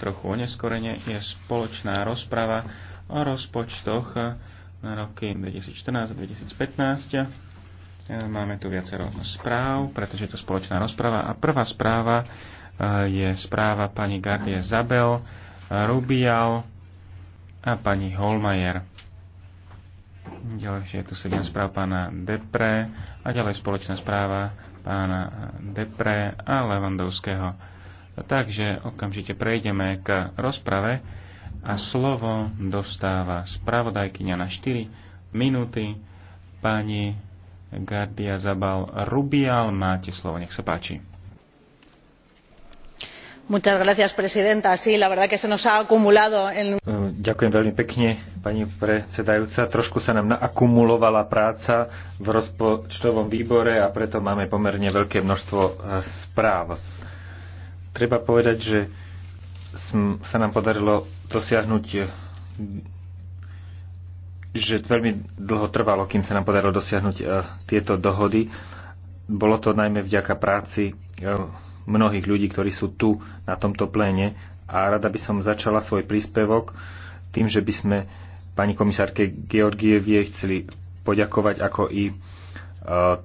trochu oneskorene, je spoločná rozprava o rozpočtoch na roky 2014 a 2015. Máme tu viacero správ, pretože je to spoločná rozprava. A prvá správa eh, je správa pani Gardie Zabel, Rubial a pani Holmajer. Ďalej je tu sedem správ pána Depre a ďalej spoločná správa pána Depre a Levandovského Takže okamžite prejdeme k rozprave a slovo dostáva spravodajkyňa na 4 minúty. Pani Gardia Zabal Rubial, máte slovo, nech sa páči. Gracias, sí, en... Ďakujem veľmi pekne, pani predsedajúca. Trošku sa nám naakumulovala práca v rozpočtovom výbore a preto máme pomerne veľké množstvo eh, správ Treba povedať, že sa nám podarilo dosiahnuť, eh, že veľmi dlho trvalo, kým sa nám podarilo dosiahnuť eh, tieto dohody. Bolo to najmä vďaka práci eh, mnohých ľudí, ktorí sú tu na tomto pléne a rada by som začala svoj príspevok tým, že by sme pani komisárke Georgievie chceli poďakovať ako i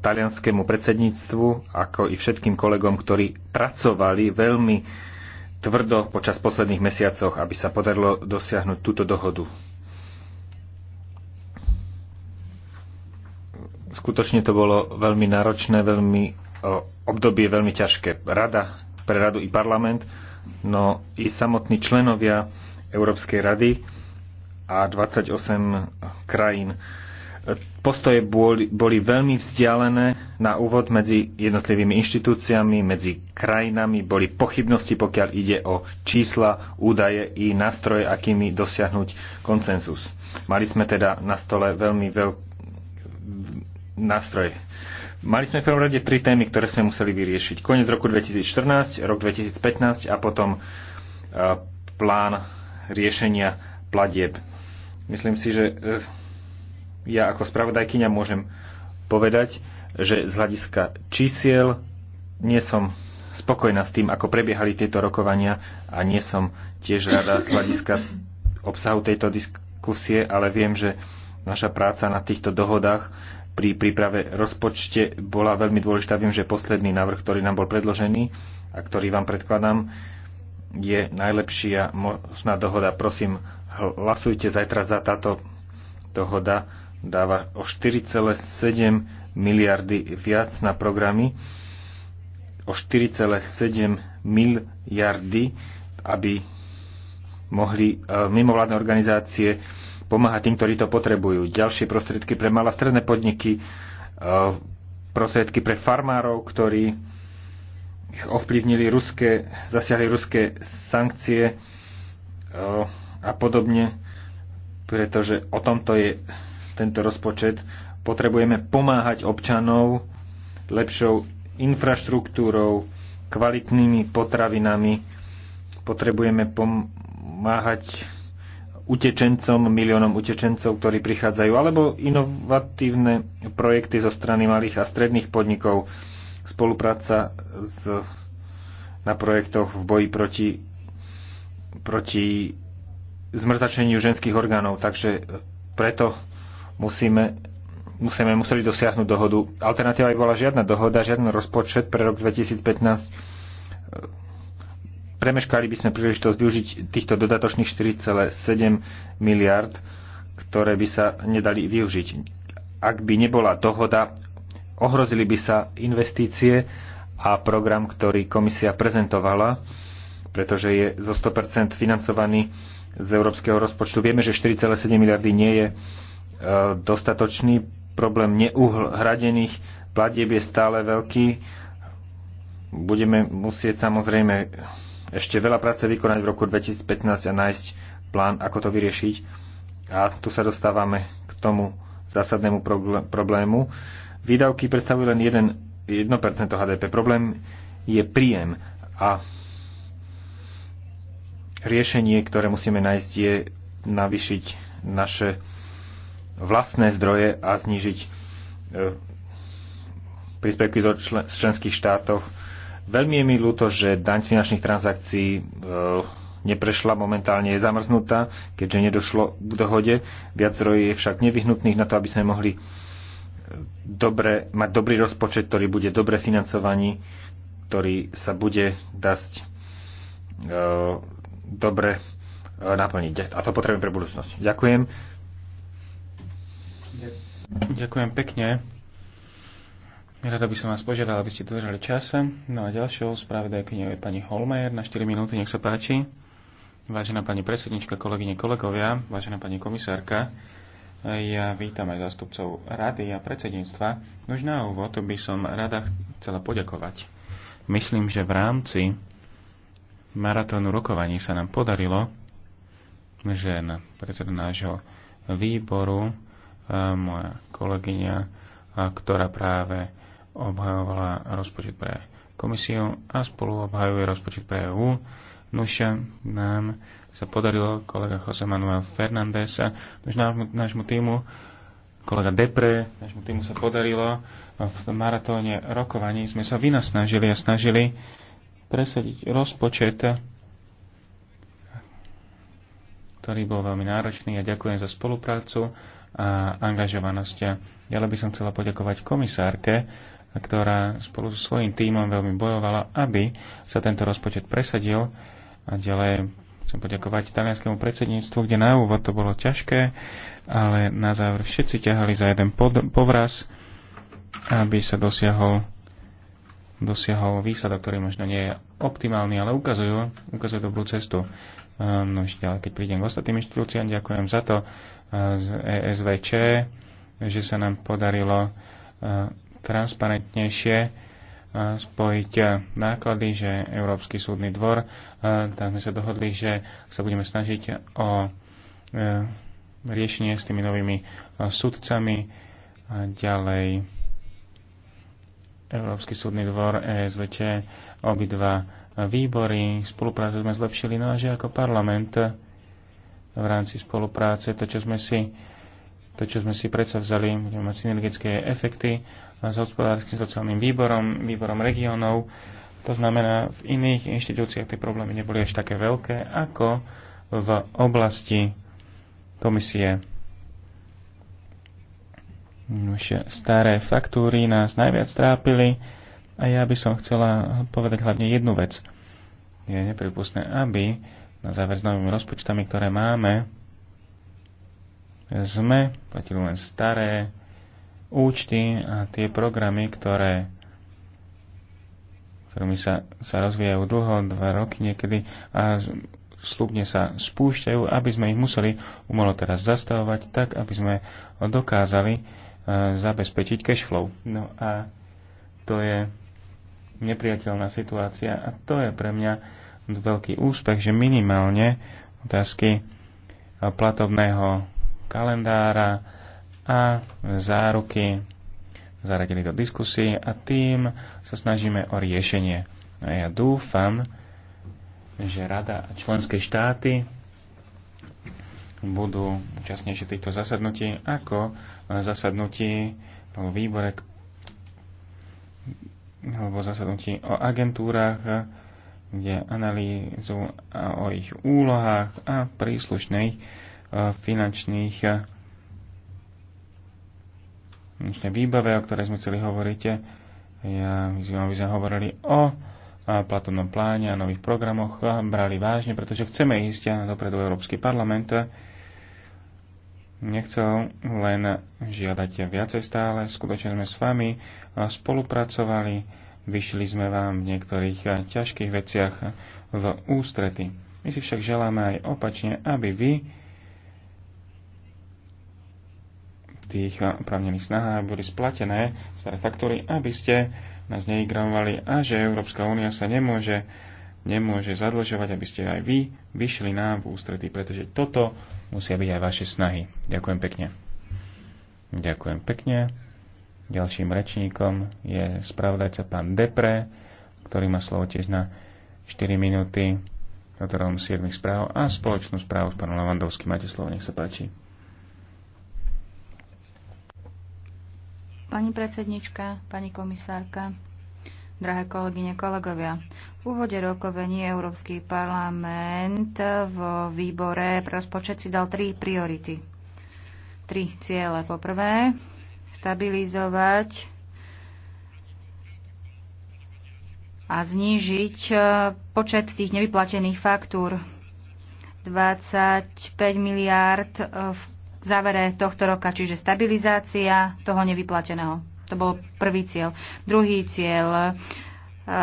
talianskému predsedníctvu, ako i všetkým kolegom, ktorí pracovali veľmi tvrdo počas posledných mesiacov, aby sa podarilo dosiahnuť túto dohodu. Skutočne to bolo veľmi náročné, veľmi obdobie veľmi ťažké. Rada, pre radu i parlament, no i samotní členovia Európskej rady a 28 krajín Postoje boli, boli veľmi vzdialené na úvod medzi jednotlivými inštitúciami, medzi krajinami, boli pochybnosti, pokiaľ ide o čísla, údaje i nástroje, akými dosiahnuť konsenzus. Mali sme teda na stole veľmi veľký nástroj. Mali sme v prvom rade tri témy, ktoré sme museli vyriešiť. Koniec roku 2014, rok 2015 a potom e, plán riešenia platieb. Myslím si, že e, ja ako spravodajkyňa môžem povedať, že z hľadiska čísiel nie som spokojná s tým, ako prebiehali tieto rokovania a nie som tiež rada z hľadiska obsahu tejto diskusie, ale viem, že naša práca na týchto dohodách pri príprave rozpočte bola veľmi dôležitá. Viem, že posledný návrh, ktorý nám bol predložený a ktorý vám predkladám, je najlepšia možná dohoda. Prosím, hlasujte zajtra za táto dohoda dáva o 4,7 miliardy viac na programy, o 4,7 miliardy, aby mohli e, mimovládne organizácie pomáhať tým, ktorí to potrebujú. Ďalšie prostriedky pre malé stredné podniky, e, prostriedky pre farmárov, ktorí ich ovplyvnili ruské, zasiahli ruské sankcie e, a podobne, pretože o tomto je tento rozpočet. Potrebujeme pomáhať občanov lepšou infraštruktúrou, kvalitnými potravinami. Potrebujeme pomáhať utečencom, miliónom utečencov, ktorí prichádzajú, alebo inovatívne projekty zo strany malých a stredných podnikov, spolupráca s, na projektoch v boji proti, proti zmrzačeniu ženských orgánov. Takže preto musíme musíme museli dosiahnuť dohodu. Alternatíva by bola žiadna dohoda, žiadny rozpočet pre rok 2015. Premeškali by sme príležitosť využiť týchto dodatočných 4,7 miliard, ktoré by sa nedali využiť. Ak by nebola dohoda, ohrozili by sa investície a program, ktorý komisia prezentovala, pretože je zo 100% financovaný z európskeho rozpočtu. Vieme, že 4,7 miliardy nie je dostatočný. Problém neuhradených platieb je stále veľký. Budeme musieť samozrejme ešte veľa práce vykonať v roku 2015 a nájsť plán, ako to vyriešiť. A tu sa dostávame k tomu zásadnému problému. Výdavky predstavujú len 1, 1% HDP. Problém je príjem a riešenie, ktoré musíme nájsť, je navyšiť naše vlastné zdroje a znížiť e, príspevky z členských štátov. Veľmi je mi ľúto, že daň finančných transakcií e, neprešla, momentálne je zamrznutá, keďže nedošlo k dohode. Viac zdrojov je však nevyhnutných na to, aby sme mohli e, dobre, mať dobrý rozpočet, ktorý bude dobre financovaný, ktorý sa bude dať e, dobre e, naplniť. A to potrebujeme pre budúcnosť. Ďakujem. Ďakujem pekne. Rada by som vás požiadala, aby ste dodržali čas. No a ďalšou spravodajkyňou je pani Holmer na 4 minúty, nech sa páči. Vážená pani predsednička, kolegyne, kolegovia, vážená pani komisárka, ja vítam aj zástupcov rady a predsedníctva. Už na úvod by som rada chcela poďakovať. Myslím, že v rámci maratónu rokovaní sa nám podarilo, že na predseda nášho výboru moja kolegyňa, ktorá práve obhajovala rozpočet pre komisiu a spolu obhajuje rozpočet pre EU. Nuša nám sa podarilo, kolega Jose Manuel Fernández a nášmu, nášmu týmu, kolega Depre, nášmu týmu sa podarilo v maratóne rokovaní sme sa vynasnažili a snažili presadiť rozpočet, ktorý bol veľmi náročný a ďakujem za spoluprácu a angažovanosť. Ja by som chcela poďakovať komisárke, ktorá spolu so svojím tímom veľmi bojovala, aby sa tento rozpočet presadil. A ďalej chcem poďakovať talianskému predsedníctvu, kde na úvod to bolo ťažké, ale na záver všetci ťahali za jeden pod, povraz, aby sa dosiahol, dosiahol výsadok, ktorý možno nie je optimálny, ale ukazujú, ukazujú dobrú cestu. No ešte ďalej, keď prídem k ostatným inštitúciám, ďakujem za to, z ESVČ, že sa nám podarilo e, transparentnejšie e, spojiť e, náklady, že Európsky súdny dvor, tak sme sa dohodli, že sa budeme snažiť o riešenie s tými novými súdcami a ďalej Európsky súdny dvor, ESVČ, obidva výbory, spoluprácu sme zlepšili, no a že ako parlament v rámci spolupráce. To, čo sme si, to, čo sme si predsa vzali, budeme mať synergické efekty s hospodárskym sociálnym výborom, výborom regiónov. To znamená, v iných inštitúciách tie problémy neboli až také veľké, ako v oblasti komisie. Už staré faktúry nás najviac trápili a ja by som chcela povedať hlavne jednu vec. Je nepripustné, aby na záver s novými rozpočtami, ktoré máme, sme platili len staré účty a tie programy, ktoré ktorými sa, sa rozvíjajú dlho, dva roky niekedy a slubne sa spúšťajú, aby sme ich museli umelo teraz zastavovať tak, aby sme dokázali e, zabezpečiť cashflow. No a to je nepriateľná situácia a to je pre mňa veľký úspech, že minimálne otázky platobného kalendára a záruky zaradili do diskusie a tým sa snažíme o riešenie. No a ja dúfam, že rada a členské štáty budú účastnejšie týchto zasadnutí ako zasadnutí vo výbore alebo zasadnutí o agentúrach kde analýzu o ich úlohách a príslušných e, finančných e, finančnej výbave, o ktorej sme chceli hovoriť. E, ja vyzývam, aby sme hovorili o platobnom pláne a nových programoch brali vážne, pretože chceme ísť dopredu Európsky parlament. Nechcel len žiadať viacej stále, skutočne sme s vami spolupracovali Vyšli sme vám v niektorých eh, ťažkých veciach v ústrety. My si však želáme aj opačne, aby vy tých eh, opravnených snahách boli splatené staré faktory, aby ste nás neigravovali a že Európska únia sa nemôže, nemôže zadlžovať, aby ste aj vy vyšli nám v ústrety, pretože toto musia byť aj vaše snahy. Ďakujem pekne. Ďakujem pekne. Ďalším rečníkom je spravodajca pán Depre, ktorý má slovo tiež na 4 minúty, ktorom 7 správ a spoločnú správu s pánom Lavandovským. Máte slovo, nech sa páči. Pani predsednička, pani komisárka, drahé kolegyne, kolegovia. V úvode rokovení Európsky parlament v výbore pre rozpočet si dal tri priority. Tri ciele. Po prvé, stabilizovať a znížiť e, počet tých nevyplatených faktúr. 25 miliárd e, v závere tohto roka, čiže stabilizácia toho nevyplateného. To bol prvý cieľ. Druhý cieľ e,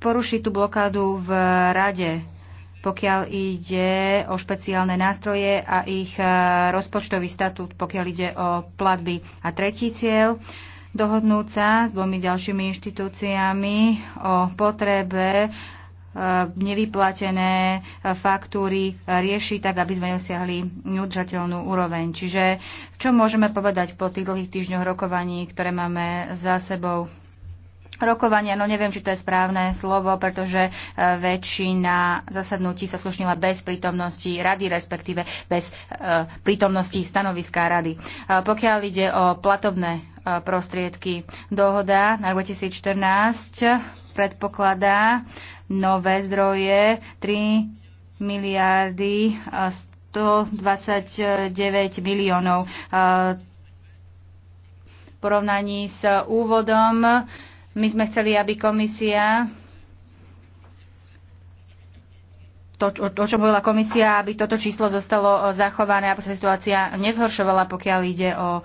porušiť tú blokádu v rade pokiaľ ide o špeciálne nástroje a ich e, rozpočtový statút, pokiaľ ide o platby. A tretí cieľ, dohodnúť sa s dvomi ďalšími inštitúciami o potrebe e, nevyplatené e, faktúry rieši tak, aby sme dosiahli neudržateľnú úroveň. Čiže čo môžeme povedať po tých dlhých týždňoch rokovaní, ktoré máme za sebou? rokovania, no neviem, či to je správne slovo, pretože e, väčšina zasadnutí sa slušnila bez prítomnosti rady, respektíve bez e, prítomnosti stanoviska rady. E, pokiaľ ide o platobné prostriedky, dohoda na 2014 predpokladá nové zdroje 3 miliardy 129 miliónov. V porovnaní s úvodom my sme chceli, aby komisia to, o, o čom hovorila komisia, aby toto číslo zostalo e, zachované, aby sa situácia nezhoršovala, pokiaľ ide o e,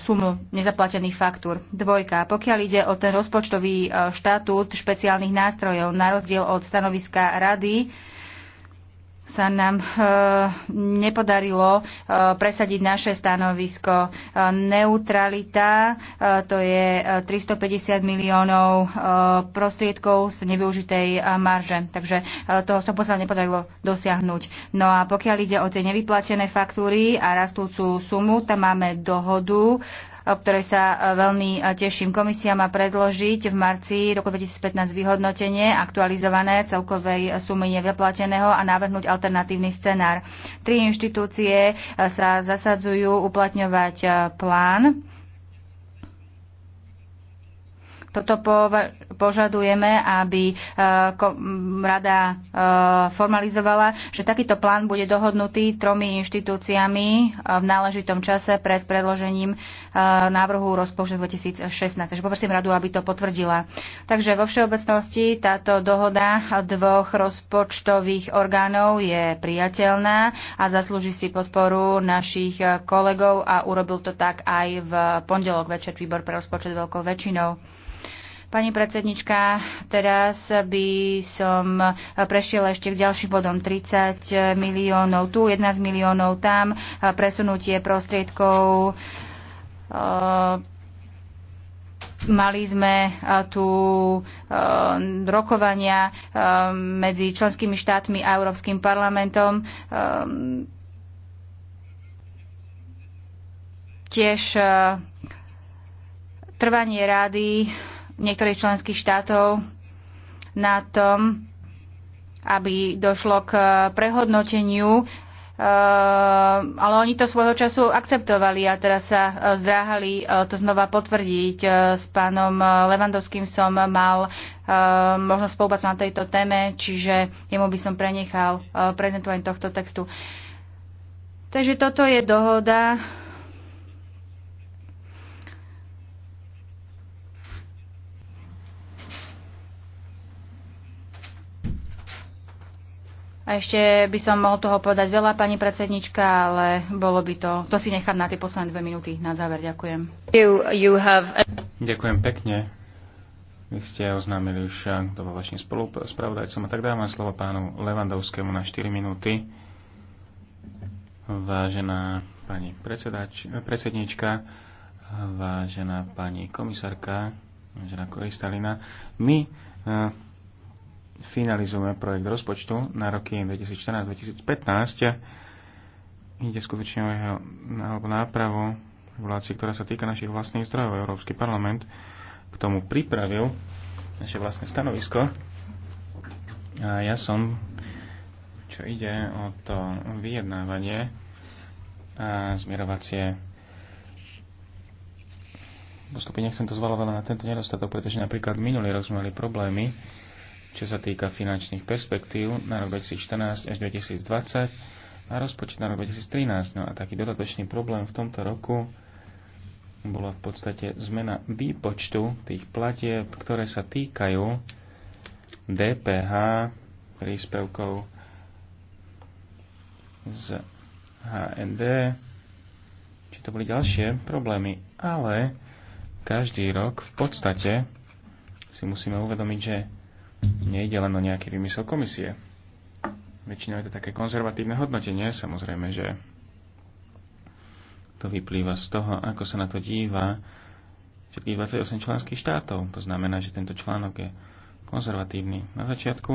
sumu nezaplatených faktúr. Dvojka. Pokiaľ ide o ten rozpočtový e, štatút špeciálnych nástrojov, na rozdiel od stanoviska rady, sa nám e, nepodarilo e, presadiť naše stanovisko. E, neutralita, to je 350 miliónov prostriedkov z nevyužitej marže. Takže toho sa posiaľ nepodarilo dosiahnuť. No a pokiaľ ide o tie nevyplatené faktúry a rastúcu sumu, tam máme dohodu, o ktorej sa e, veľmi e, teším. Komisia má predložiť v marci roku 2015 vyhodnotenie aktualizované celkovej sumy nevyplateného a navrhnúť alternatívny scenár. Tri inštitúcie e, sa zasadzujú uplatňovať plán toto požadujeme, aby e, rada e, formalizovala, že takýto plán bude dohodnutý tromi inštitúciami e, v náležitom čase pred predložením návrhu rozpočtu 2016. Takže poprosím radu, aby to potvrdila. Takže vo všeobecnosti táto dohoda dvoch rozpočtových orgánov je priateľná a zaslúži si podporu našich kolegov a urobil to tak aj v pondelok večer výbor pre rozpočet veľkou väčšinou. Pani predsednička, teraz by som eh, prešiel ešte k ďalším bodom 30 miliónov tu, 11 miliónov tam, eh, presunutie prostriedkov. Eh, mali sme tu rokovania medzi členskými štátmi a Európskym parlamentom. Tiež trvanie rády niektorých členských štátov na tom, aby došlo k prehodnoteniu Uh, ale oni to svojho času akceptovali a teraz sa uh, zdráhali uh, to znova potvrdiť. S pánom Levandovským som mal možnosť spolupať na tejto téme, čiže jemu by som prenechal prezentovanie tohto textu. Takže toto je dohoda, A ešte by som mohol toho povedať veľa, pani predsednička, ale bolo by to... To si nechám na tie posledné dve minúty. Na záver ďakujem. You, you have... Ďakujem pekne. Vy ste oznámili už, kto bol vašim spolupravodajcom. A tak dávam slovo pánu Levandovskému na 4 minúty. Vážená pani predsednička, vážená pani komisárka, vážená Kristalina, my eh, finalizujeme projekt rozpočtu na roky 2014-2015. Ide skutočne o jeho alebo nápravu regulácie, ktorá sa týka našich vlastných zdrojov. Európsky parlament k tomu pripravil naše vlastné stanovisko. A ja som, čo ide o to vyjednávanie a zmierovacie postupy, nechcem to zvalovať na tento nedostatok, pretože napríklad minulý rok sme mali problémy čo sa týka finančných perspektív na rok 2014 až 2020 a rozpočet na rok 2013. No a taký dodatočný problém v tomto roku bola v podstate zmena výpočtu tých platieb, ktoré sa týkajú DPH, príspevkov z HND, či to boli ďalšie problémy, ale každý rok v podstate si musíme uvedomiť, že nejde len o nejaký vymysel komisie. Väčšinou je to také konzervatívne hodnotenie, samozrejme, že to vyplýva z toho, ako sa na to díva všetkých 28 členských štátov. To znamená, že tento článok je konzervatívny na začiatku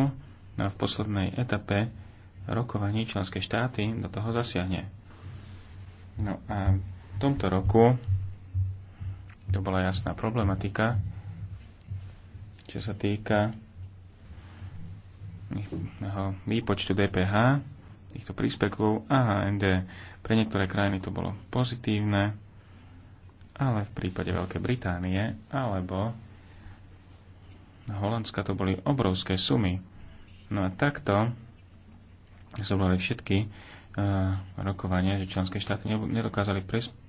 no a v poslednej etape rokovaní členské štáty do toho zasiahne. No a v tomto roku to bola jasná problematika, čo sa týka výpočtu DPH, týchto príspekov a HND. Pre niektoré krajiny to bolo pozitívne, ale v prípade Veľkej Británie alebo Holandska to boli obrovské sumy. No a takto zobrali všetky eh, rokovania, že členské štáty nedokázali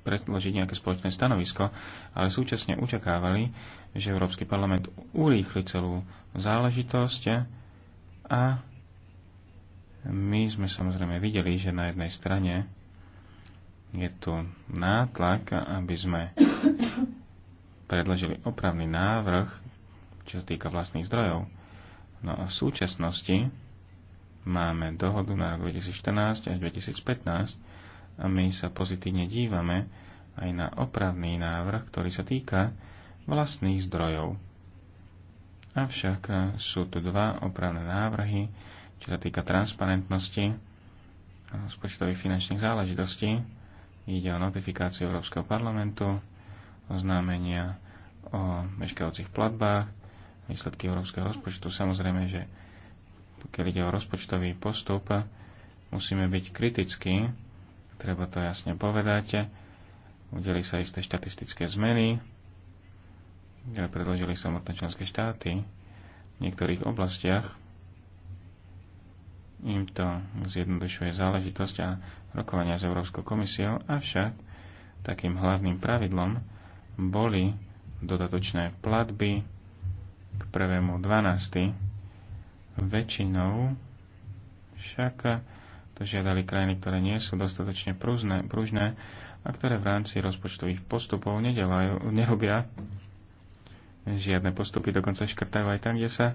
predložiť nejaké spoločné stanovisko, ale súčasne očakávali, že Európsky parlament urýchli celú záležitosť a my sme samozrejme videli, že na jednej strane je tu nátlak, aby sme predložili opravný návrh, čo sa týka vlastných zdrojov. No a v súčasnosti máme dohodu na rok 2014 až 2015 a my sa pozitívne dívame aj na opravný návrh, ktorý sa týka vlastných zdrojov. Avšak e, sú tu dva opravné návrhy, čo sa týka transparentnosti a rozpočtových finančných záležitostí. Ide o notifikáciu Európskeho parlamentu, oznámenia o meškajúcich platbách, výsledky európskeho rozpočtu. Samozrejme, že pokiaľ ide o rozpočtový postup, musíme byť kritickí, treba to jasne povedať. Udeli sa isté štatistické zmeny, ktoré predložili samotné členské štáty v niektorých oblastiach, im to zjednodušuje záležitosť a rokovania s Európskou komisiou, avšak takým hlavným pravidlom boli dodatočné platby k 1.12. Väčšinou však to žiadali krajiny, ktoré nie sú dostatočne prúžne, prúžne a ktoré v rámci rozpočtových postupov nedelajú, nerobia žiadne postupy, dokonca škrtajú aj tam, kde sa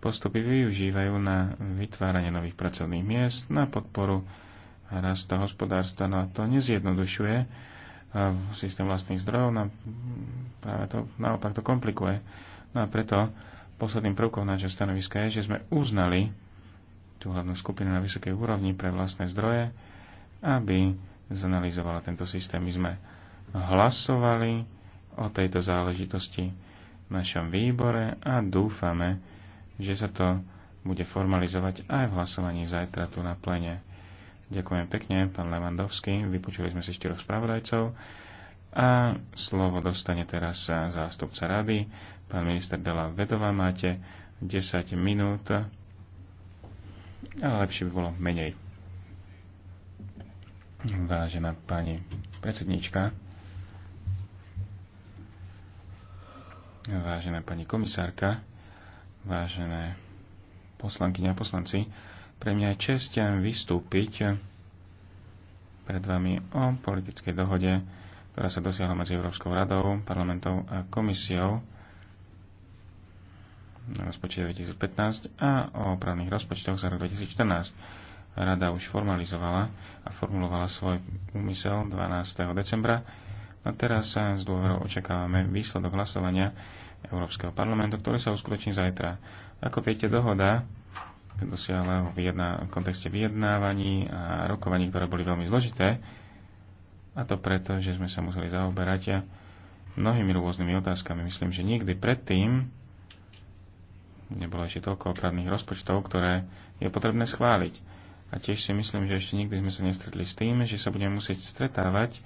postupy využívajú na vytváranie nových pracovných miest, na podporu rasta hospodárstva. No a to nezjednodušuje e, systém vlastných zdrojov, na, no, práve to naopak to komplikuje. No a preto posledným prvkom nášho stanoviska je, že sme uznali tú hlavnú skupinu na vysokej úrovni pre vlastné zdroje, aby zanalizovala tento systém. My sme hlasovali o tejto záležitosti v našom výbore a dúfame, že sa to bude formalizovať aj v hlasovaní zajtra tu na plene. Ďakujem pekne, pán Levandovský. Vypočuli sme si štyroch spravodajcov. A slovo dostane teraz zástupca rady. Pán minister Dela Vedová, máte 10 minút, ale lepšie by bolo menej. Vážená pani predsednička, vážená pani komisárka, vážené poslankyne a poslanci, pre mňa je čest vystúpiť pred vami o politickej dohode, ktorá sa dosiahla medzi Európskou radou, parlamentou a komisiou na rozpočte 2015 a o právnych rozpočtoch za rok 2014 rada už formalizovala a formulovala svoj úmysel 12. decembra a teraz sa z dôverov očakávame výsledok hlasovania Európskeho parlamentu, ktorý sa uskutoční zajtra. Ako viete, dohoda dosiahla v, v kontexte vyjednávaní a rokovaní, ktoré boli veľmi zložité, a to preto, že sme sa museli zaoberať mnohými rôznymi otázkami. Myslím, že nikdy predtým nebolo ešte toľko opravných rozpočtov, ktoré je potrebné schváliť. A tiež si myslím, že ešte nikdy sme sa nestretli s tým, že sa budeme musieť stretávať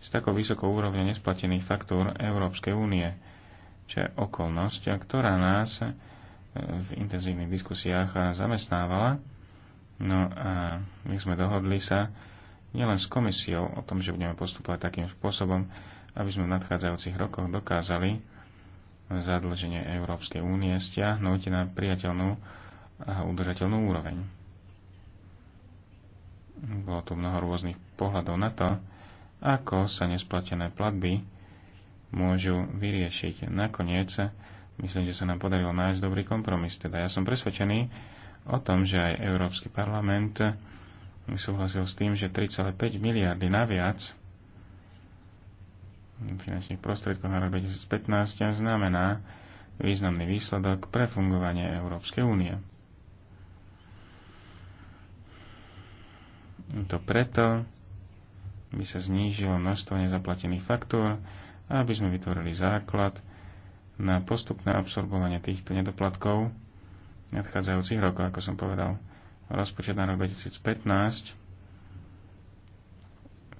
s takou vysokou úrovňou nesplatených faktúr Európskej únie, čo je okolnosť, ktorá nás e, v intenzívnych diskusiách zamestnávala. No a my sme dohodli sa nielen s komisiou o tom, že budeme postupovať takým spôsobom, aby sme v nadchádzajúcich rokoch dokázali zadlženie Európskej únie stiahnuť na priateľnú a udržateľnú úroveň. Bolo tu mnoho rôznych pohľadov na to, ako sa nesplatené platby môžu vyriešiť. Nakoniec myslím, že sa nám podarilo nájsť dobrý kompromis. Teda ja som presvedčený o tom, že aj Európsky parlament súhlasil s tým, že 3,5 miliardy naviac finančných prostriedkov na rok 2015 znamená významný výsledok pre fungovanie Európskej únie. To preto, by sa znížilo množstvo nezaplatených faktúr a aby sme vytvorili základ na postupné absorbovanie týchto nedoplatkov v nadchádzajúcich rokov, ako som povedal. Rozpočet na rok 2015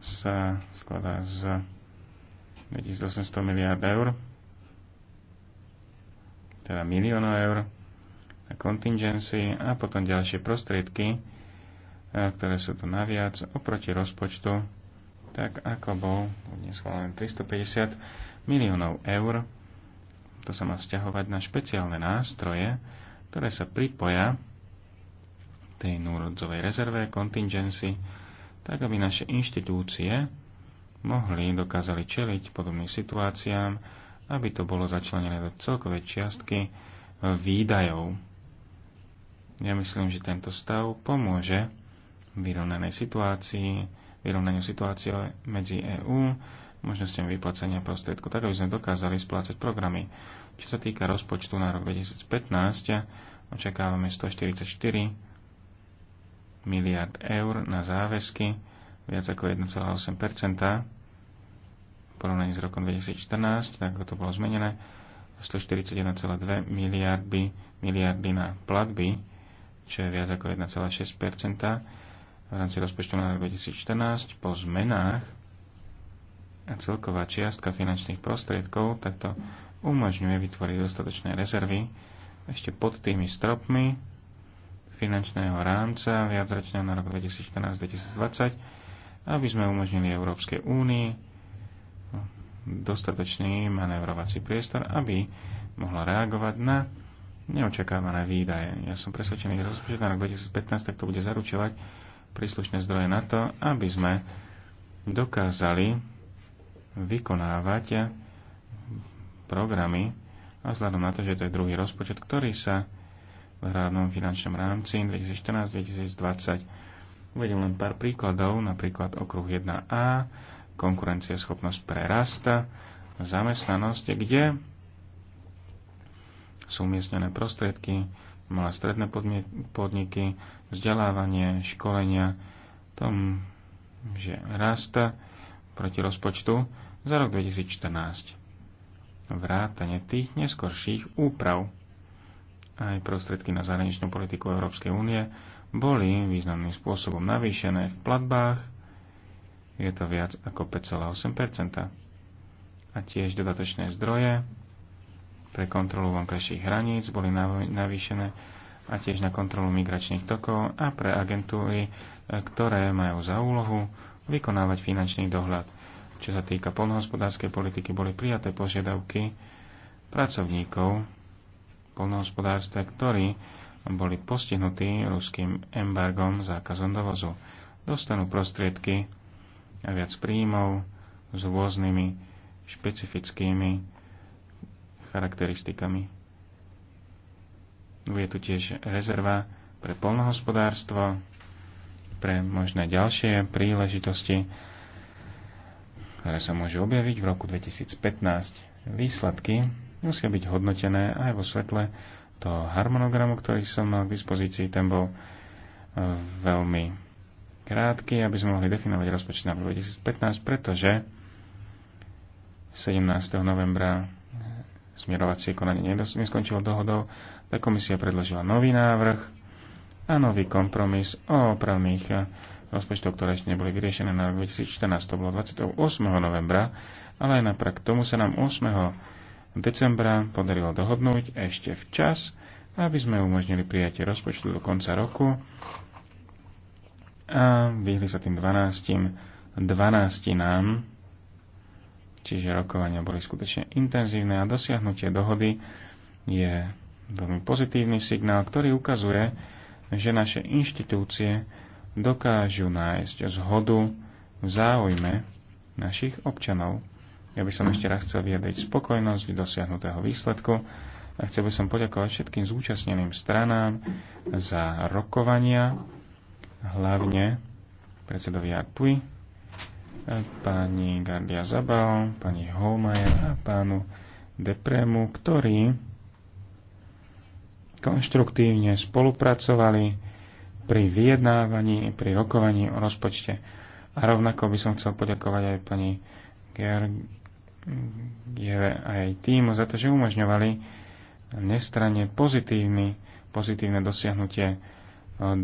sa skladá z 2800 miliard eur, teda miliónov eur, na contingency a potom ďalšie prostriedky, eh, ktoré sú tu naviac oproti rozpočtu tak ako bol len 350 miliónov eur. To sa má vzťahovať na špeciálne nástroje, ktoré sa pripoja tej núrodzovej rezerve, contingency, tak aby naše inštitúcie mohli, dokázali čeliť podobným situáciám, aby to bolo začlenené do celkovej čiastky výdajov. Ja myslím, že tento stav pomôže vyrovnanej situácii, vyrovnaniu situácie medzi EÚ, možnosťom vyplacenia prostriedku, tak aby sme dokázali splácať programy. Čo sa týka rozpočtu na rok 2015, očakávame 144 miliard eur na záväzky, viac ako 1,8 v porovnaní s rokom 2014, tak ako to bolo zmenené, 141,2 miliardy, miliardy na platby, čo je viac ako 1,6 v rámci rozpočtu na 2014 po zmenách a celková čiastka finančných prostriedkov takto umožňuje vytvoriť dostatočné rezervy ešte pod tými stropmi finančného rámca viacročného na rok 2014-2020, aby sme umožnili Európskej únii dostatočný manévrovací priestor, aby mohla reagovať na neočakávané výdaje. Ja som presvedčený, že rozpočet na rok 2015 takto bude zaručovať príslušné zdroje na to, aby sme dokázali vykonávať programy a vzhľadom na to, že to je druhý rozpočet, ktorý sa v hrávnom finančnom rámci 2014-2020 uvedem len pár príkladov, napríklad okruh 1a, schopnosť prerasta, zamestnanosť, kde sú umiestnené prostriedky malé stredné podniky, vzdelávanie, školenia, tom, že rasta proti rozpočtu za rok 2014. Vrátanie tých neskorších úprav aj prostriedky na zahraničnú politiku Európskej únie boli významným spôsobom navýšené v platbách, je to viac ako 5,8 a tiež dodatočné zdroje pre kontrolu vonkajších hraníc boli navýšené a tiež na kontrolu migračných tokov a pre agentúry, e, ktoré majú za úlohu vykonávať finančný dohľad. Čo sa týka polnohospodárskej politiky, boli prijaté požiadavky pracovníkov polnohospodárstva, ktorí boli postihnutí ruským embargom zákazom dovozu. Dostanú prostriedky a viac príjmov s rôznymi špecifickými charakteristikami. Je tu tiež rezerva pre polnohospodárstvo, pre možné ďalšie príležitosti, ktoré sa môžu objaviť v roku 2015. Výsledky musia byť hodnotené aj vo svetle toho harmonogramu, ktorý som mal k dispozícii. Ten bol e, veľmi krátky, aby sme mohli definovať rozpočet na 2015, pretože 17. novembra Smerovacie konanie neskončilo dohodou, tak komisia predložila nový návrh a nový kompromis o opravných eh, rozpočtov, ktoré ešte neboli vyriešené na rok 2014. To bolo 28. novembra, ale aj napriek tomu sa nám 8. decembra podarilo dohodnúť ešte včas, aby sme umožnili prijatie rozpočtu do konca roku a vyhli sa tým 12. 12 nám Čiže rokovania boli skutočne intenzívne a dosiahnutie dohody je veľmi pozitívny signál, ktorý ukazuje, že naše inštitúcie dokážu nájsť zhodu v záujme našich občanov. Ja by som ešte raz chcel vyjadriť spokojnosť dosiahnutého výsledku a chcel by som poďakovať všetkým zúčastneným stranám za rokovania, hlavne predsedovi Artui, pani Gardia Zabal, pani Holmajer a pánu Depremu, ktorí konštruktívne spolupracovali pri vyjednávaní, pri rokovaní o rozpočte. A rovnako by som chcel poďakovať aj pani Georgieve a jej týmu za to, že umožňovali nestranne pozitívne dosiahnutie eh,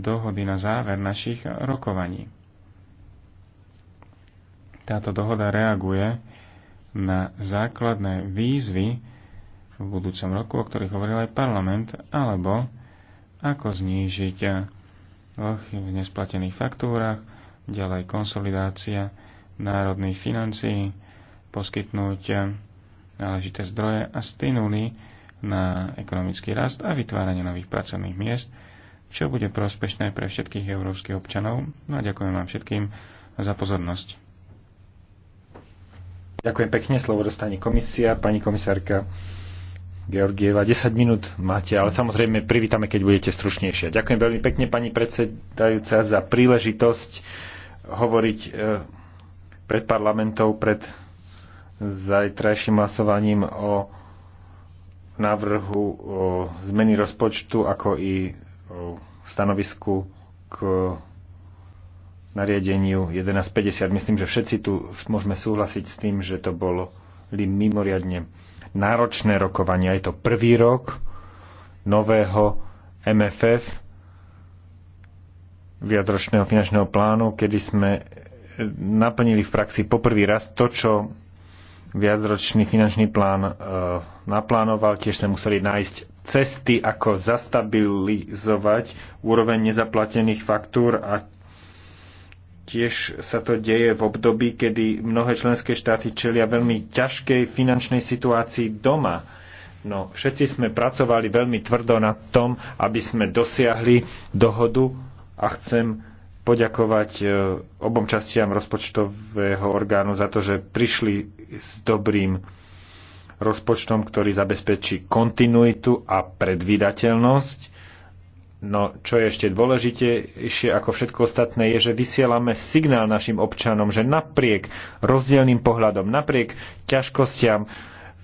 dohody na záver našich rokovaní. Táto dohoda reaguje na základné výzvy v budúcom roku, o ktorých hovoril aj parlament, alebo ako znížiť dlh v nesplatených faktúrach, ďalej konsolidácia národných financií, poskytnúť náležité zdroje a stimuly na ekonomický rast a vytváranie nových pracovných miest, čo bude prospešné pre všetkých európskych občanov. No a ďakujem vám všetkým za pozornosť. Ďakujem pekne, slovo dostane komisia, pani komisárka Georgieva. 10 minút máte, ale samozrejme privítame, keď budete stručnejšia. Ďakujem veľmi pekne, pani predsedajúca, za príležitosť hovoriť e, pred parlamentov, pred zajtrajším hlasovaním o návrhu o zmeny rozpočtu, ako i o stanovisku k nariadeniu 1150. Myslím, že všetci tu môžeme súhlasiť s tým, že to bolo mimoriadne náročné rokovanie. Je to prvý rok nového MFF, viacročného finančného plánu, kedy sme naplnili v praxi poprvý raz to, čo viacročný finančný plán e, naplánoval. Tiež sme museli nájsť cesty, ako zastabilizovať úroveň nezaplatených faktúr a Tiež sa to deje v období, kedy mnohé členské štáty čelia veľmi ťažkej finančnej situácii doma. No, všetci sme pracovali veľmi tvrdo na tom, aby sme dosiahli dohodu a chcem poďakovať e, obom častiam rozpočtového orgánu za to, že prišli s dobrým rozpočtom, ktorý zabezpečí kontinuitu a predvídateľnosť No, čo je ešte dôležitejšie ako všetko ostatné, je, že vysielame signál našim občanom, že napriek rozdielným pohľadom, napriek ťažkostiam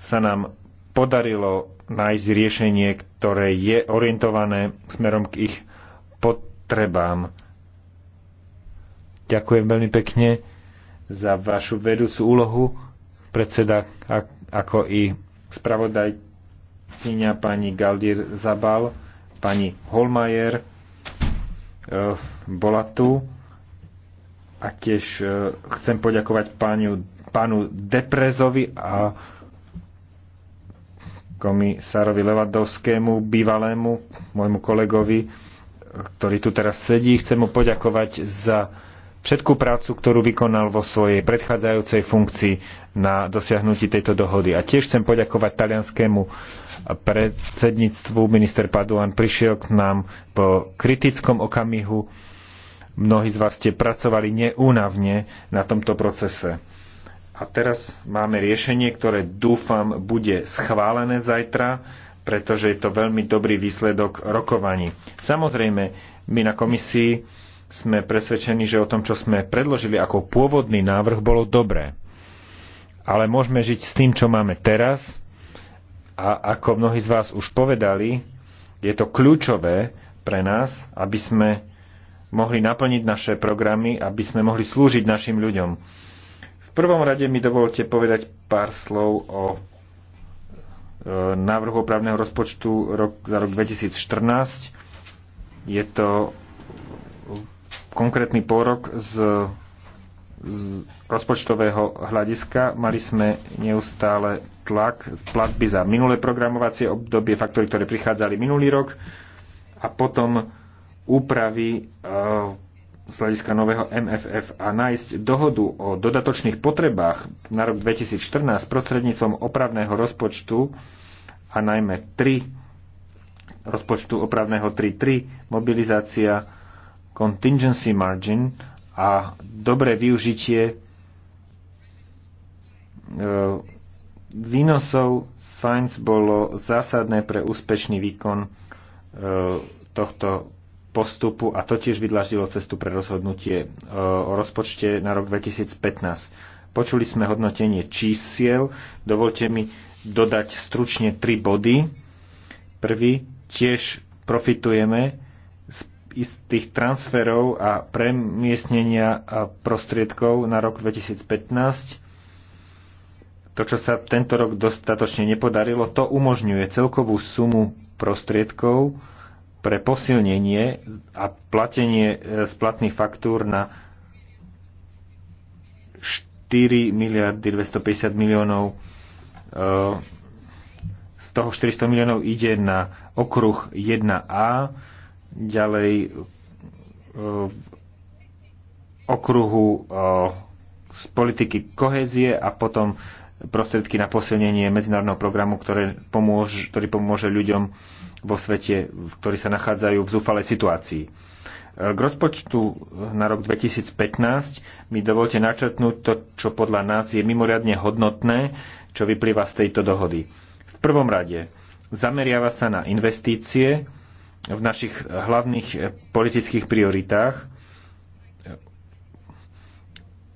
sa nám podarilo nájsť riešenie, ktoré je orientované smerom k ich potrebám. Ďakujem veľmi pekne za vašu vedúcu úlohu, predseda ako i spravodajkyňa pani Galdir Zabal. Pani Holmajer e, bola tu a tiež e, chcem poďakovať pánu, pánu Deprezovi a komisárovi Levadovskému, bývalému môjmu kolegovi, ktorý tu teraz sedí. Chcem mu poďakovať za všetkú prácu, ktorú vykonal vo svojej predchádzajúcej funkcii na dosiahnutí tejto dohody. A tiež chcem poďakovať talianskému predsedníctvu. Minister Paduan prišiel k nám po kritickom okamihu. Mnohí z vás ste pracovali neúnavne na tomto procese. A teraz máme riešenie, ktoré dúfam bude schválené zajtra, pretože je to veľmi dobrý výsledok rokovaní. Samozrejme, my na komisii sme presvedčení, že o tom, čo sme predložili ako pôvodný návrh, bolo dobré. Ale môžeme žiť s tým, čo máme teraz. A ako mnohí z vás už povedali, je to kľúčové pre nás, aby sme mohli naplniť naše programy, aby sme mohli slúžiť našim ľuďom. V prvom rade mi dovolte povedať pár slov o e, návrhu právneho rozpočtu rok, za rok 2014. Je to konkrétny pôrok z, z rozpočtového hľadiska. Mali sme neustále tlak platby za minulé programovacie obdobie, faktory, ktoré prichádzali minulý rok a potom úpravy e, z hľadiska nového MFF a nájsť dohodu o dodatočných potrebách na rok 2014 prostredníctvom opravného rozpočtu a najmä 3 rozpočtu opravného 3.3 mobilizácia contingency margin a dobré využitie e, výnosov z fines bolo zásadné pre úspešný výkon e, tohto postupu a to tiež vydlaždilo cestu pre rozhodnutie e, o rozpočte na rok 2015. Počuli sme hodnotenie čísiel. Dovolte mi dodať stručne tri body. Prvý, tiež profitujeme istých transferov a premiestnenia prostriedkov na rok 2015. To, čo sa tento rok dostatočne nepodarilo, to umožňuje celkovú sumu prostriedkov pre posilnenie a platenie e, splatných faktúr na 4 miliardy 250 miliónov. E, z toho 400 miliónov ide na okruh 1A, ďalej v e, okruhu e, z politiky kohézie a potom prostriedky na posilnenie medzinárodného programu, ktoré pomôž, ktorý pomôže ľuďom vo svete, ktorí sa nachádzajú v zúfalej situácii. E, k rozpočtu na rok 2015 mi dovolte načrtnúť to, čo podľa nás je mimoriadne hodnotné, čo vyplýva z tejto dohody. V prvom rade zameriava sa na investície, v našich hlavných eh, politických prioritách.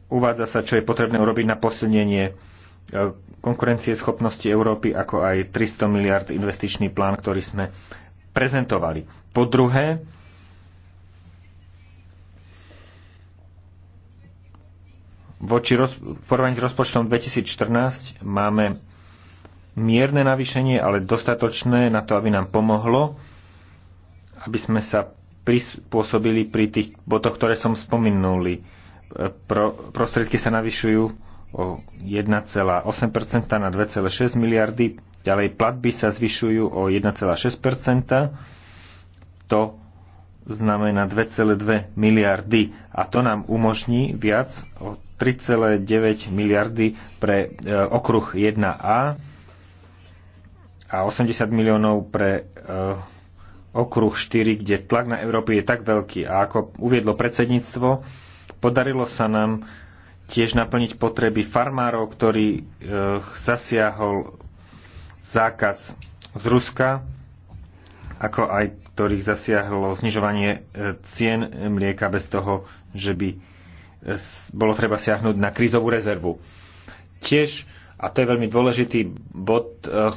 Uvádza sa, čo je potrebné urobiť na posilnenie eh, konkurencie schopnosti Európy, ako aj 300 miliard investičný plán, ktorý sme prezentovali. Po druhé, voči roz, porovnaní s rozpočtom 2014 máme mierne navýšenie, ale dostatočné na to, aby nám pomohlo aby sme sa prispôsobili pri tých botoch, ktoré som spomenuli. Pro, prostriedky sa navyšujú o 1,8% na 2,6 miliardy, ďalej platby sa zvyšujú o 1,6%, to znamená 2,2 miliardy a to nám umožní viac o 3,9 miliardy pre e, okruh 1A a 80 miliónov pre e, okruh 4, kde tlak na Európy je tak veľký. A ako uviedlo predsedníctvo, podarilo sa nám tiež naplniť potreby farmárov, ktorý e, zasiahol zákaz z Ruska, ako aj ktorých zasiahlo znižovanie e, cien mlieka bez toho, že by e, bolo treba siahnuť na krízovú rezervu. Tiež, a to je veľmi dôležitý bod, e,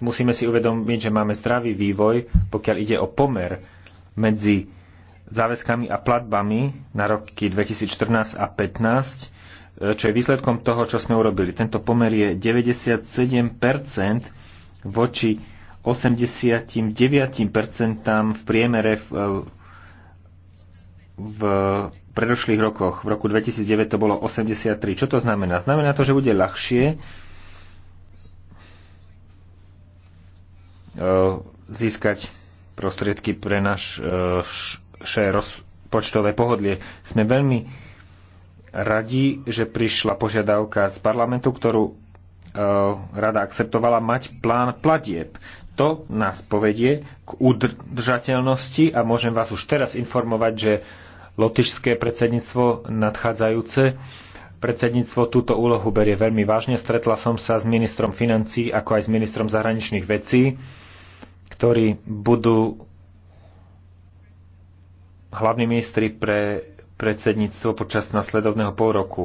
musíme si uvedomiť, že máme zdravý vývoj, pokiaľ ide o pomer medzi záväzkami a platbami na roky 2014 a 2015, e, čo je výsledkom toho, čo sme urobili. Tento pomer je 97% voči 89% v priemere v, e, v predošlých rokoch. V roku 2009 to bolo 83. Čo to znamená? Znamená to, že bude ľahšie E, získať prostriedky pre naše rozpočtové pohodlie. Sme veľmi radi, že prišla požiadavka z parlamentu, ktorú e, rada akceptovala mať plán platieb. To nás povedie k udržateľnosti a môžem vás už teraz informovať, že lotišské predsedníctvo nadchádzajúce predsedníctvo túto úlohu berie veľmi vážne. Stretla som sa s ministrom financí ako aj s ministrom zahraničných vecí ktorí budú hlavní ministri pre predsedníctvo počas nasledovného pol roku.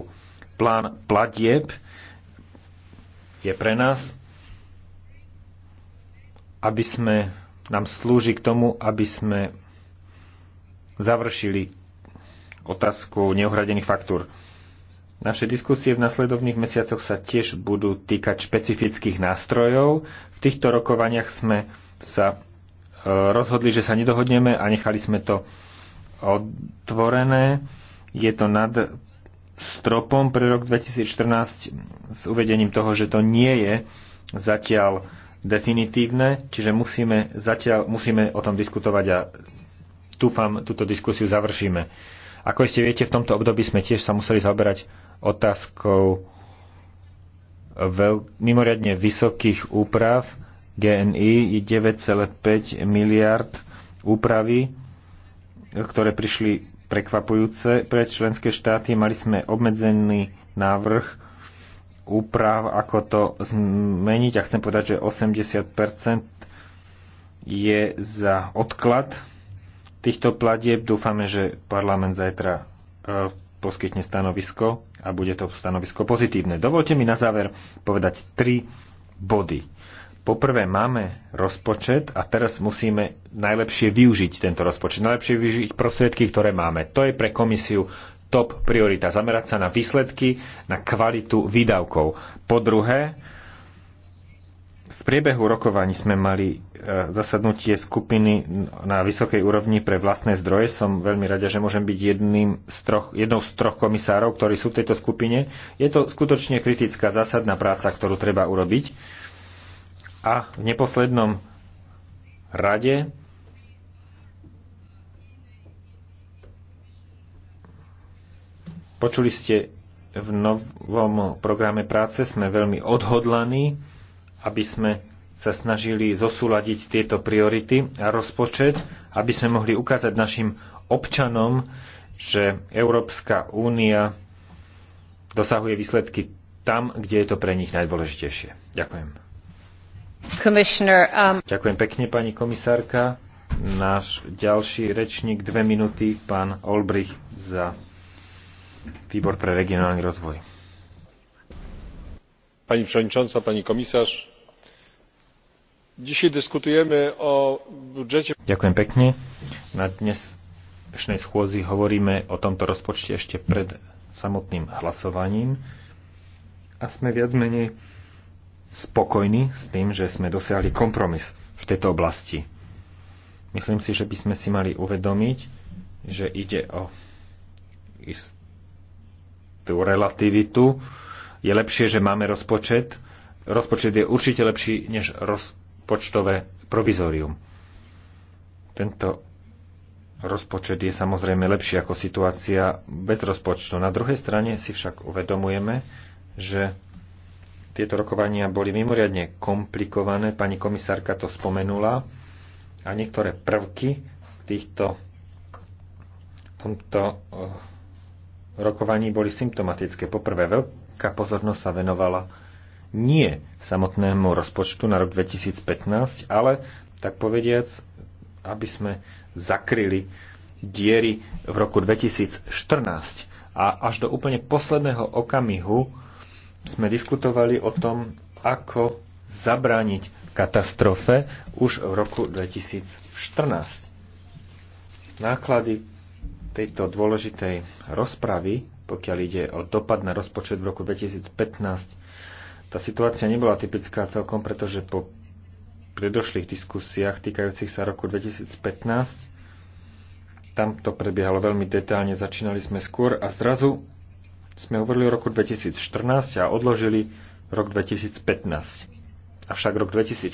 Plán platieb je pre nás, aby sme, nám slúži k tomu, aby sme završili otázku neohradených faktúr. Naše diskusie v nasledovných mesiacoch sa tiež budú týkať špecifických nástrojov. V týchto rokovaniach sme sa e, rozhodli, že sa nedohodneme a nechali sme to otvorené. Je to nad stropom pre rok 2014 s uvedením toho, že to nie je zatiaľ definitívne, čiže musíme, zatiaľ, musíme o tom diskutovať a dúfam, túto diskusiu završíme. Ako ešte viete, v tomto období sme tiež sa museli zaoberať otázkou veľ, mimoriadne vysokých úprav GNI je 9,5 miliard úpravy, ktoré prišli prekvapujúce pre členské štáty. Mali sme obmedzený návrh úprav, ako to zmeniť. A chcem povedať, že 80 je za odklad týchto platieb. Dúfame, že parlament zajtra e, poskytne stanovisko a bude to stanovisko pozitívne. Dovolte mi na záver povedať tri body Poprvé máme rozpočet a teraz musíme najlepšie využiť tento rozpočet, najlepšie využiť prostriedky, ktoré máme. To je pre komisiu top priorita. Zamerať sa na výsledky, na kvalitu výdavkov. Po druhé, v priebehu rokovaní sme mali e, zasadnutie skupiny na vysokej úrovni pre vlastné zdroje. Som veľmi rada, že môžem byť jedným z troch, jednou z troch komisárov, ktorí sú v tejto skupine. Je to skutočne kritická zásadná práca, ktorú treba urobiť a v neposlednom rade počuli ste v novom programe práce sme veľmi odhodlaní, aby sme sa snažili zosúľadiť tieto priority a rozpočet, aby sme mohli ukázať našim občanom, že Európska únia dosahuje výsledky tam, kde je to pre nich najdôležitejšie. Ďakujem. Um, Ďakujem pekne, pani komisárka. Náš ďalší rečník, dve minúty, pán Olbrich za Výbor pre regionálny rozvoj. Pani przewodnicząca, pani komisarz. Dzisiaj dyskutujemy o budżecie. Ďakujem pekne. Na dnešnej schôzi hovoríme o tomto rozpočte ešte pred samotným hlasovaním a sme viac menej spokojní s tým, že sme dosiahli kompromis v tejto oblasti. Myslím si, že by sme si mali uvedomiť, že ide o istú relativitu. Je lepšie, že máme rozpočet. Rozpočet je určite lepší než rozpočtové provizorium. Tento rozpočet je samozrejme lepší ako situácia bez rozpočtu. Na druhej strane si však uvedomujeme, že tieto rokovania boli mimoriadne komplikované, pani komisárka to spomenula a niektoré prvky z týchto tomto eh, rokovaní boli symptomatické. Poprvé, veľká pozornosť sa venovala nie samotnému rozpočtu na rok 2015, ale tak povediac, aby sme zakryli diery v roku 2014. A až do úplne posledného okamihu sme diskutovali o tom, ako zabrániť katastrofe už v roku 2014. Náklady tejto dôležitej rozpravy, pokiaľ ide o dopad na rozpočet v roku 2015, tá situácia nebola typická celkom, pretože po predošlých diskusiách týkajúcich sa roku 2015 tam to prebiehalo veľmi detálne, začínali sme skôr a zrazu sme hovorili o roku 2014 a odložili rok 2015. Avšak rok 2014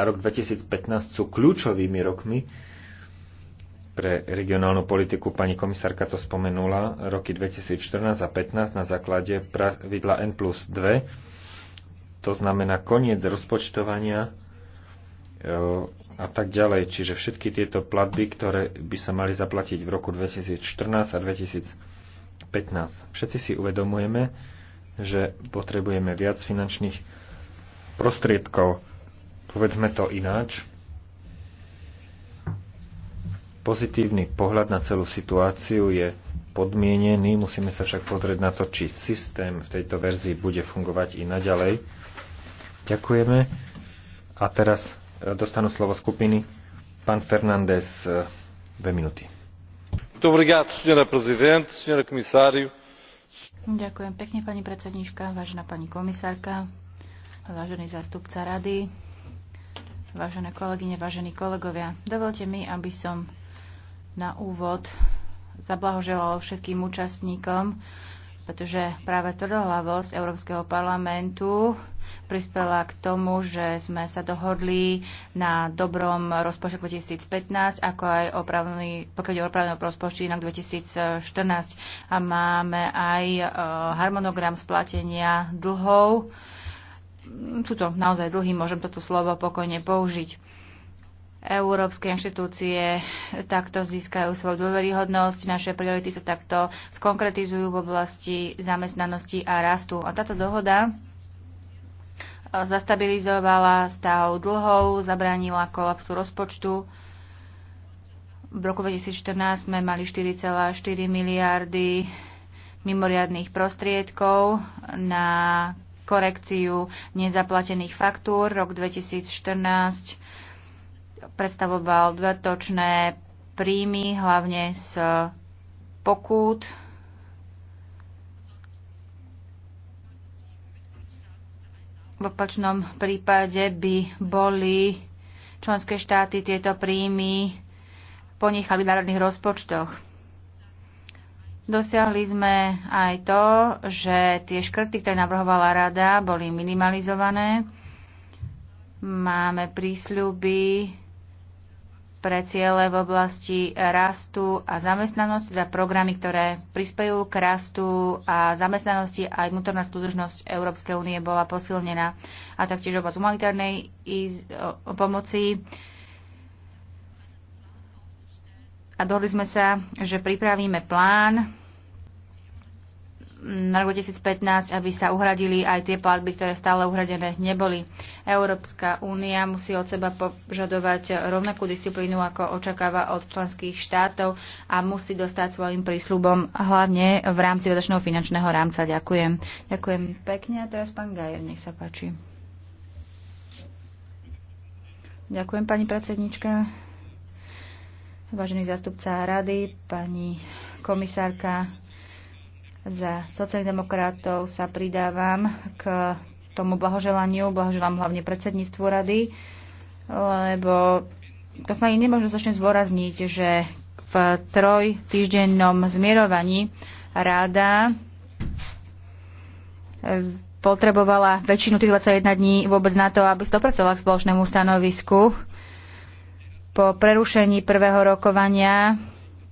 a rok 2015 sú kľúčovými rokmi pre regionálnu politiku. Pani komisárka to spomenula, roky 2014 a 2015 na základe pravidla N plus 2, to znamená koniec rozpočtovania e, a tak ďalej. Čiže všetky tieto platby, ktoré by sa mali zaplatiť v roku 2014 a 2015, 15. Všetci si uvedomujeme, že potrebujeme viac finančných prostriedkov. Povedzme to ináč. Pozitívny pohľad na celú situáciu je podmienený, musíme sa však pozrieť na to, či systém v tejto verzii bude fungovať i naďalej. Ďakujeme. A teraz e, dostanú slovo skupiny pán Fernández e, dve minúty. Ďakujem pekne, pani predsedníčka, vážená pani komisárka, vážený zástupca rady, vážené kolegyne, vážení kolegovia. Dovolte mi, aby som na úvod zablahoželal všetkým účastníkom pretože práve tvrdohlavosť Európskeho parlamentu prispela k tomu, že sme sa dohodli na dobrom rozpočte 2015, ako aj opravný, pokiaľ je opravný rozpočte inak 2014. A máme aj e, harmonogram splatenia dlhov. Sú to naozaj dlhy, môžem toto slovo pokojne použiť. Európske inštitúcie takto získajú svoju dôveryhodnosť, naše priority sa takto skonkretizujú v oblasti zamestnanosti a rastu. A táto dohoda eh, zastabilizovala stav dlhov, zabránila kolapsu rozpočtu. V roku 2014 sme mali 4,4 miliardy mimoriadných prostriedkov na korekciu nezaplatených faktúr. Rok 2014 predstavoval dodatočné príjmy, hlavne z pokút. V opačnom prípade by boli členské štáty tieto príjmy ponechali v národných rozpočtoch. Dosiahli sme aj to, že tie škrty, ktoré navrhovala rada, boli minimalizované. Máme prísľuby pre ciele v oblasti rastu a zamestnanosti, teda programy, ktoré prispejú k rastu a zamestnanosti a aj vnútorná súdržnosť Európskej únie bola posilnená a taktiež oblasť humanitárnej pomoci. A dohodli sme sa, že pripravíme plán na rok 2015, aby sa uhradili aj tie platby, ktoré stále uhradené neboli. Európska únia musí od seba požadovať rovnakú disciplínu, ako očakáva od členských štátov a musí dostať svojim prísľubom, hlavne v rámci vedačného finančného rámca. Ďakujem. Ďakujem pekne. A teraz pán Gajer, nech sa páči. Ďakujem, pani predsednička. Vážený zastupca rady, pani komisárka, za sociálnych demokratov sa pridávam k tomu blahoželaniu, blahoželám hlavne predsedníctvu rady, lebo to sa nemôžno začne zvorazniť, že v troj týždennom zmierovaní ráda potrebovala väčšinu tých 21 dní vôbec na to, aby stopracovala dopracovala k spoločnému stanovisku. Po prerušení prvého rokovania,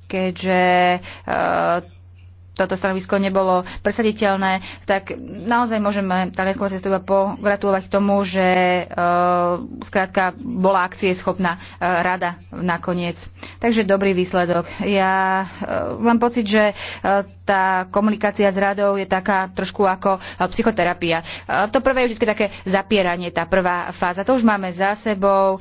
keďže e, toto stanovisko nebolo presaditeľné, tak naozaj môžeme Taliansko cestu iba pogratulovať k tomu, že e, skrátka bola akcie schopná e, rada nakoniec. Takže dobrý výsledok. Ja e, mám pocit, že e, tá komunikácia s radou je taká trošku ako e, psychoterapia. E, to prvé je vždy také zapieranie, tá prvá fáza. To už máme za sebou, e,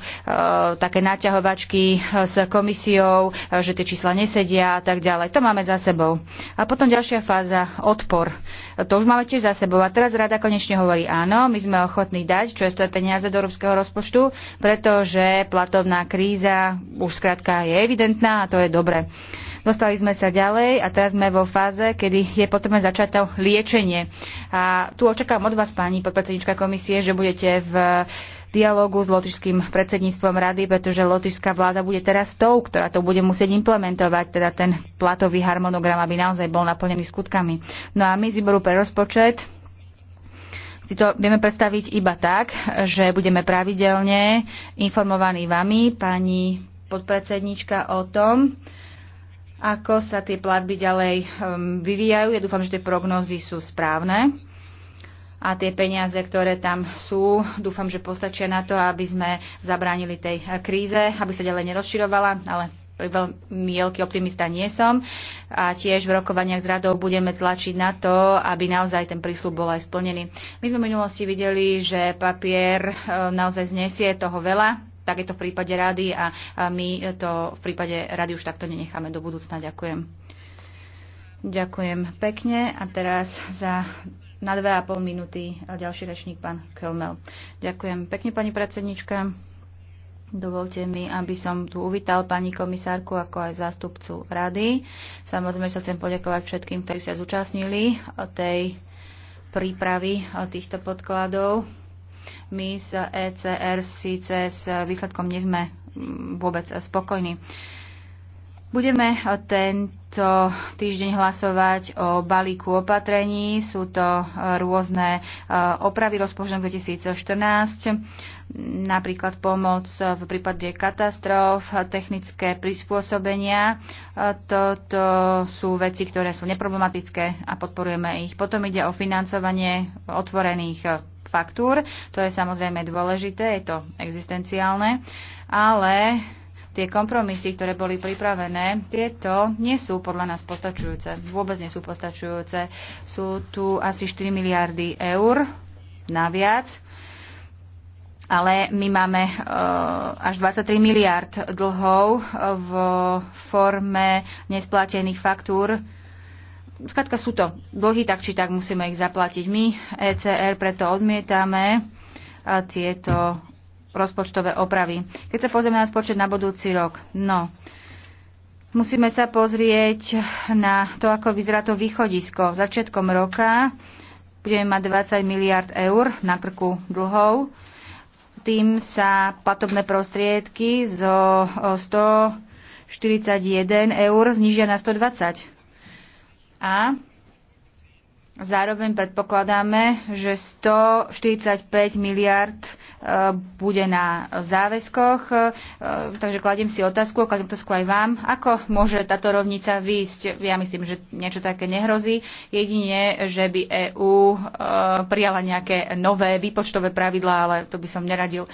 také naťahovačky s komisiou, e, že tie čísla nesedia a tak ďalej. To máme za sebou. A potom potom ďalšia fáza, odpor. To už máme tiež za sebou. A teraz rada konečne hovorí, áno, my sme ochotní dať čo je to peniaze do európskeho rozpočtu, pretože platovná kríza už skrátka je evidentná a to je dobre. Dostali sme sa ďalej a teraz sme vo fáze, kedy je potrebné začať to liečenie. A tu očakávam od vás, pani podpredsednička komisie, že budete v dialogu s lotišským predsedníctvom rady, pretože lotišská vláda bude teraz tou, ktorá to bude musieť implementovať, teda ten platový harmonogram, aby naozaj bol naplnený skutkami. No a my z výboru pre rozpočet si to vieme predstaviť iba tak, že budeme pravidelne informovaní vami, pani podpredsednička, o tom, ako sa tie platby ďalej ehm, vyvíjajú. Ja dúfam, že tie prognózy sú správne a tie peniaze, ktoré tam sú, dúfam, že postačia na to, aby sme zabránili tej kríze, aby sa ďalej nerozširovala, ale veľmi veľký optimista nie som. A tiež v rokovaniach s radou budeme tlačiť na to, aby naozaj ten prísľub bol aj splnený. My sme v minulosti videli, že papier e, naozaj znesie toho veľa, tak je to v prípade rady a my to v prípade rady už takto nenecháme do budúcna. Ďakujem. Ďakujem pekne a teraz za na 2,5 minúty a ďalší rečník pán Kelmel. Ďakujem pekne, pani predsednička. Dovolte mi, aby som tu uvítal pani komisárku ako aj zástupcu rady. Samozrejme, sa chcem poďakovať všetkým, ktorí sa zúčastnili tej prípravy týchto podkladov. My z ECR síce s výsledkom nie sme mm, vôbec spokojní. Budeme ten tento týždeň hlasovať o balíku opatrení. Sú to e, rôzne e, opravy rozpočtu 2014, napríklad pomoc v prípade katastrof, technické prispôsobenia. E, toto sú veci, ktoré sú neproblematické a podporujeme ich. Potom ide o financovanie otvorených faktúr. To je samozrejme dôležité, je to existenciálne, ale Tie kompromisy, ktoré boli pripravené, tieto nie sú podľa nás postačujúce. Vôbec nie sú postačujúce. Sú tu asi 4 miliardy eur naviac, ale my máme eh, až 23 miliard dlhov v forme nesplatených faktúr. Skladka sú to dlhy, tak či tak musíme ich zaplatiť. My ECR preto odmietame eh, tieto rozpočtové opravy. Keď sa pozrieme na rozpočet na budúci rok, no, musíme sa pozrieť na to, ako vyzerá to východisko. Začiatkom roka budeme mať 20 miliard eur na krku dlhov. Tým sa platobné prostriedky zo 141 eur znižia na 120. A zároveň predpokladáme, že 145 miliard eur bude na záväzkoch. E, takže kladiem si otázku, a kladiem otázku aj vám, ako môže táto rovnica výjsť. Ja myslím, že niečo také nehrozí. Jedine, že by EÚ e, prijala nejaké nové výpočtové pravidlá, ale to by som neradil.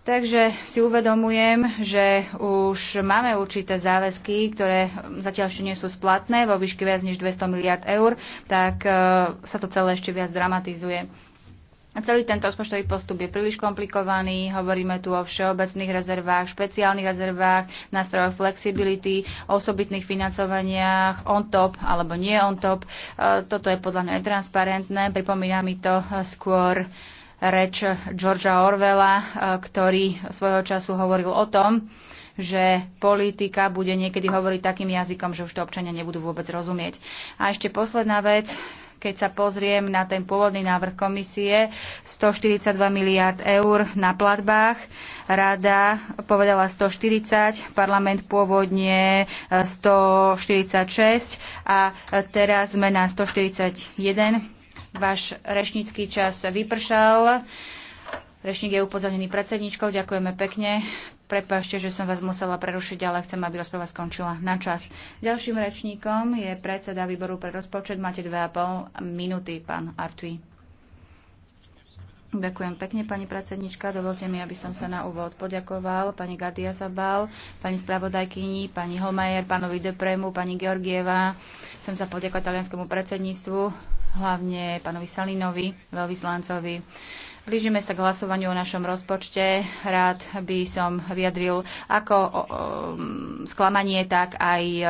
Takže si uvedomujem, že už máme určité záväzky, ktoré zatiaľ ešte nie sú splatné vo výške viac než 200 miliard eur, tak e, sa to celé ešte viac dramatizuje. Celý tento rozpočtový postup je príliš komplikovaný, hovoríme tu o všeobecných rezervách, špeciálnych rezervách, nástrojoch flexibility, osobitných financovaniach on top alebo nie on top. E, toto je podľa mňa netransparentné, pripomína mi to skôr reč Georgia Orwella, e, ktorý svojho času hovoril o tom, že politika bude niekedy hovoriť takým jazykom, že už to občania nebudú vôbec rozumieť. A ešte posledná vec, keď sa pozriem na ten pôvodný návrh komisie, 142 miliard eur na platbách, rada povedala 140, parlament pôvodne 146 e, a teraz sme na 141. Váš rečnícky čas vypršal. Rečník je upozornený predsedničkou. Ďakujeme pekne. Prepašte, že som vás musela prerušiť, ale chcem, aby rozpráva skončila na čas. Ďalším rečníkom je predseda výboru pre rozpočet. Máte 2,5 minúty, pán Artui. Ďakujem pekne, pani predsednička. Dovolte mi, aby som sa na úvod poďakoval pani Gardia Sabal, pani spravodajkyni, pani Holmajer, pánovi Depremu, pani Georgieva. Chcem sa poďakovať talianskému predsedníctvu, hlavne pánovi Salinovi, veľvyslancovi. Blížime sa k hlasovaniu o našom rozpočte. Rád by som vyjadril ako sklamanie, tak aj e,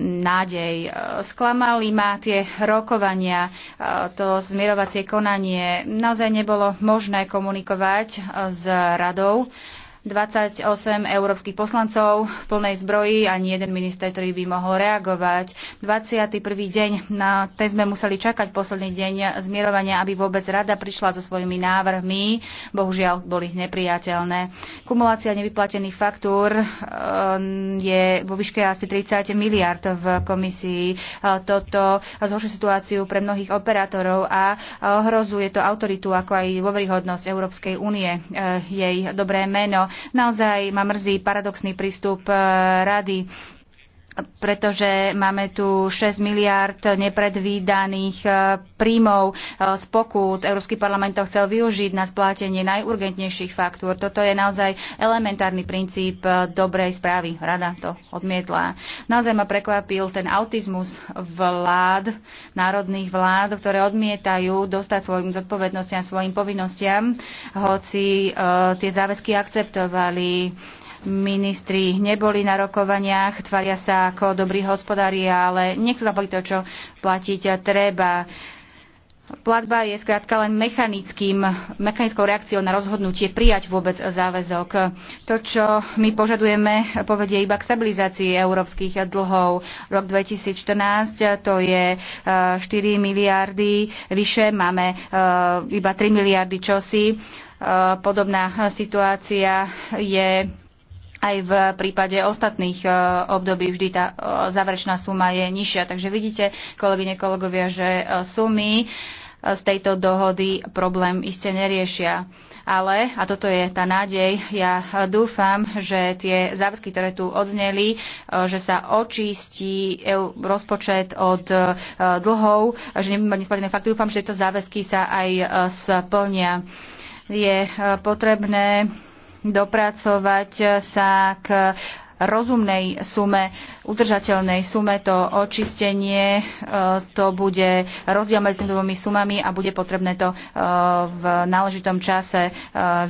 nádej. E, sklamali ma tie rokovania, e, to zmierovacie konanie. Naozaj nebolo možné komunikovať s radou. 28 európskych poslancov v plnej zbroji, ani jeden minister, ktorý by mohol reagovať. 21. deň, na ten sme museli čakať posledný deň zmierovania, aby vôbec rada prišla so svojimi návrhmi. Bohužiaľ, boli nepriateľné. Kumulácia nevyplatených faktúr e, je vo výške asi 30 miliard v komisii. E, toto zhoršuje situáciu pre mnohých operátorov a e, ohrozuje to autoritu, ako aj dôveryhodnosť Európskej únie, jej dobré meno. Naozaj ma mrzí paradoxný prístup eh, rady pretože máme tu 6 miliard nepredvídaných e, príjmov e, z pokút. Európsky parlament to chcel využiť na splátenie najurgentnejších faktúr. Toto je naozaj elementárny princíp e, dobrej správy. Rada to odmietla. Naozaj ma prekvapil ten autizmus vlád, národných vlád, ktoré odmietajú dostať svojim zodpovednostiam, svojim povinnostiam, hoci tie záväzky akceptovali ministri neboli na rokovaniach, tvária sa ako dobrí hospodári, ale nechcú zaplatiť to, čo platiť treba. Platba je skrátka len mechanickým, mechanickou reakciou na rozhodnutie prijať vôbec záväzok. To, čo my požadujeme, povedie iba k stabilizácii európskych dlhov. Rok 2014 to je 4 eh, miliardy vyše, máme eh, iba 3 miliardy čosi. Eh, podobná situácia je aj v prípade ostatných e, období vždy tá e, záverečná suma je nižšia. Takže vidíte, kolegyne, kolegovia, že e, sumy z tejto dohody problém iste neriešia. Ale, a toto je tá nádej, ja dúfam, že tie záväzky, ktoré tu odzneli, že sa očistí rozpočet od dlhov, že nebudeme mať nesplatené fakty. Dúfam, že tieto záväzky sa aj splnia. Je potrebné dopracovať sa k rozumnej sume, udržateľnej sume to očistenie, e, to bude rozdiel medzi tými dvomi sumami a bude potrebné to e, v náležitom čase e,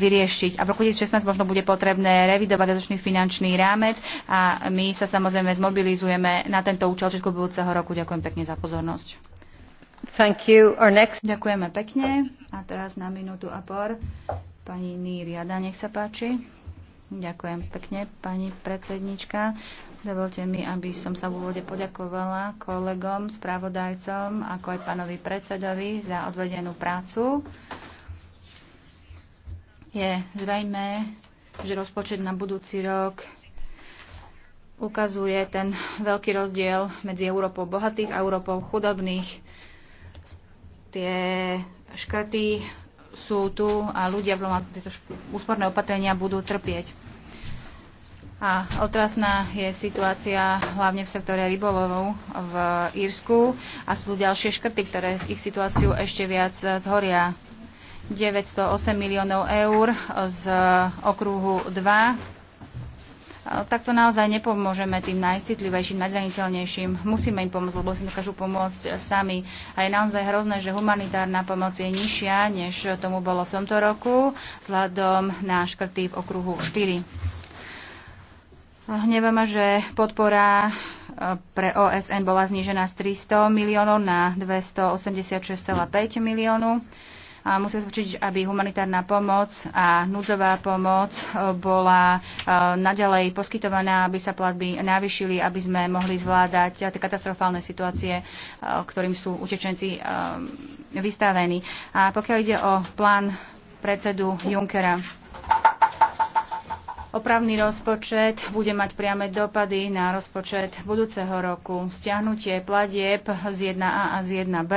vyriešiť. A v roku 2016 možno bude potrebné revidovať dotočný finančný rámec a my sa samozrejme zmobilizujeme na tento účel všetko budúceho roku. Ďakujem pekne za pozornosť. Thank you. Our next... Ďakujeme pekne. A teraz na minútu a por Pani Nýriada, nech sa páči. Ďakujem pekne, pani predsednička. Dovolte mi, aby som sa v úvode poďakovala kolegom, správodajcom, ako aj pánovi predsedovi za odvedenú prácu. Je zrejme, že rozpočet na budúci rok ukazuje ten veľký rozdiel medzi Európou bohatých a Európou chudobných. Tie škrty sú tu a ľudia vzhľadom na tieto úsporné opatrenia budú trpieť. A otrasná je situácia hlavne v sektore rybolovov v Írsku a sú tu ďalšie škrty, ktoré ich situáciu ešte viac zhoria. 908 miliónov eur z okruhu 2 tak to naozaj nepomôžeme tým najcitlivejším, najzraniteľnejším. Musíme im pomôcť, lebo si dokážu pomôcť sami. A je naozaj hrozné, že humanitárna pomoc je nižšia, než tomu bolo v tomto roku, vzhľadom na škrty v okruhu 4. Hnevame, že podpora e, pre OSN bola znížená z 300 miliónov na 286,5 miliónov. A musíme zvučiť, aby humanitárna pomoc a núdzová pomoc eh, bola eh, naďalej poskytovaná, aby sa platby navýšili, aby sme mohli zvládať tie katastrofálne situácie, eh, ktorým sú utečenci vystavení. A pokiaľ ide o plán predsedu Junckera, Opravný rozpočet bude mať priame dopady na rozpočet budúceho roku. Stiahnutie platieb z 1A a z 1B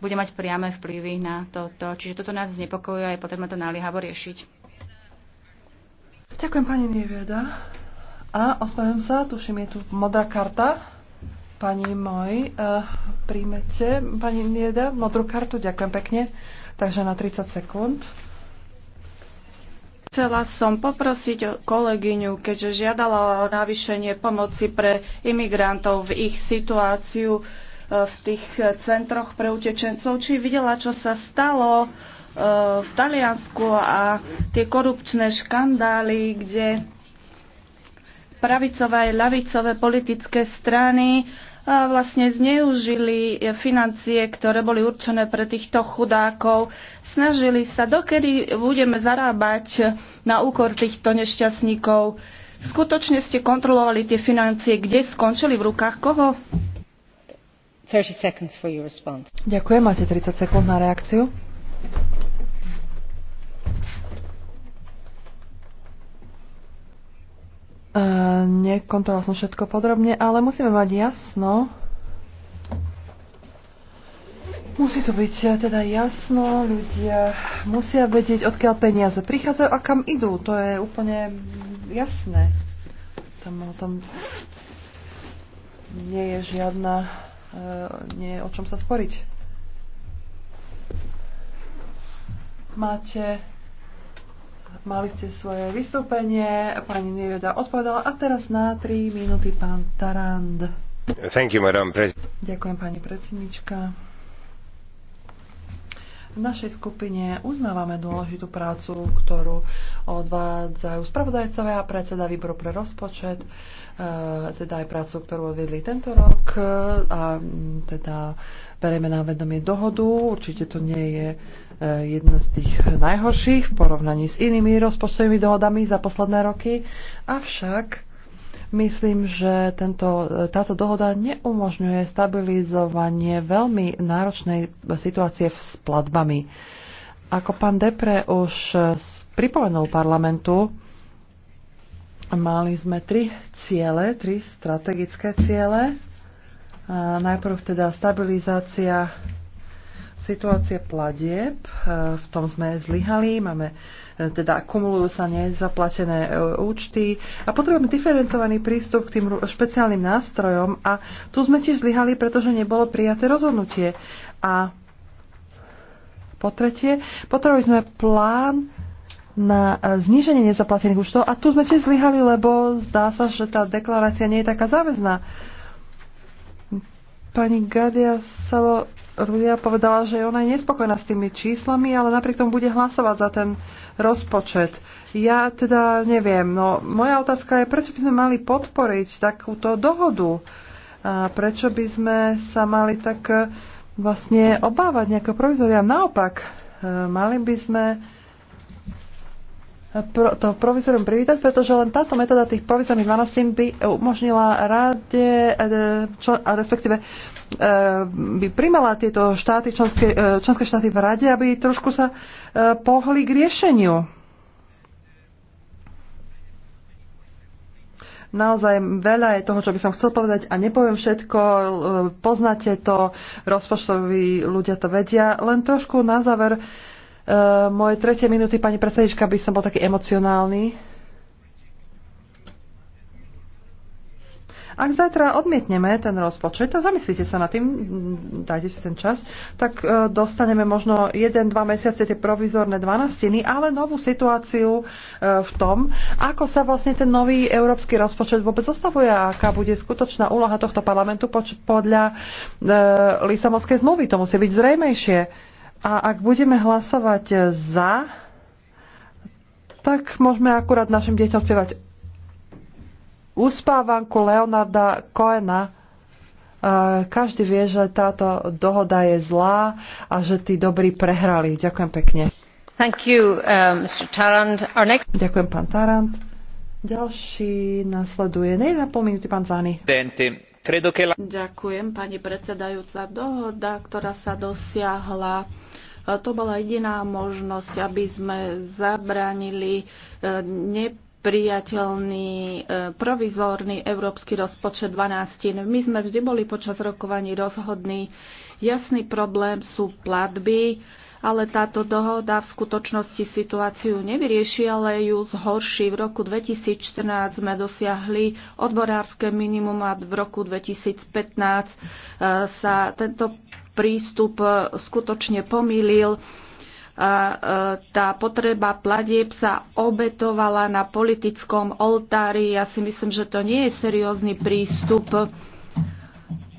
bude mať priame vplyvy na toto. Čiže toto nás znepokojuje a je potrebné to naliehavo riešiť. Ďakujem pani Nevieda. A ospravedlňujem sa, tuším, je tu modrá karta. Pani moj, uh, príjmete, pani Nieda, modrú kartu, ďakujem pekne. Takže na 30 sekúnd. Chcela som poprosiť kolegyňu, keďže žiadala o navýšenie pomoci pre imigrantov v ich situáciu, v tých centroch pre utečencov, či videla, čo sa stalo e, v Taliansku a tie korupčné škandály, kde pravicové aj ľavicové politické strany e, vlastne zneužili financie, ktoré boli určené pre týchto chudákov. Snažili sa, dokedy budeme zarábať na úkor týchto nešťastníkov. Skutočne ste kontrolovali tie financie, kde skončili v rukách koho? Ehm, nekontrolovala som všetko podrobne, ale musíme mať jasno. Musí to byť eh, teda jasno, ľudia musia vedieť, odkiaľ peniaze prichádzajú a kam idú. To je úplne jasné. Tam o tom nie je žiadna e, nie je o čom sa sporiť. Máte, mali ste svoje vystúpenie, pani Nereda odpovedala a teraz na 3 minúty pán Tarand. Thank you, madam Ďakujem, pani predsednička. V našej skupine uznávame dôležitú prácu, ktorú odvádzajú spravodajcovia a predseda výboru pre rozpočet. Eh, teda aj prácu, ktorú odvedli tento rok eh, a mm, teda bereme na vedomie dohodu. Určite to nie je eh, jedna z tých najhorších v porovnaní s inými rozpočtovými dohodami za posledné roky. Avšak Myslím, že tento, táto dohoda neumožňuje stabilizovanie veľmi náročnej situácie s platbami. Ako pán Depre už pripomenul parlamentu, Mali sme tri ciele, tri strategické ciele. Najprv teda stabilizácia situácie platieb. V tom sme zlyhali, máme e, teda akumulujú sa nezaplatené e, účty a potrebujeme diferencovaný prístup k tým špeciálnym nástrojom a tu sme tiež zlyhali, pretože nebolo prijaté rozhodnutie. A po tretie, potrebovali sme plán na e, zníženie nezaplatených účtov a tu sme tiež zlyhali, lebo zdá sa, že tá deklarácia nie je taká záväzná. Pani Gadia Savo Rulia povedala, že ona je nespokojná s tými číslami, ale napriek tomu bude hlasovať za ten rozpočet. Ja teda neviem, no moja otázka je, prečo by sme mali podporiť takúto dohodu? A prečo by sme sa mali tak e, vlastne obávať nejakého provizoria? Naopak, e, mali by sme to provizorium privítať, pretože len táto metóda tých provizorných 12 by umožnila rade, eh, čo, a respektíve eh, by primala tieto štáty, členské, eh, členské štáty v rade, aby trošku sa pohli k riešeniu. Naozaj veľa je toho, čo by som chcel povedať a nepoviem všetko. Poznáte to, rozpočtoví ľudia to vedia. Len trošku na záver Eh, moje tretie minúty, pani predsednička, by som bol taký emocionálny. Ak zajtra odmietneme ten rozpočet a zamyslíte sa nad tým, dajte si ten čas, tak eh, dostaneme možno 1-2 mesiace tie provizorné dvanastiny, ale novú situáciu eh, v tom, ako sa vlastne ten nový európsky rozpočet vôbec zostavuje a aká bude skutočná úloha tohto parlamentu podľa Lisabonskej zmluvy. To musí byť zrejmejšie a ak budeme hlasovať za, tak môžeme akurát našim deťom spievať uspávanku Leonarda Koena. E, každý vie, že táto dohoda je zlá a že tí dobrí prehrali. Ďakujem pekne. Thank you, um, uh, Mr. Our next... Ďakujem, pán Tarand. Ďalší nasleduje. Nejde na pol minúty, pán Zany. Ďakujem, pani predsedajúca. Dohoda, ktorá sa dosiahla to bola jediná možnosť, aby sme zabránili e, e, provizórny európsky rozpočet 12. My sme vždy boli počas rokovaní rozhodní. Jasný problém sú platby, ale táto dohoda v skutočnosti situáciu nevyrieši, ale ju zhorší. V roku 2014 sme dosiahli odborárske minimum a v roku 2015 e, sa tento prístup e, skutočne pomýlil. E, tá potreba pladieb sa obetovala na politickom oltári. Ja si myslím, že to nie je seriózny prístup.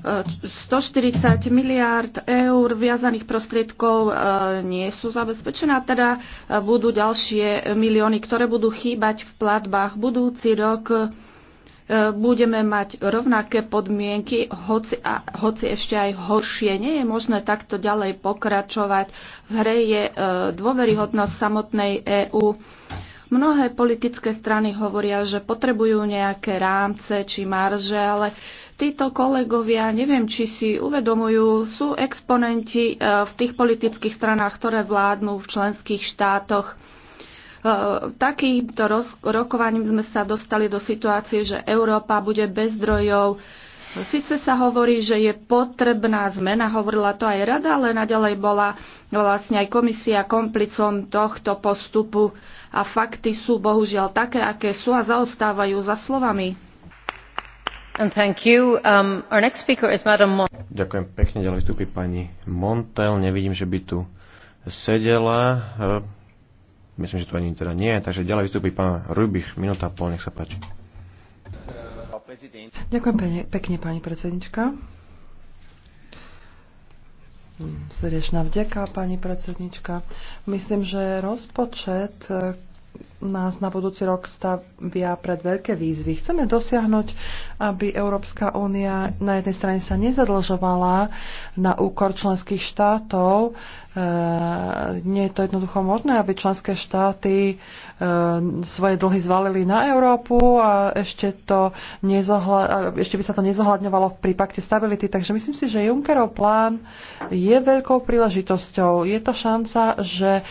140 e, miliárd eur viazaných prostriedkov nie sú zabezpečená, teda budú ďalšie milióny, ktoré budú chýbať v platbách budúci rok E, budeme mať rovnaké podmienky, hoci, a, hoci ešte aj horšie. Nie je možné takto ďalej pokračovať. V hre je e, dôveryhodnosť samotnej EÚ. Mnohé politické strany hovoria, že potrebujú nejaké rámce či marže, ale títo kolegovia, neviem, či si uvedomujú, sú exponenti e, v tých politických stranách, ktoré vládnu v členských štátoch Eh, takýmto rokovaním sme sa dostali do situácie, že Európa bude bez zdrojov. Sice sa hovorí, že je potrebná zmena, hovorila to aj rada, ale naďalej bola vlastne aj komisia komplicom tohto postupu a fakty sú bohužiaľ také, aké sú a zaostávajú za slovami. Um, Ďakujem pekne, ďalej vstúpi pani Montel. Nevidím, že by tu sedela eh, Myslím, že to ani teda nie. Takže ďalej vystúpi pán Rubich. Minúta a pol, nech sa páči. Ďakujem pekne, pekne pani predsednička. Srdečná vďaka, pani predsednička. Myslím, že rozpočet, nás na budúci rok stavia pred veľké výzvy. Chceme dosiahnuť, aby Európska únia na jednej strane sa nezadlžovala na úkor členských štátov. E, nie je to jednoducho možné, aby členské štáty e, svoje dlhy zvalili na Európu a ešte, to nezohľa, ešte by sa to nezohľadňovalo v prípakte stability. Takže myslím si, že Junckerov plán je veľkou príležitosťou. Je to šanca, že e,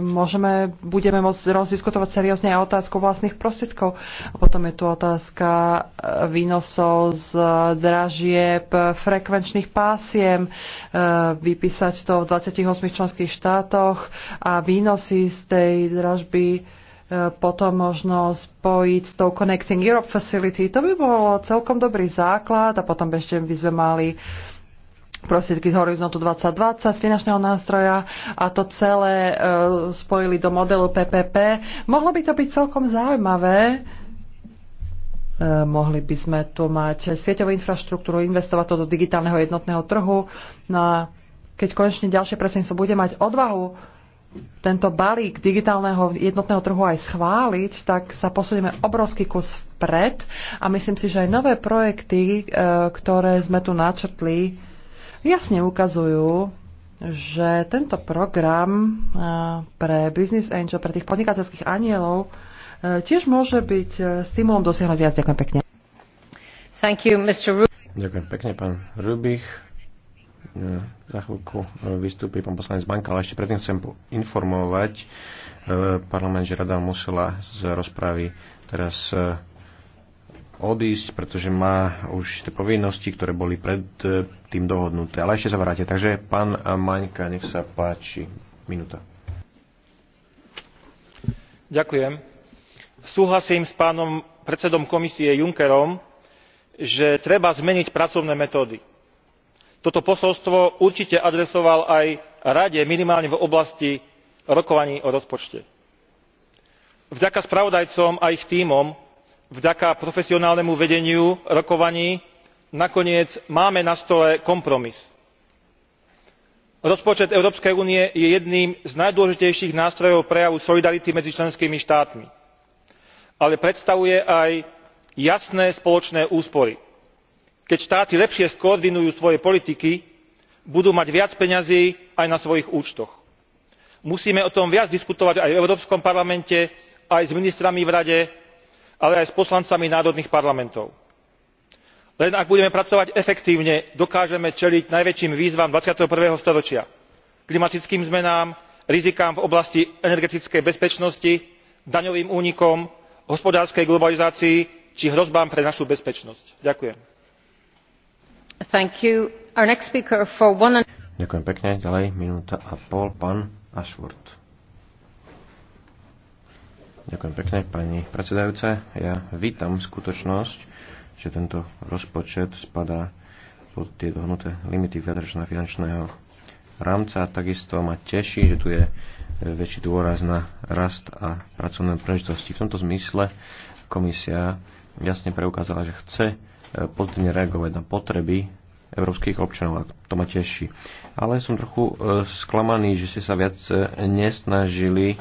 môžeme, budeme môcť rozdiskutovať diskutovať seriózne aj otázku vlastných prostriedkov. A potom je tu otázka eh, výnosov z dražieb, frekvenčných pásiem, eh, vypísať to v 28 členských štátoch a výnosy z tej dražby eh, potom možno spojiť s tou Connecting Europe Facility. To by bolo celkom dobrý základ a potom ešte by sme mali uh, prostriedky z Horizontu 2020 z finančného nástroja a to celé e, spojili do modelu PPP. Mohlo by to byť celkom zaujímavé, e, mohli by sme tu mať sieťovú infraštruktúru, investovať to do digitálneho jednotného trhu. No a keď konečne ďalšie sa bude mať odvahu tento balík digitálneho jednotného trhu aj schváliť, tak sa posunieme obrovský kus vpred a myslím si, že aj nové projekty, e, ktoré sme tu načrtli, jasne ukazujú, že tento program eh, pre Business Angel, pre tých podnikateľských anielov, eh, tiež môže byť eh, stimulom dosiahnuť viac. Ďakujem pekne. Thank you, Mr. Rubich. Ďakujem pekne, pán Rubich. Za chvíľku vystúpi pán poslanec Banka, ale ešte predtým chcem informovať parlament, že rada musela z rozpravy teraz odísť, pretože má už tie povinnosti, ktoré boli pred e, tým dohodnuté. Ale ešte sa vráte. Takže pán Maňka, nech sa páči. Minúta. Ďakujem. Súhlasím s pánom predsedom komisie Junckerom, že treba zmeniť pracovné metódy. Toto posolstvo určite adresoval aj Rade minimálne v oblasti rokovaní o rozpočte. Vďaka spravodajcom a ich tímom vďaka profesionálnemu vedeniu rokovaní nakoniec máme na stole kompromis. rozpočet európskej únie je jedným z najdôležitejších nástrojov prejavu solidarity medzi členskými štátmi ale predstavuje aj jasné spoločné úspory. keď štáty lepšie skoordinujú svoje politiky budú mať viac peňazí aj na svojich účtoch. musíme o tom viac diskutovať aj v európskom parlamente aj s ministrami v rade ale aj s poslancami národných parlamentov. len ak budeme pracovať efektívne dokážeme čeliť najväčším výzvam. twenty one storočia klimatickým zmenám rizikám v oblasti energetickej bezpečnosti daňovým únikom hospodárskej globalizácii či hrozbám pre našu bezpečnosť. ďakujem. Ďakujem pekne. Ďalej minúta a pol, pán Ďakujem pekne, pani predsedajúca. Ja vítam skutočnosť, že tento rozpočet spadá pod tie dohnuté limity viacročného finančného rámca. Takisto ma teší, že tu je väčší dôraz na rast a pracovné príležitosti. V tomto zmysle komisia jasne preukázala, že chce eh, pozitívne reagovať na potreby európskych občanov a to ma teší. Ale som trochu eh, sklamaný, že ste sa viac eh, nesnažili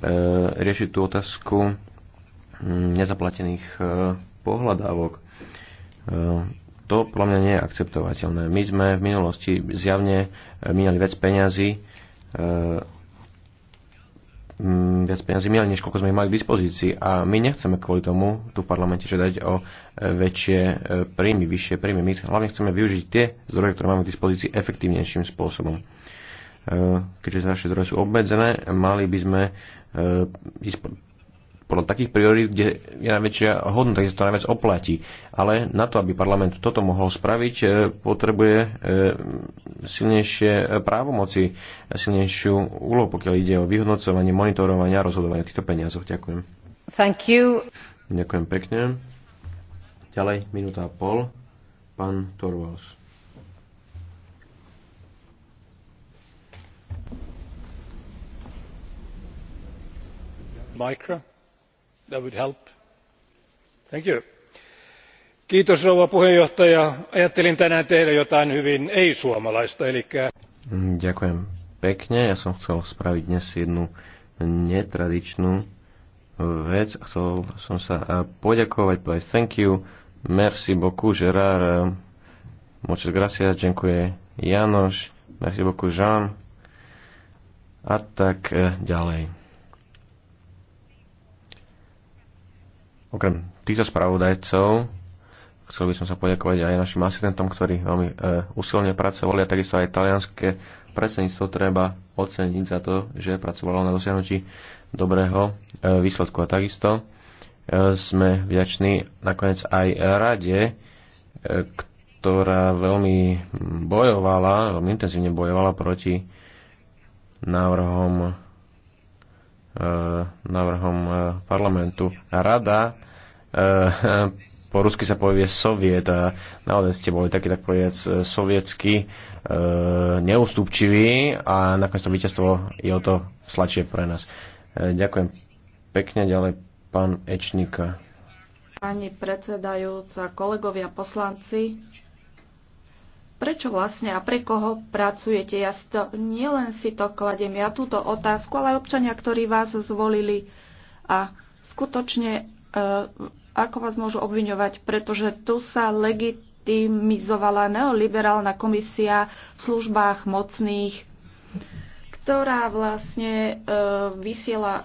E, riešiť tú otázku nezaplatených e, pohľadávok. E, to podľa mňa nie je akceptovateľné. My sme v minulosti zjavne minali viac peňazí, viac peňazí mieli, než koľko sme ich mali k dispozícii a my nechceme kvôli tomu tu v parlamente žiadať o väčšie príjmy, vyššie príjmy. My hlavne chceme využiť tie zdroje, ktoré máme k dispozícii efektívnejším spôsobom keďže naše zdroje sú obmedzené, mali by sme ísť eh, podľa takých priorít, kde je najväčšia hodnota, kde sa to najviac oplatí. Ale na to, aby parlament toto mohol spraviť, eh, potrebuje eh, silnejšie právomoci, silnejšiu úlohu, pokiaľ ide o vyhodnocovanie, monitorovanie a rozhodovanie týchto peniazov. Ďakujem. Thank you. Ďakujem pekne. Ďalej, minúta a pol. Pán Torvalds. arvoisa puhemies ajattelin tänään tehdä jotain hyvin ei suomalaista eli. ďakujem pekne ja som chcel spraviť dnes jednu netradičnú vec. Chcel som sa e, poďakovať, povedať thank you, merci beaucoup Gerard, e, muchas gracias, ďakujem Janoš, merci beaucoup Jean a tak e, ďalej. Okrem týchto spravodajcov chcel by som sa poďakovať aj našim asistentom, ktorí veľmi e, usilne pracovali a takisto aj talianské predsedníctvo treba oceniť za to, že pracovalo na dosiahnutí dobrého e, výsledku. A takisto e, sme vďační nakoniec aj rade, e, ktorá veľmi bojovala, veľmi intenzívne bojovala proti návrhom E, návrhom e, parlamentu. Rada e, po rusky sa povie soviet a naozaj ste boli taký tak povedať sovietsky e, neústupčiví a nakoniec to víťazstvo je o to slačie pre nás. E, ďakujem pekne ďalej pán Ečníka. Pani predsedajúca, kolegovia poslanci, prečo vlastne a pre koho pracujete. Ja si to, nielen si to kladem ja túto otázku, ale aj občania, ktorí vás zvolili a skutočne e, ako vás môžu obviňovať, pretože tu sa legitimizovala neoliberálna komisia v službách mocných ktorá vlastne e, vysiela e,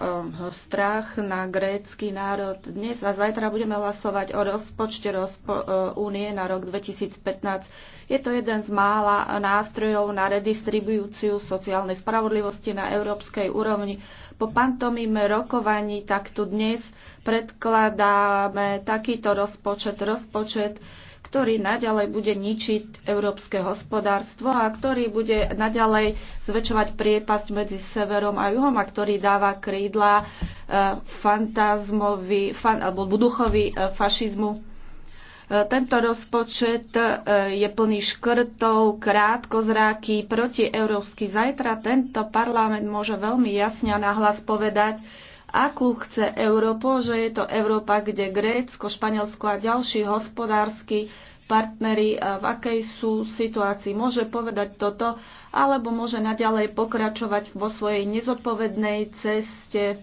strach na grécky národ. Dnes a zajtra budeme hlasovať o rozpočte rozpo- e, únie na rok 2015. Je to jeden z mála nástrojov na redistribúciu sociálnej spravodlivosti na európskej úrovni. Po pantomime rokovaní tak tu dnes predkladáme takýto rozpočet, rozpočet, ktorý naďalej bude ničiť európske hospodárstvo a ktorý bude naďalej zväčšovať priepasť medzi severom a juhom a ktorý dáva krídla e, fantazmovi fan, alebo duchovi e, fašizmu. E, tento rozpočet je plný škrtov, krátkozráky, európsky Zajtra tento parlament môže veľmi jasne a nahlas povedať, akú chce Európu, že je to Európa, kde Grécko, Španielsko a ďalší hospodársky partneri, eh, v akej sú situácii. Môže povedať toto, alebo môže naďalej pokračovať vo svojej nezodpovednej ceste.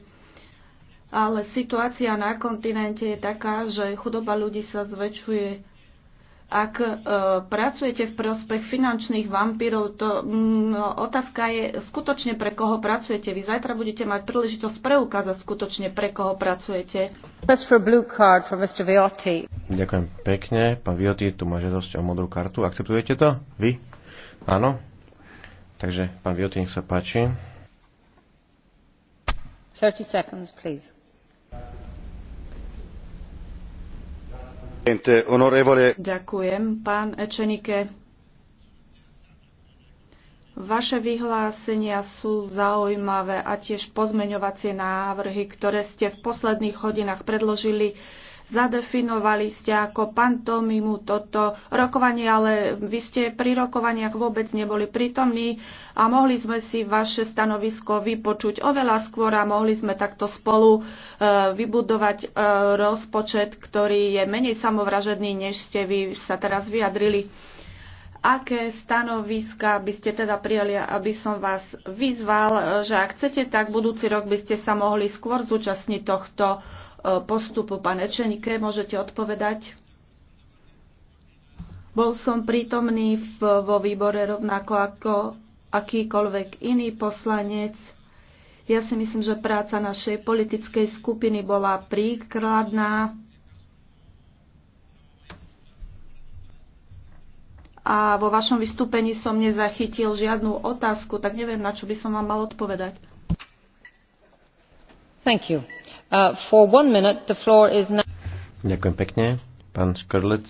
Ale situácia na kontinente je taká, že chudoba ľudí sa zväčšuje ak e, pracujete v prospech finančných vampírov, to mm, no, otázka je skutočne pre koho pracujete. Vy zajtra budete mať príležitosť preukázať skutočne pre koho pracujete. Ďakujem pekne. Pán Vioti, tu má žiadosť o modrú kartu. Akceptujete to? Vy? Áno? Takže, pán Vioti, nech sa páči. 30 seconds, please. Ďakujem, pán Ečenike. Vaše vyhlásenia sú zaujímavé a tiež pozmeňovacie návrhy, ktoré ste v posledných hodinách predložili zadefinovali ste ako pantomimu toto rokovanie, ale vy ste pri rokovaniach vôbec neboli prítomní a mohli sme si vaše stanovisko vypočuť oveľa skôr a mohli sme takto spolu e, vybudovať e, rozpočet, ktorý je menej samovražedný, než ste vy sa teraz vyjadrili aké stanoviska by ste teda prijali, aby som vás vyzval, že ak chcete, tak budúci rok by ste sa mohli skôr zúčastniť tohto postupu. Pán Ečenike, môžete odpovedať? Bol som prítomný v, vo výbore rovnako ako akýkoľvek iný poslanec. Ja si myslím, že práca našej politickej skupiny bola príkladná. a vo vašom vystúpení som nezachytil žiadnu otázku, tak neviem, na čo by som vám mal odpovedať. Thank you. Uh, ďakujem pekne. Pán Škrlec.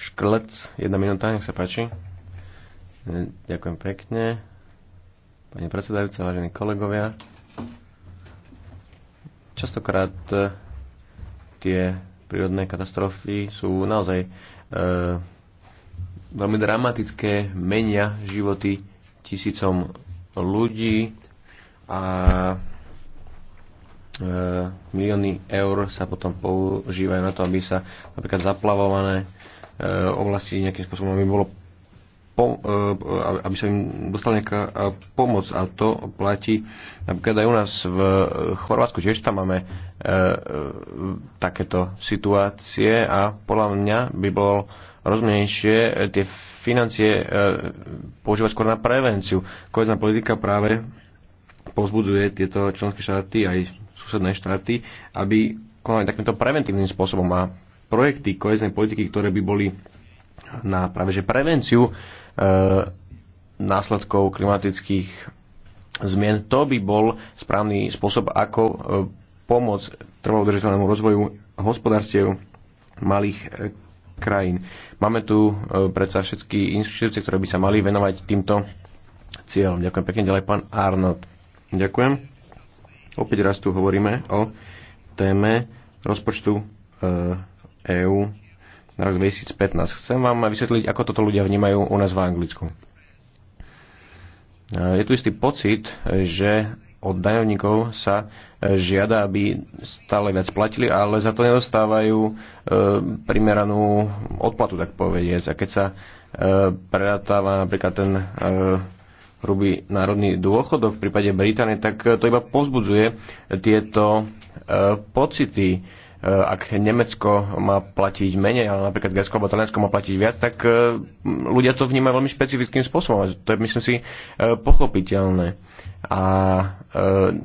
Škrlec, jedna minúta, nech sa páči. E, ďakujem pekne. Pani predsedajúca, vážení kolegovia. Častokrát e, tie prírodné katastrofy sú naozaj e, veľmi dramatické, menia životy tisícom ľudí a E, milióny eur sa potom používajú na to, aby sa napríklad zaplavované e, oblasti nejakým spôsobom, aby bolo po, e, aby sa im dostala nejaká pomoc a to platí napríklad aj u nás v Chorvátsku tiež tam máme e, e, takéto situácie a podľa mňa by bolo rozumnejšie tie financie e, používať skôr na prevenciu. Kovecná politika práve pozbuduje tieto členské štáty aj susedné štáty, aby konali takýmto preventívnym spôsobom a projekty koheznej politiky, ktoré by boli na práve že prevenciu e, následkov klimatických zmien, to by bol správny spôsob, ako e, pomôcť trvalodržiteľnému rozvoju hospodárstiev malých e, krajín. Máme tu e, predsa všetky inštitúcie, ktoré by sa mali venovať týmto cieľom. Ďakujem pekne. Ďalej pán Arnold. Ďakujem. Opäť raz tu hovoríme o téme rozpočtu EÚ eh, e na rok 2015. Chcem vám vysvetliť, ako toto ľudia vnímajú u nás v Anglicku. Eh, je tu istý pocit, že od daňovníkov sa eh, žiada, aby stále viac platili, ale za to nedostávajú primeranú odplatu, tak povediec. A keď sa e, predátáva napríklad ten hrubý národný dôchodok v prípade Británie, tak e, to iba pozbudzuje e, tieto e, pocity. Ak Nemecko má platiť menej, ale napríklad Grécko alebo Taliansko má platiť viac, tak ľudia to vnímajú veľmi špecifickým spôsobom. To je, myslím si, pochopiteľné a e,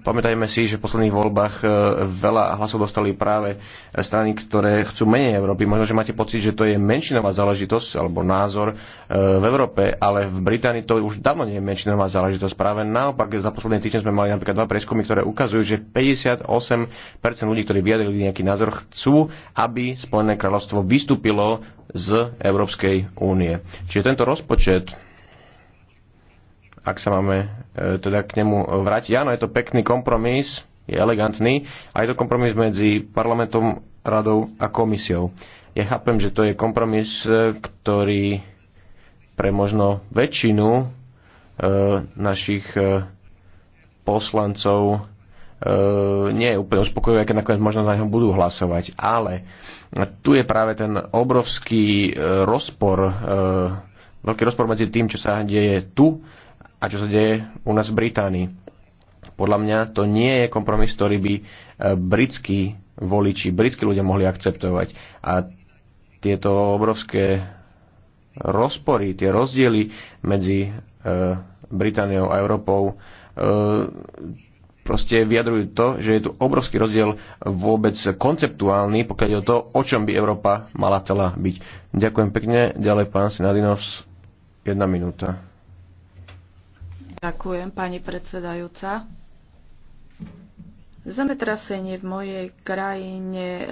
pamätajme si, že v posledných voľbách e, veľa hlasov dostali práve strany, ktoré chcú menej Európy. Možno, že máte pocit, že to je menšinová záležitosť alebo názor e, v Európe, ale v Británii to už dávno nie je menšinová záležitosť. Práve naopak, za posledný týždeň sme mali napríklad dva prieskumy, ktoré ukazujú, že 58% ľudí, ktorí vyjadrili nejaký názor, chcú, aby Spojené kráľovstvo vystúpilo z Európskej únie. Čiže tento rozpočet ak sa máme e, teda k nemu vrátiť. Áno, je to pekný kompromis, je elegantný a je to kompromis medzi parlamentom, radou a komisiou. Ja chápem, že to je kompromis, e, ktorý pre možno väčšinu e, našich poslancov nie je úplne uspokojivé, keď nakoniec možno na ňom budú hlasovať. Ale tu je práve ten obrovský rozpor, veľký rozpor medzi tým, čo sa deje tu a čo sa deje u nás v Británii. Podľa mňa to nie je kompromis, ktorý by e, britskí voliči, britskí ľudia mohli akceptovať. A tieto obrovské rozpory, tie rozdiely medzi e, Britániou a Európou e, proste vyjadrujú to, že je tu obrovský rozdiel vôbec konceptuálny, pokiaľ je o to, o čom by Európa mala celá byť. Ďakujem pekne. Ďalej pán Sinadinovs, jedna minúta. Ďakujem, pani predsedajúca. Zemetrasenie v mojej krajine e,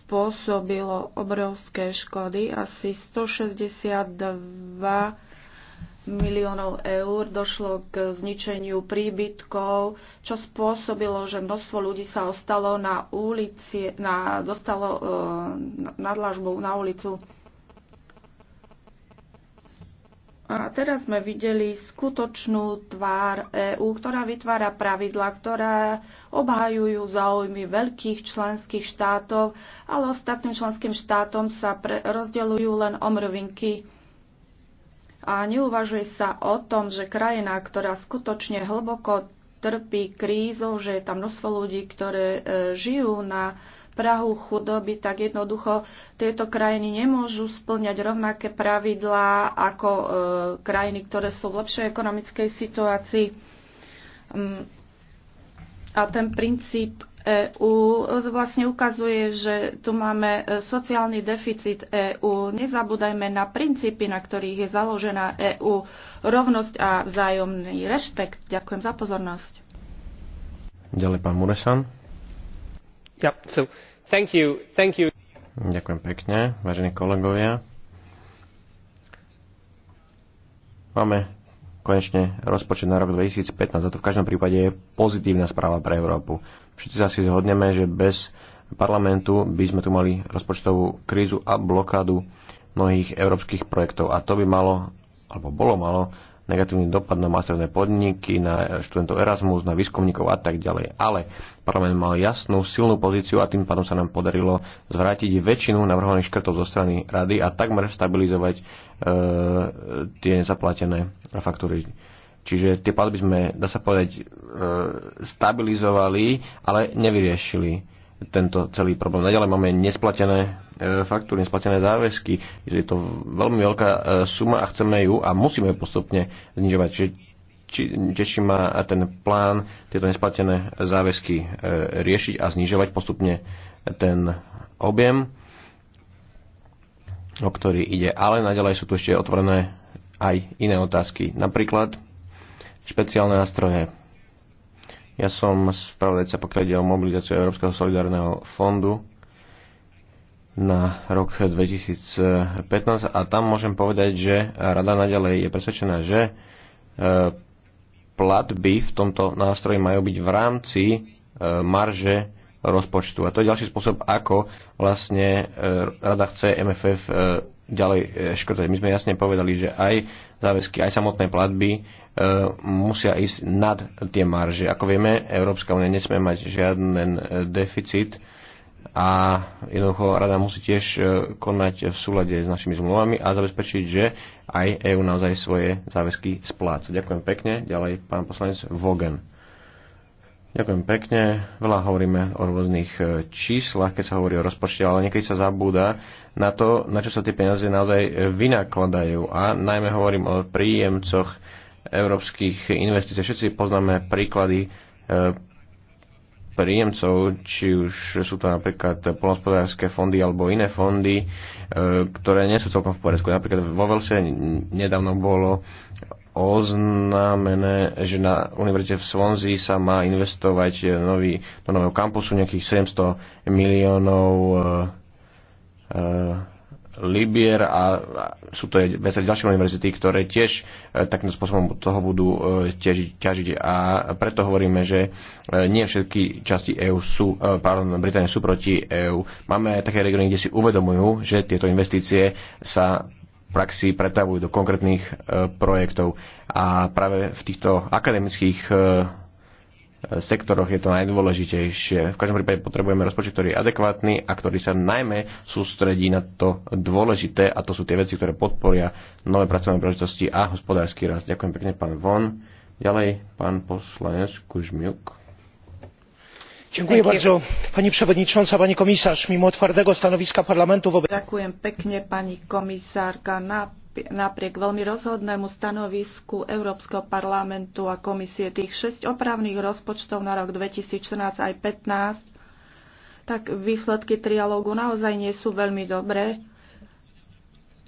spôsobilo obrovské škody, asi 162 miliónov eur došlo k zničeniu príbytkov, čo spôsobilo, že množstvo ľudí sa ostalo na ulici, na, dostalo e, na dlažbu na ulicu. A teraz sme videli skutočnú tvár EÚ, ktorá vytvára pravidla, ktoré obhajujú záujmy veľkých členských štátov, ale ostatným členským štátom sa pre, rozdeľujú len omrvinky. A neuvažuje sa o tom, že krajina, ktorá skutočne hlboko trpí krízou, že je tam množstvo ľudí, ktoré e, žijú na Prahu chudoby, tak jednoducho tieto krajiny nemôžu splňať rovnaké pravidlá ako e, krajiny, ktoré sú v lepšej ekonomickej situácii. Mm. A ten princíp EÚ vlastne ukazuje, že tu máme e, sociálny deficit EÚ. Nezabúdajme na princípy, na ktorých je založená EU, rovnosť a vzájomný rešpekt. Ďakujem za pozornosť. Ďalej pán Murešan. Yeah, so Ďakujem pekne, vážení kolegovia. Máme konečne rozpočet na rok 2015 a to v každom prípade je pozitívna správa pre Európu. Všetci sa asi zhodneme, že bez parlamentu by sme tu mali rozpočtovú krízu a blokádu mnohých európskych projektov a to by malo, alebo bolo malo negatívny dopad na masterné podniky, na študentov Erasmus, na výskumníkov a tak ďalej. Ale parlament mal jasnú, silnú pozíciu a tým pádom sa nám podarilo zvrátiť väčšinu navrhovaných škrtov zo strany rady a takmer stabilizovať e, tie nezaplatené faktúry. Čiže tie platby sme, dá sa povedať, e, stabilizovali, ale nevyriešili tento celý problém. Naďalej máme nesplatené e, faktúry, nesplatené záväzky, že je to veľmi veľká e, suma a chceme ju a musíme ju postupne znižovať. či, teší ma ten plán tieto nesplatené záväzky e, riešiť a znižovať postupne ten objem, o ktorý ide. Ale naďalej sú tu ešte otvorené aj iné otázky. Napríklad špeciálne nástroje ja som spravodajca, pokiaľ ide o mobilizáciu Európskeho solidárneho fondu na rok 2015 a tam môžem povedať, že rada naďalej je presvedčená, že e, platby v tomto nástroji majú byť v rámci e, marže rozpočtu. A to je ďalší spôsob, ako vlastne e, rada chce MFF ďalej škrtať. My sme jasne povedali, že aj záväzky, aj samotné platby e, musia ísť nad tie marže. Ako vieme, Európska únia nesmie mať žiaden e, deficit a jednoducho rada musí tiež e, konať v súlade s našimi zmluvami a zabezpečiť, že aj EÚ naozaj svoje záväzky spláca. Ďakujem pekne. Ďalej pán poslanec Vogen. Ďakujem pekne. Veľa hovoríme o rôznych e, číslach, keď sa hovorí o rozpočte, ale niekedy sa zabúda na to, na čo sa tie peniaze naozaj e, vynakladajú. A najmä hovorím o príjemcoch európskych investícií. Všetci poznáme príklady e, príjemcov, či už sú to napríklad polnospodárske fondy alebo iné fondy, ktoré nie sú celkom v poriadku. Napríklad vo Velse nedávno bolo oznámené, že na univerzite v Swansea sa má investovať e, nový, do nového kampusu nejakých 700 miliónov uh, uh, Libier a sú to viaceré ďalšie univerzity, ktoré tiež takýmto spôsobom toho budú tiež, ťažiť. A preto hovoríme, že nie všetky časti EU sú, pardon, Británie sú proti EU. Máme aj také regióny, kde si uvedomujú, že tieto investície sa praxi pretavujú do konkrétnych e, projektov. A práve v týchto akademických e, e, sektoroch je to najdôležitejšie. V každom prípade potrebujeme rozpočet, ktorý je adekvátny a ktorý sa najmä sústredí na to dôležité a to sú tie veci, ktoré podporia nové pracovné príležitosti a hospodársky rast. Ďakujem pekne, pán Von. Ďalej, pán poslanec Kužmiuk pani przewodnicząca pani komisarz! mimo twardego stanowiska parlamentu wobec. ďakujem pekne pani komisárka napriek veľmi rozhodnému stanovisku európskeho parlamentu a komisie tých šesť opravných rozpočtov na rok two thousand and fourteen aj two tak výsledky trialógu naozaj nie sú veľmi dobré.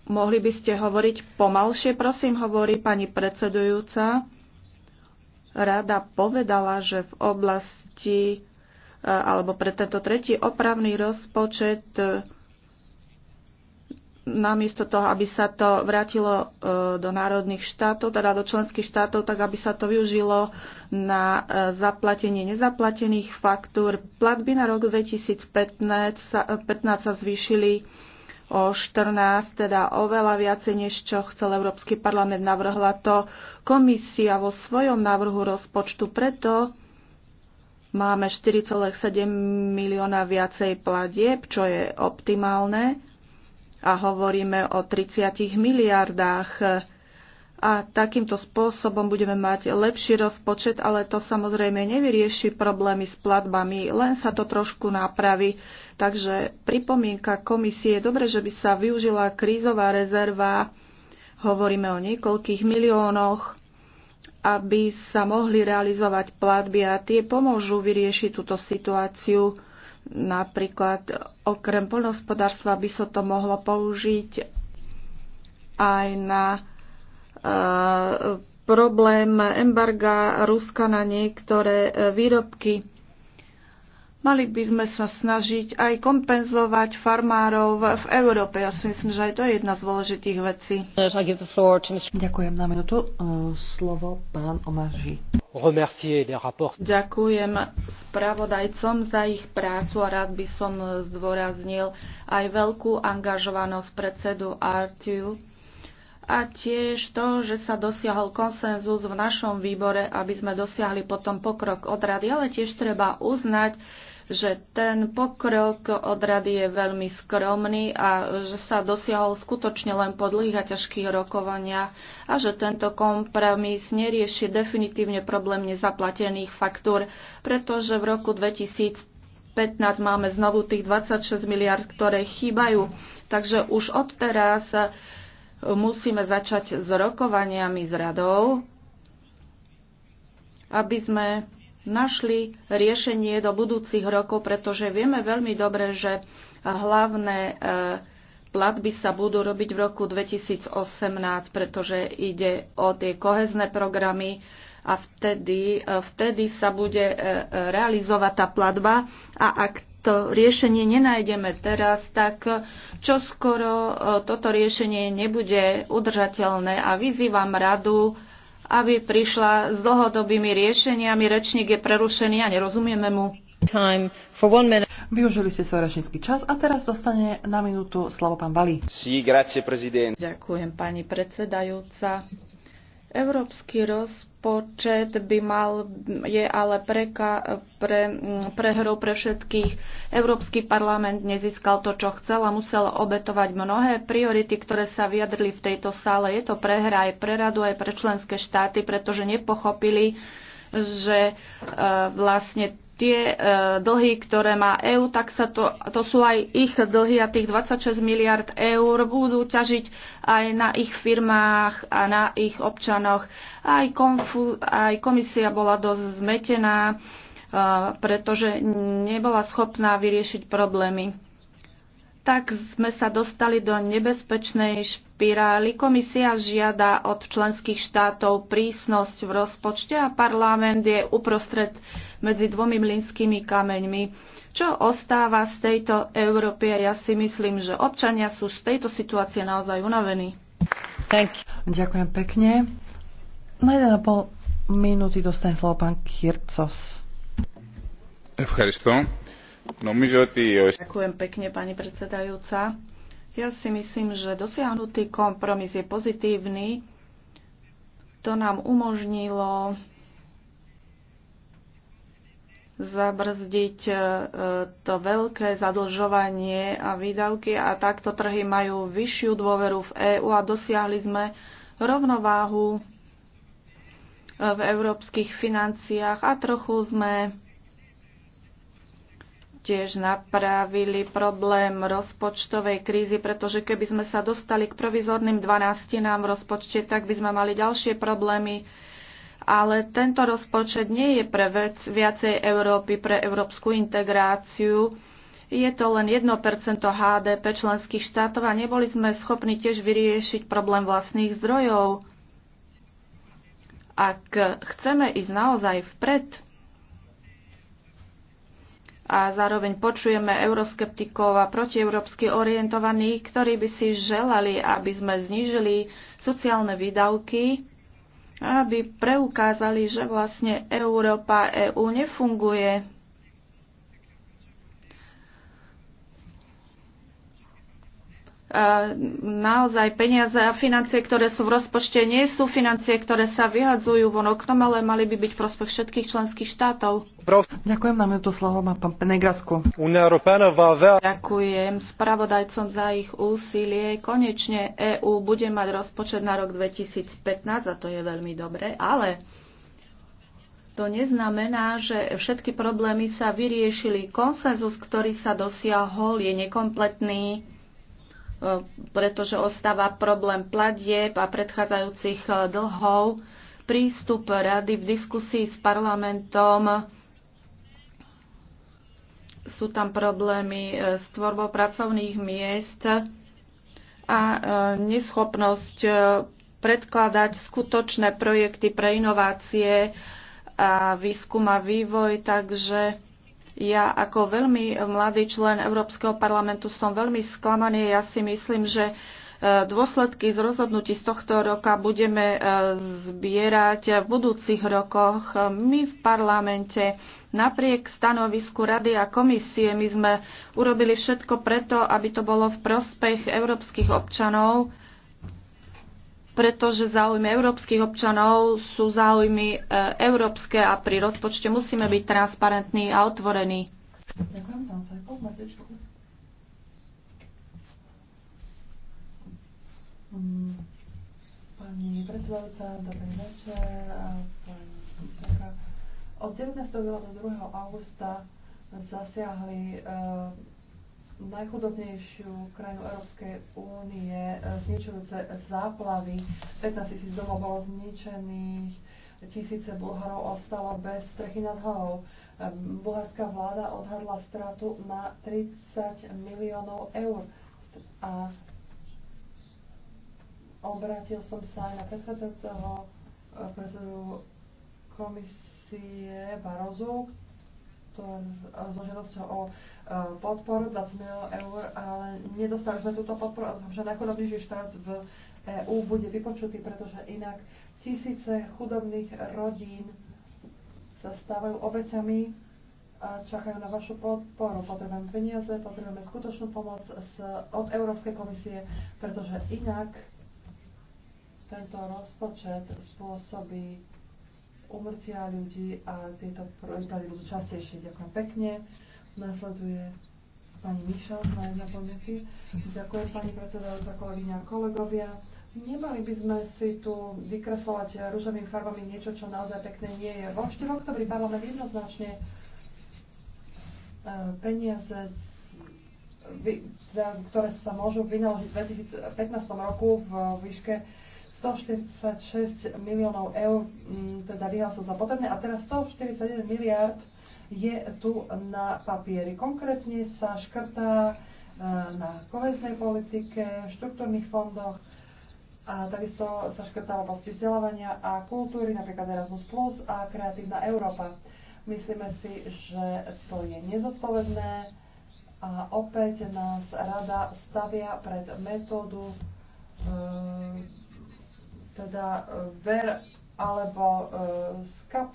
Mohli by ste hovoriť pomalšie, prosím, hovorí pani predsedujúca. Rada povedala, že v oblasti alebo pre tento tretí opravný rozpočet e, namiesto toho, aby sa to vrátilo e, do národných štátov, teda do členských štátov, tak aby sa to využilo na e, zaplatenie nezaplatených faktúr. Platby na rok 2015 sa, zvýšili o 14, teda oveľa viacej, než čo chcel Európsky parlament. Navrhla to komisia vo svojom návrhu rozpočtu, preto Máme 4,7 milióna viacej platieb, čo je optimálne a hovoríme o 30 miliardách a takýmto spôsobom budeme mať lepší rozpočet, ale to samozrejme nevyrieši problémy s platbami, len sa to trošku napraví. Takže pripomienka komisie je dobre, že by sa využila krízová rezerva, hovoríme o niekoľkých miliónoch aby sa mohli realizovať platby a tie pomôžu vyriešiť túto situáciu. Napríklad okrem poľnohospodárstva by sa so to mohlo použiť aj na e, problém embarga Ruska na niektoré e, výrobky. Mali by sme sa snažiť aj kompenzovať farmárov v Európe. Ja si myslím, že aj to je jedna z dôležitých vecí. Ďakujem na minútu. E, slovo pán Omarži. Ďakujem spravodajcom za ich prácu a rád by som zdôraznil aj veľkú angažovanosť predsedu Artiu a tiež to, že sa dosiahol konsenzus v našom výbore, aby sme dosiahli potom pokrok od rady, ale tiež treba uznať, že ten pokrok od rady je veľmi skromný a že sa dosiahol skutočne len po dlhých a ťažkých rokovaniach a že tento kompromis nerieši definitívne problém nezaplatených faktúr, pretože v roku 2015 máme znovu tých 26 miliard, ktoré chýbajú. Takže už odteraz musíme začať s rokovaniami s radou, aby sme našli riešenie do budúcich rokov, pretože vieme veľmi dobre, že hlavné e, platby sa budú robiť v roku 2018, pretože ide o tie kohezné programy a vtedy, e, vtedy sa bude e, realizovať tá platba a ak to riešenie nenájdeme teraz, tak čo skoro toto riešenie nebude udržateľné a vyzývam radu, aby prišla s dlhodobými riešeniami. Rečník je prerušený a nerozumieme mu. Využili ste svoj rečnícky čas a teraz dostane na minútu slovo pán Bali. grazie, Ďakujem, pani predsedajúca. Európsky rozpočet by mal, je ale pre, pre, hru pre všetkých. Európsky parlament nezískal to, čo chcel a musel obetovať mnohé priority, ktoré sa vyjadrili v tejto sále. Je to prehra aj pre radu, aj pre členské štáty, pretože nepochopili, že e, vlastne tie e, dlhy, ktoré má EÚ, tak sa to, to sú aj ich dlhy a tých 26 miliard eur budú ťažiť aj na ich firmách a na ich občanoch. Aj, konfu, aj komisia bola dosť zmetená, e, pretože nebola schopná vyriešiť problémy tak sme sa dostali do nebezpečnej špirály. Komisia žiada od členských štátov prísnosť v rozpočte a parlament je uprostred medzi dvomi mlinskými kameňmi. Čo ostáva z tejto Európy? Ja si myslím, že občania sú z tejto situácie naozaj unavení. Thank you. Ďakujem pekne. Na 1,5 minúty dostane slovo pán Kircos. No, Ďakujem pekne, pani predsedajúca. Ja si myslím, že dosiahnutý kompromis je pozitívny. To nám umožnilo zabrzdiť e, to veľké zadlžovanie a výdavky a takto trhy majú vyššiu dôveru v EÚ a dosiahli sme rovnováhu e, v európskych financiách a trochu sme tiež napravili problém rozpočtovej krízy, pretože keby sme sa dostali k provizorným 12 nám v rozpočte, tak by sme mali ďalšie problémy. Ale tento rozpočet nie je pre vec viacej Európy, pre európsku integráciu. Je to len 1% HDP členských štátov a neboli sme schopní tiež vyriešiť problém vlastných zdrojov. Ak chceme ísť naozaj vpred, a zároveň počujeme euroskeptikov a protieurópsky orientovaných, ktorí by si želali, aby sme znížili sociálne výdavky, aby preukázali, že vlastne Európa EÚ nefunguje naozaj peniaze a financie, ktoré sú v rozpočte, nie sú financie, ktoré sa vyhadzujú von oknom, ale mali by byť prospech všetkých členských štátov. Ďakujem na minútu slovo má pán Penegrasku. Ďakujem spravodajcom za ich úsilie. Konečne EÚ bude mať rozpočet na rok 2015 a to je veľmi dobré, ale to neznamená, že všetky problémy sa vyriešili. Konsenzus, ktorý sa dosiahol, je nekompletný pretože ostáva problém platieb a predchádzajúcich eh, dlhov. Prístup rady v diskusii s parlamentom sú tam problémy eh, s tvorbou pracovných miest a eh, neschopnosť predkladať skutočné projekty pre inovácie a výskum a vývoj, takže ja ako veľmi mladý člen Európskeho parlamentu som veľmi sklamaný. Ja si myslím, že e, dôsledky z rozhodnutí z tohto roka budeme e, zbierať v budúcich rokoch. My v parlamente napriek stanovisku Rady a komisie my sme urobili všetko preto, aby to bolo v prospech európskych občanov pretože záujmy európskych občanov sú záujmy e, európske a pri rozpočte musíme byť transparentní a otvorení. Ďakujem, pán mm, Pani predsedajúca, dobrý večer. Pani Od 19. do 2. augusta zasiahli e, najchudobnejšiu krajinu Európskej únie, e, zničujúce záplavy. 15 tisíc domov bolo zničených, tisíce Bulharov ostalo bez strechy nad hlavou. E, Bulharská vláda odhadla stratu na 30 miliónov eur. A obrátil som sa aj na predchádzajúceho e, predsedu komisie Barozu, ktorý, so žiadosťou o E, podporu 20 miliónov eur, ale nedostali sme túto podporu a dúfam, že najchudobnejší štát v EÚ bude vypočutý, pretože inak tisíce chudobných rodín sa stávajú obeťami a čakajú na vašu podporu. Potrebujeme peniaze, potrebujeme skutočnú pomoc z, od Európskej komisie, pretože inak tento rozpočet spôsobí umrtia ľudí a tieto prípady budú častejšie. Ďakujem pekne. Nasleduje pani Miša, na jedna Ďakujem pani predsedajúca, kolegyňa a kolegovia. Nemali by sme si tu vykreslovať rúžovými farbami niečo, čo naozaj pekné nie je. Vo 4. oktobri parlament jednoznačne e, peniaze, ktoré sa môžu vynaložiť v 2015 roku v výške 146 miliónov eur, teda vyhlásil za potrebné a teraz 141 miliard je tu na papieri. Konkrétne sa škrtá e, na koheznej politike, štruktúrnych fondoch a takisto sa škrtá v oblasti vzdelávania a kultúry, napríklad Erasmus Plus a Kreatívna Európa. Myslíme si, že to je nezodpovedné a opäť nás rada stavia pred metódu e, teda ver alebo e, skap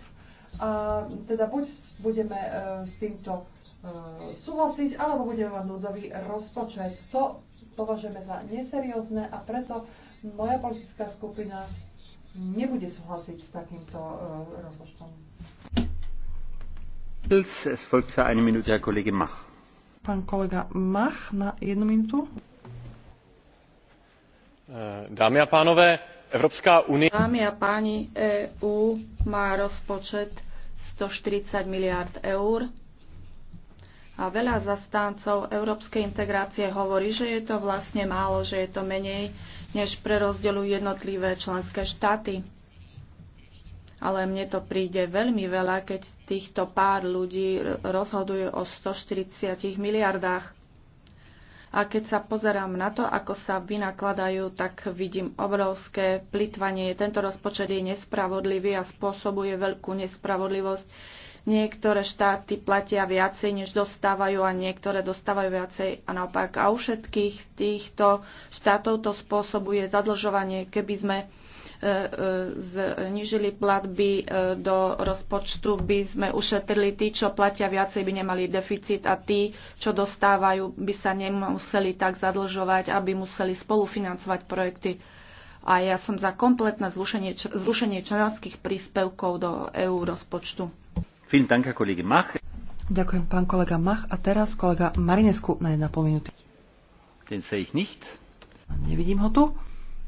a teda buď budeme e, s týmto e, súhlasiť, alebo budeme mať núdzový rozpočet. To považujeme za neseriózne a preto moja politická skupina nebude súhlasiť s takýmto e, rozpočtom. Pán kolega Mach na jednu minútu. Dámy a pánové, Európska únia... Dámy a páni, EÚ má rozpočet 140 miliard eur a veľa zastáncov európskej integrácie hovorí, že je to vlastne málo, že je to menej, než prerozdeľujú jednotlivé členské štáty. Ale mne to príde veľmi veľa, keď týchto pár ľudí rozhoduje o 140 miliardách. A keď sa pozerám na to, ako sa vynakladajú, tak vidím obrovské plitvanie. Tento rozpočet je nespravodlivý a spôsobuje veľkú nespravodlivosť. Niektoré štáty platia viacej, než dostávajú a niektoré dostávajú viacej a naopak. A u všetkých týchto štátov to spôsobuje zadlžovanie. Keby sme E, e, znižili platby e, do rozpočtu, by sme ušetrili tí, čo platia viacej, by nemali deficit a tí, čo dostávajú, by sa nemuseli tak zadlžovať, aby museli spolufinancovať projekty. A ja som za kompletné zrušenie, zrušenie členských príspevkov do EU rozpočtu. Ďakujem, pán kolega Mach. A teraz kolega Marinesku na jedna minúty. Den sehe ich nicht. Nevidím ho tu.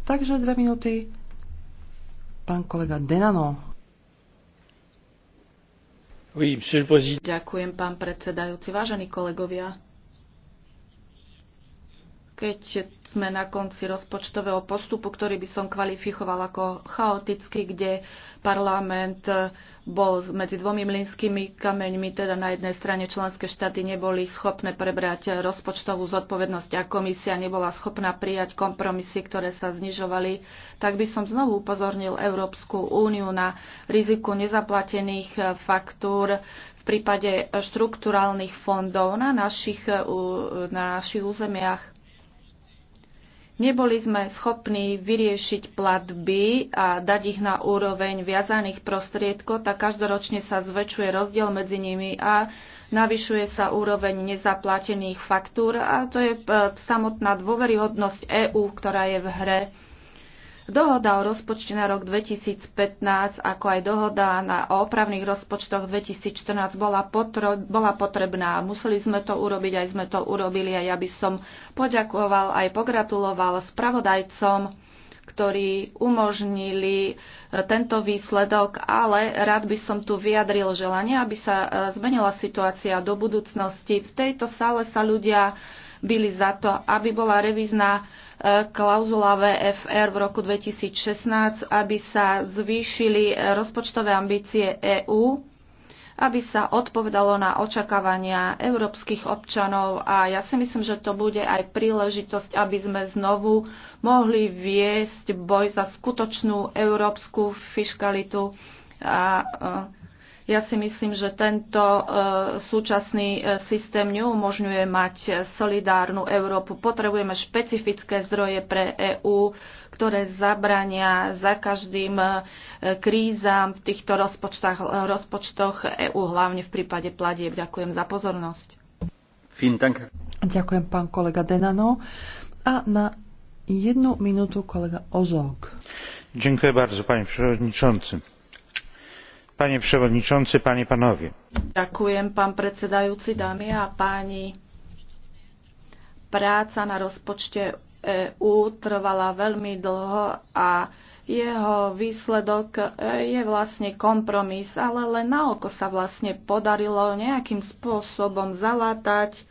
Takže dve minúty Pán kolega Denano. Oui, Ďakujem, pán predsedajúci. Vážení kolegovia, keď sme na konci rozpočtového postupu, ktorý by som kvalifikoval ako chaotický, kde parlament bol medzi dvomi mlinskými kameňmi, teda na jednej strane členské štáty neboli schopné prebrať rozpočtovú zodpovednosť a komisia nebola schopná prijať kompromisy, ktoré sa znižovali, tak by som znovu upozornil Európsku úniu na riziku nezaplatených faktúr v prípade štrukturálnych fondov na našich, na našich územiach Neboli sme schopní vyriešiť platby a dať ich na úroveň viazaných prostriedkov, tak každoročne sa zväčšuje rozdiel medzi nimi a navyšuje sa úroveň nezaplatených faktúr a to je e, samotná dôveryhodnosť EÚ, ktorá je v hre. Dohoda o rozpočte na rok 2015, ako aj dohoda na, o opravných rozpočtoch 2014 bola, potro, bola potrebná. Museli sme to urobiť, aj sme to urobili a ja by som poďakoval aj pogratuloval spravodajcom, ktorí umožnili e, tento výsledok, ale rád by som tu vyjadril želanie, aby sa e, zmenila situácia do budúcnosti. V tejto sále sa ľudia byli za to, aby bola revízna e, klauzula VFR v roku 2016, aby sa zvýšili e, rozpočtové ambície EÚ, aby sa odpovedalo na očakávania európskych občanov a ja si myslím, že to bude aj príležitosť, aby sme znovu mohli viesť boj za skutočnú európsku fiškalitu a e, ja si myslím, že tento e, súčasný e, systém neumožňuje mať solidárnu Európu. Potrebujeme špecifické zdroje pre EÚ, ktoré zabrania za každým e, krízam v týchto rozpočtoch, rozpočtoch EÚ, hlavne v prípade pladieb. Ďakujem za pozornosť. Ďakujem, pán kolega Denano. A na jednu minútu kolega Ozog. Dziękuję bardzo, panie przewodniczący panie przewodniczący panie panowie! ďakujem pán predsedajúci dámy a práca na rozpočte eú trvala veľmi dlho a jeho výsledok e, je vlastne kompromis, ale len na oko sa vlastne podarilo nejakým spôsobom zalátať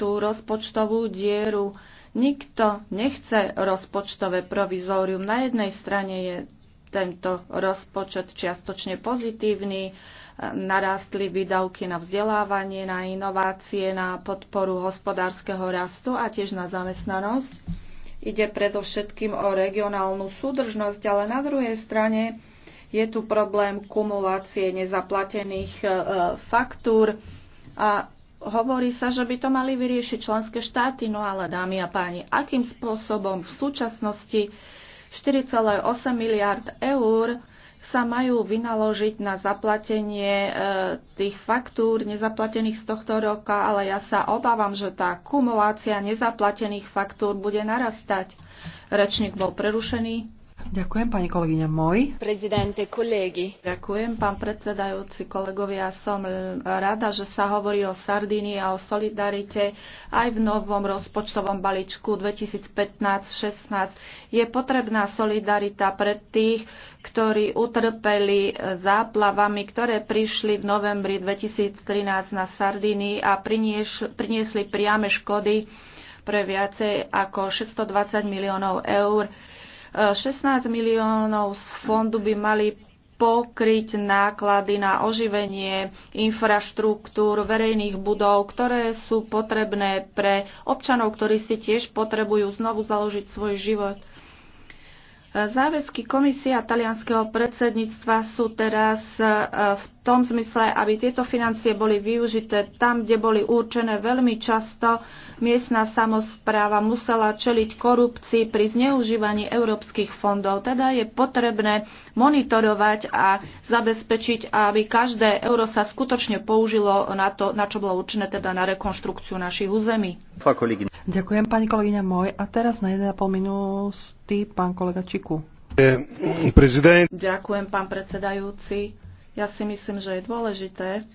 tú rozpočtovú dieru. Nikto nechce rozpočtové provizórium. Na jednej strane je tento rozpočet čiastočne pozitívny. E, narástli výdavky na vzdelávanie, na inovácie, na podporu hospodárskeho rastu a tiež na zamestnanosť. Ide predovšetkým o regionálnu súdržnosť, ale na druhej strane je tu problém kumulácie nezaplatených e, e, faktúr a hovorí sa, že by to mali vyriešiť členské štáty, no ale dámy a páni, akým spôsobom v súčasnosti 4,8 miliard eur sa majú vynaložiť na zaplatenie e, tých faktúr nezaplatených z tohto roka, ale ja sa obávam, že tá kumulácia nezaplatených faktúr bude narastať. Rečník bol prerušený. Ďakujem, pani kolegyňa Moj. Prezidente, kolegy. Ďakujem, pán predsedajúci, kolegovia. Som e, rada, že sa hovorí o Sardínii a o solidarite aj v novom rozpočtovom balíčku 2015-16. Je potrebná solidarita pre tých, ktorí utrpeli e, záplavami, ktoré prišli v novembri 2013 na Sardínii a priniesli priame škody pre viacej ako 620 miliónov eur. 16 miliónov z fondu by mali pokryť náklady na oživenie infraštruktúr verejných budov, ktoré sú potrebné pre občanov, ktorí si tiež potrebujú znovu založiť svoj život. Záväzky komisia talianského predsedníctva sú teraz e, v tom zmysle, aby tieto financie boli využité tam, kde boli určené. Veľmi často miestna samozpráva musela čeliť korupcii pri zneužívaní európskych fondov. Teda je potrebné monitorovať a zabezpečiť, aby každé euro sa skutočne použilo na to, na čo bolo určené, teda na rekonštrukciu našich území. Ďakujem, pani kolegyňa môj. A teraz na 1,5 minúty pán kolega Čiku. Prezident. Ďakujem, pán predsedajúci ja si myslím, že je dôležité,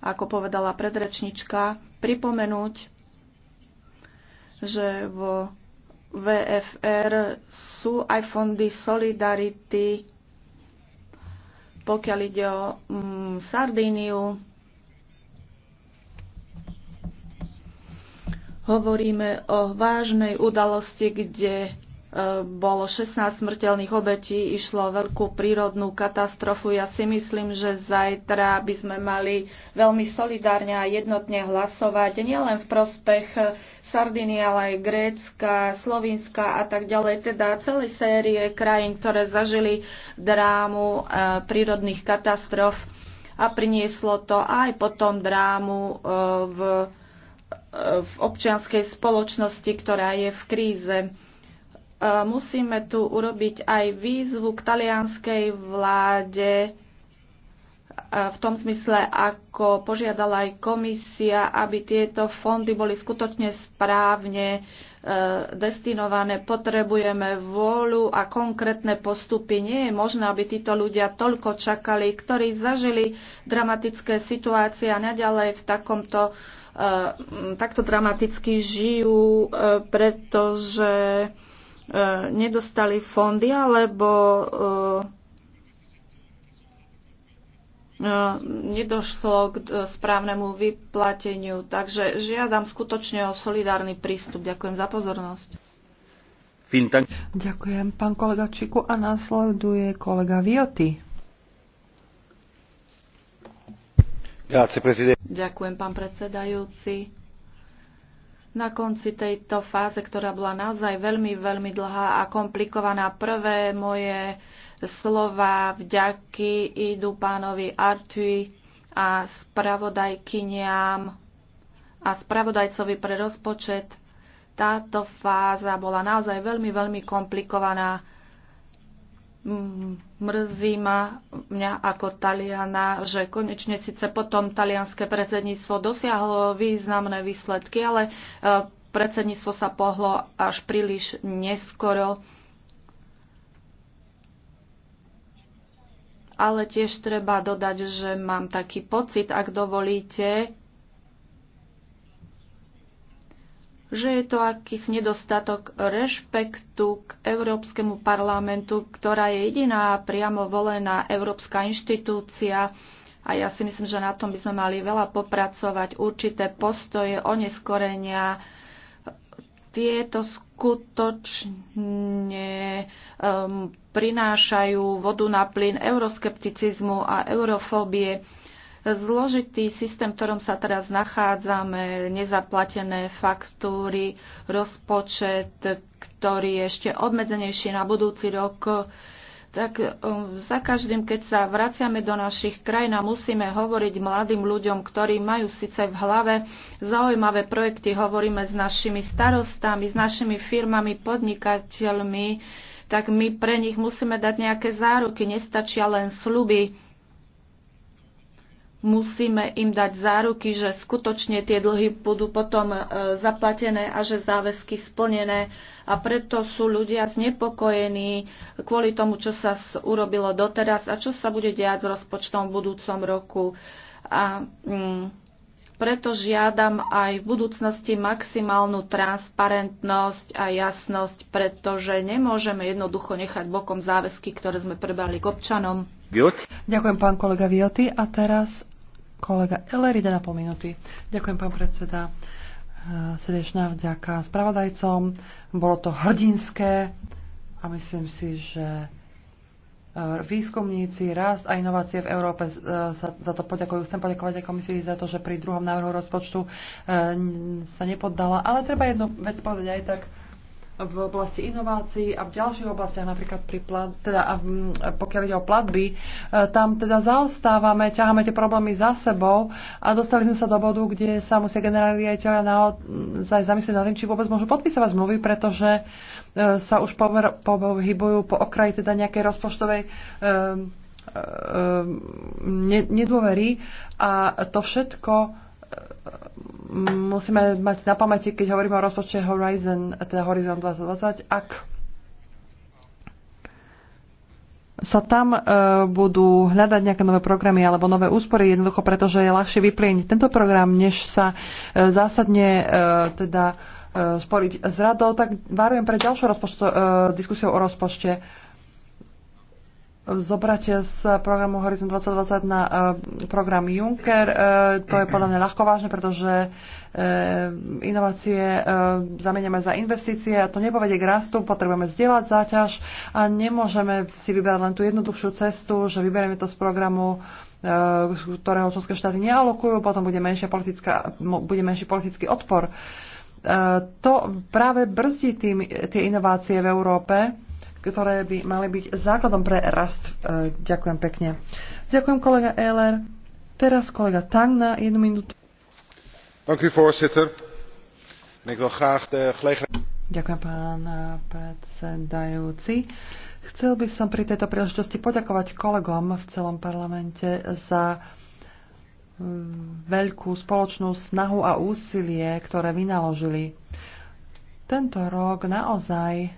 ako povedala predrečnička, pripomenúť, že vo VFR sú aj fondy Solidarity, pokiaľ ide o mm, Sardíniu. Hovoríme o vážnej udalosti, kde E, bolo 16 smrteľných obetí, išlo o veľkú prírodnú katastrofu. Ja si myslím, že zajtra by sme mali veľmi solidárne a jednotne hlasovať, nielen v prospech Sardiny, ale aj Grécka, Slovinska a tak ďalej, teda celej série krajín, ktoré zažili drámu e, prírodných katastrof a prinieslo to aj potom drámu e, v, v občianskej spoločnosti, ktorá je v kríze. E, musíme tu urobiť aj výzvu k talianskej vláde e, v tom smysle, ako požiadala aj komisia, aby tieto fondy boli skutočne správne e, destinované. Potrebujeme vôľu a konkrétne postupy. Nie je možné, aby títo ľudia toľko čakali, ktorí zažili dramatické situácie a naďalej v takomto takto dramaticky žijú, pretože E, nedostali fondy alebo e, e, nedošlo k správnemu vyplateniu. Takže žiadam skutočne o solidárny prístup. Ďakujem za pozornosť. Ďakujem, pán kolega Čiku. A následuje kolega Vioty. Ďakujem, pán predsedajúci na konci tejto fáze, ktorá bola naozaj veľmi, veľmi dlhá a komplikovaná. Prvé moje slova vďaky idú pánovi Artui a spravodajkyniam a spravodajcovi pre rozpočet. Táto fáza bola naozaj veľmi, veľmi komplikovaná mrzí ma mňa ako Taliana, že konečne síce potom talianské predsedníctvo dosiahlo významné výsledky, ale e, predsedníctvo sa pohlo až príliš neskoro. Ale tiež treba dodať, že mám taký pocit, ak dovolíte, že je to akýsi nedostatok rešpektu k Európskemu parlamentu, ktorá je jediná priamo volená európska inštitúcia. A ja si myslím, že na tom by sme mali veľa popracovať. Určité postoje, oneskorenia, tieto skutočne um, prinášajú vodu na plyn euroskepticizmu a eurofóbie zložitý systém, v ktorom sa teraz nachádzame, nezaplatené faktúry, rozpočet, ktorý je ešte obmedzenejší na budúci rok, tak um, za každým, keď sa vraciame do našich krajín a musíme hovoriť mladým ľuďom, ktorí majú síce v hlave zaujímavé projekty, hovoríme s našimi starostami, s našimi firmami, podnikateľmi, tak my pre nich musíme dať nejaké záruky. Nestačia len sluby musíme im dať záruky, že skutočne tie dlhy budú potom e, zaplatené a že záväzky splnené. A preto sú ľudia znepokojení kvôli tomu, čo sa urobilo doteraz a čo sa bude diať s rozpočtom v budúcom roku. A mm, preto žiadam aj v budúcnosti maximálnu transparentnosť a jasnosť, pretože nemôžeme jednoducho nechať bokom záväzky, ktoré sme prebali k občanom. Ďakujem pán kolega Vioty a teraz kolega Ellery, teda po minúty. Ďakujem, pán predseda. E, srdečná vďaka spravodajcom. Bolo to hrdinské a myslím si, že e, výskumníci, rast a inovácie v Európe e, sa za to poďakujú. Chcem poďakovať aj komisii za to, že pri druhom návrhu rozpočtu sa nepoddala. Ale treba jednu vec povedať aj tak v oblasti inovácií a v ďalších oblastiach, napríklad pri plat, teda, pokiaľ ide o platby, e, tam teda zaostávame, ťaháme tie problémy za sebou a dostali sme sa do bodu, kde sa musia generálni riaditeľia naozaj zamyslieť nad tým, či vôbec môžu podpísať zmluvy, pretože e, sa už pohybujú po okraji teda nejakej rozpočtovej e, nedôvery a to všetko musíme mať na pamäti, keď hovoríme o rozpočte Horizon, teda Horizon 2020, ak sa tam e, budú hľadať nejaké nové programy alebo nové úspory, jednoducho preto, že je ľahšie vyplieniť tento program, než sa e, zásadne e, teda e, sporiť s radou, tak varujem pre ďalšiu e, diskusiu o rozpočte. E, zobrať z programu Horizon 2020 na e, program Juncker. E, to je podľa mňa ľahko vážne, pretože e, inovácie zameniame za investície a to nepovedie k rastu, potrebujeme zdieľať záťaž a nemôžeme si vyberať len tú jednoduchšiu cestu, že vyberieme to z programu ktorého členské štáty nealokujú, potom bude, menšia politická, bude menší politický odpor. To práve brzdí tým, tie inovácie v Európe ktoré by mali byť základom pre rast. E, ďakujem pekne. Ďakujem kolega Ehler. Teraz kolega Tang na jednu minútu. Ďakujem, pán predsedajúci. Chcel by som pri tejto príležitosti poďakovať kolegom v celom parlamente za e, veľkú spoločnú snahu a úsilie, ktoré vynaložili. Tento rok naozaj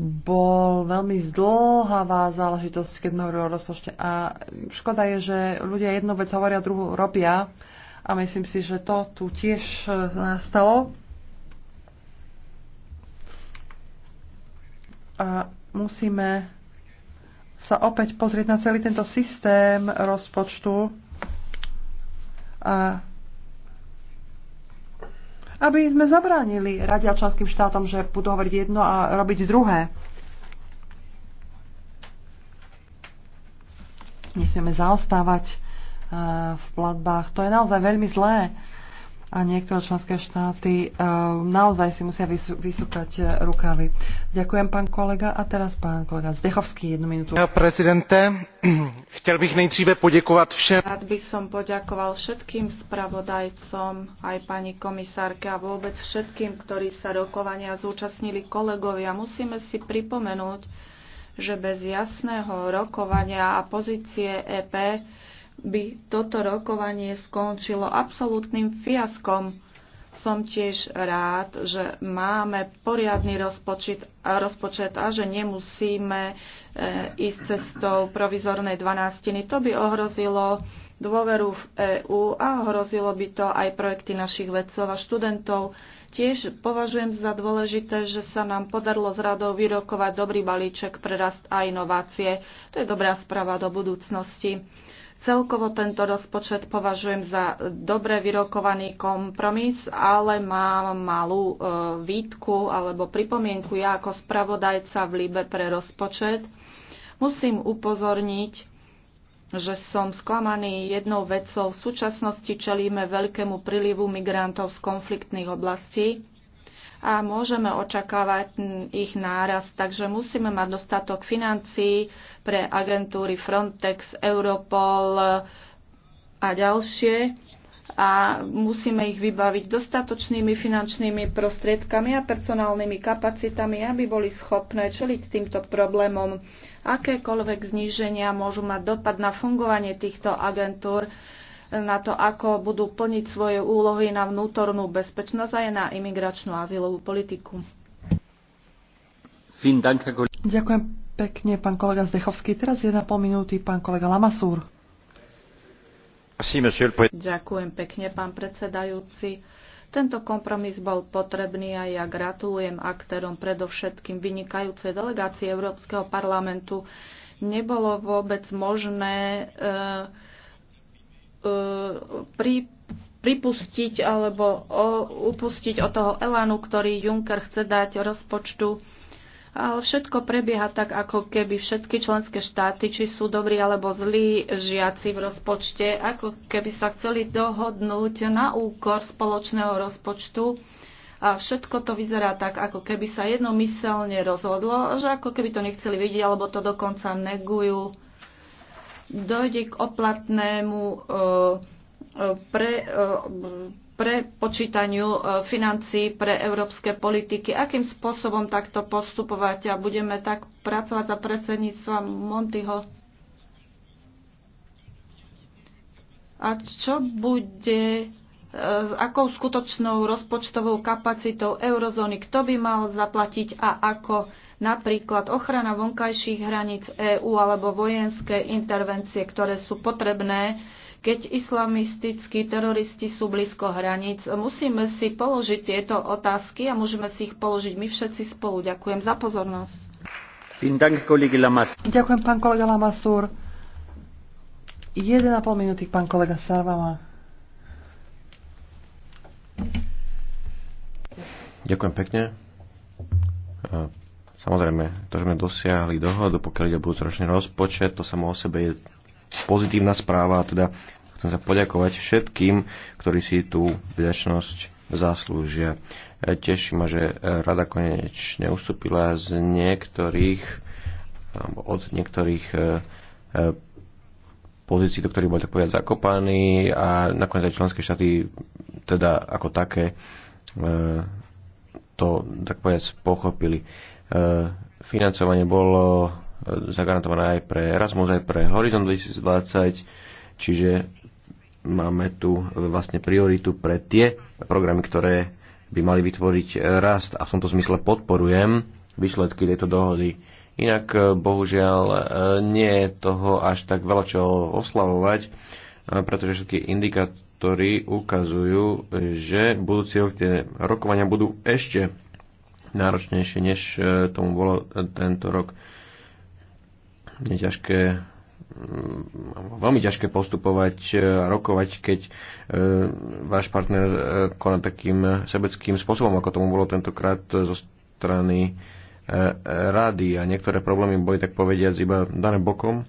bol veľmi zdlhavá záležitosť, keď sme hovorili o rozpočte. A škoda je, že ľudia jednu vec hovoria, druhú robia. A myslím si, že to tu tiež e, nastalo. A musíme sa opäť pozrieť na celý tento systém rozpočtu a aby sme zabránili radia členským štátom, že budú hovoriť jedno a robiť druhé. Nesmieme zaostávať eh, v platbách. To je naozaj veľmi zlé a niektoré členské štáty eh, naozaj si musia vysúkať eh, rukavy. Ďakujem, pán kolega. A teraz pán kolega Zdechovský, jednu minútu. Ja, prezidente, chcel bych nejdříve podiekovať všem. Rád by som poďakoval všetkým spravodajcom, aj pani komisárke a vôbec všetkým, ktorí sa rokovania zúčastnili kolegovia. Musíme si pripomenúť, že bez jasného rokovania a pozície EP by toto rokovanie skončilo absolútnym fiaskom. Som tiež rád, že máme poriadny rozpočet a, rozpočet a že nemusíme e, ísť cestou provizornej dvanástiny. To by ohrozilo dôveru v EÚ a ohrozilo by to aj projekty našich vedcov a študentov. Tiež považujem za dôležité, že sa nám podarilo s radou vyrokovať dobrý balíček pre rast a inovácie. To je dobrá správa do budúcnosti. Celkovo tento rozpočet považujem za dobre vyrokovaný kompromis, ale mám malú e, výtku alebo pripomienku. Ja ako spravodajca v Libe pre rozpočet musím upozorniť, že som sklamaný jednou vecou. V súčasnosti čelíme veľkému prílivu migrantov z konfliktných oblastí a môžeme očakávať ich náraz. Takže musíme mať dostatok financií pre agentúry Frontex, Europol a ďalšie a musíme ich vybaviť dostatočnými finančnými prostriedkami a personálnymi kapacitami, aby boli schopné čeliť týmto problémom. Akékoľvek zníženia môžu mať dopad na fungovanie týchto agentúr, na to, ako budú plniť svoje úlohy na vnútornú bezpečnosť aj na imigračnú azylovú politiku. Ďakujem pekne, pán kolega Zdechovský. Teraz je na pol minúty pán kolega Lamasúr. Ďakujem pekne, pán predsedajúci. Tento kompromis bol potrebný a ja gratulujem aktérom predovšetkým vynikajúcej delegácie Európskeho parlamentu. Nebolo vôbec možné e, E, pri, pripustiť alebo o, upustiť od toho elánu, ktorý Juncker chce dať rozpočtu. Ale všetko prebieha tak, ako keby všetky členské štáty, či sú dobrí alebo zlí žiaci v rozpočte, ako keby sa chceli dohodnúť na úkor spoločného rozpočtu. A všetko to vyzerá tak, ako keby sa jednomyselne rozhodlo, že ako keby to nechceli vidieť, alebo to dokonca negujú dojde k oplatnému e, e, pre, e, pre počítaniu financí pre európske politiky. Akým spôsobom takto postupovať a budeme tak pracovať za predsedníctva Montyho? A čo bude s akou skutočnou rozpočtovou kapacitou eurozóny, kto by mal zaplatiť a ako napríklad ochrana vonkajších hraníc EÚ alebo vojenské intervencie, ktoré sú potrebné, keď islamistickí teroristi sú blízko hraníc. Musíme si položiť tieto otázky a môžeme si ich položiť my všetci spolu. Ďakujem za pozornosť. Ďakujem, pán kolega Lamasúr. 1,5 minúty, pán kolega Sarvama. Ďakujem pekne. Samozrejme, to, že sme dosiahli dohodu, pokiaľ ide o budúcoročný rozpočet, to samo o sebe je pozitívna správa a teda chcem sa poďakovať všetkým, ktorí si tú vďačnosť zaslúžia. E, Teší ma, že rada konečne ustúpila z niektorých alebo od niektorých e, e, pozícií, do ktorých boli tak povedať zakopaní a nakoniec aj členské štáty teda ako také to tak povedať pochopili. E, financovanie bolo e, zagarantované aj pre Erasmus, aj pre Horizon 2020, čiže máme tu vlastne prioritu pre tie programy, ktoré by mali vytvoriť rast a v tomto zmysle podporujem výsledky tejto dohody. Inak e, bohužiaľ nie je toho až tak veľa čo oslavovať, pretože všetky indikátory ukazujú, že budúci rok tie rokovania budú ešte náročnejšie, než e, tomu bolo e, tento rok. Je ťažké mm, veľmi ťažké postupovať e, a rokovať, keď váš partner koná takým sebeckým spôsobom, ako tomu bolo tentokrát zo strany rady a niektoré problémy boli tak povediať iba dané bokom,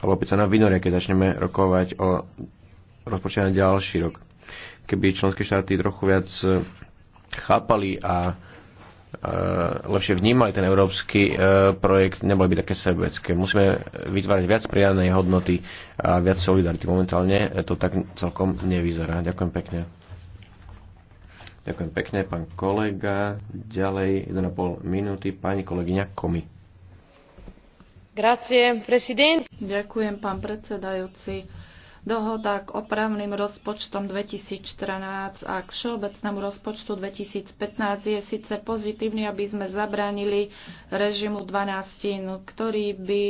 ale opäť sa na vynoria, keď začneme rokovať o rozpočet ďalší rok. Keby členské štáty trochu viac chápali a E, lepšie vnímali ten európsky e, projekt, neboli by také sebecké. Musíme vytvárať viac pridanej hodnoty a viac solidarity. Momentálne to tak celkom nevyzerá. Ďakujem pekne. Ďakujem pekne, pán kolega. Ďalej 1,5 minúty pani kolegyňa Komi. Grazie, prezident. Ďakujem, pán predsedajúci dohoda k opravným rozpočtom 2014 a k všeobecnému rozpočtu 2015 je síce pozitívny, aby sme zabránili režimu 12, ktorý by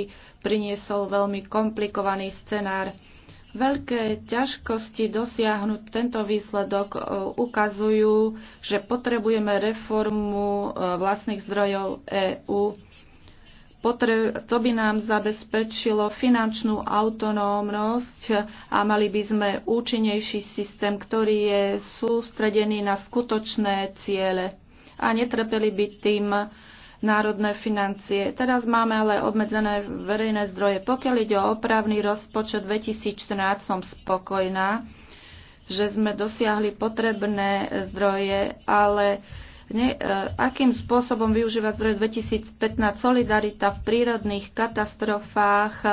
priniesol veľmi komplikovaný scenár. Veľké ťažkosti dosiahnuť tento výsledok e, ukazujú, že potrebujeme reformu e, vlastných zdrojov EÚ to by nám zabezpečilo finančnú autonómnosť a mali by sme účinnejší systém, ktorý je sústredený na skutočné ciele a netrpeli by tým národné financie. Teraz máme ale obmedzené verejné zdroje. Pokiaľ ide o opravný rozpočet 2014, som spokojná, že sme dosiahli potrebné zdroje, ale ne, e, akým spôsobom využívať zdroje 2015 solidarita v prírodných katastrofách e,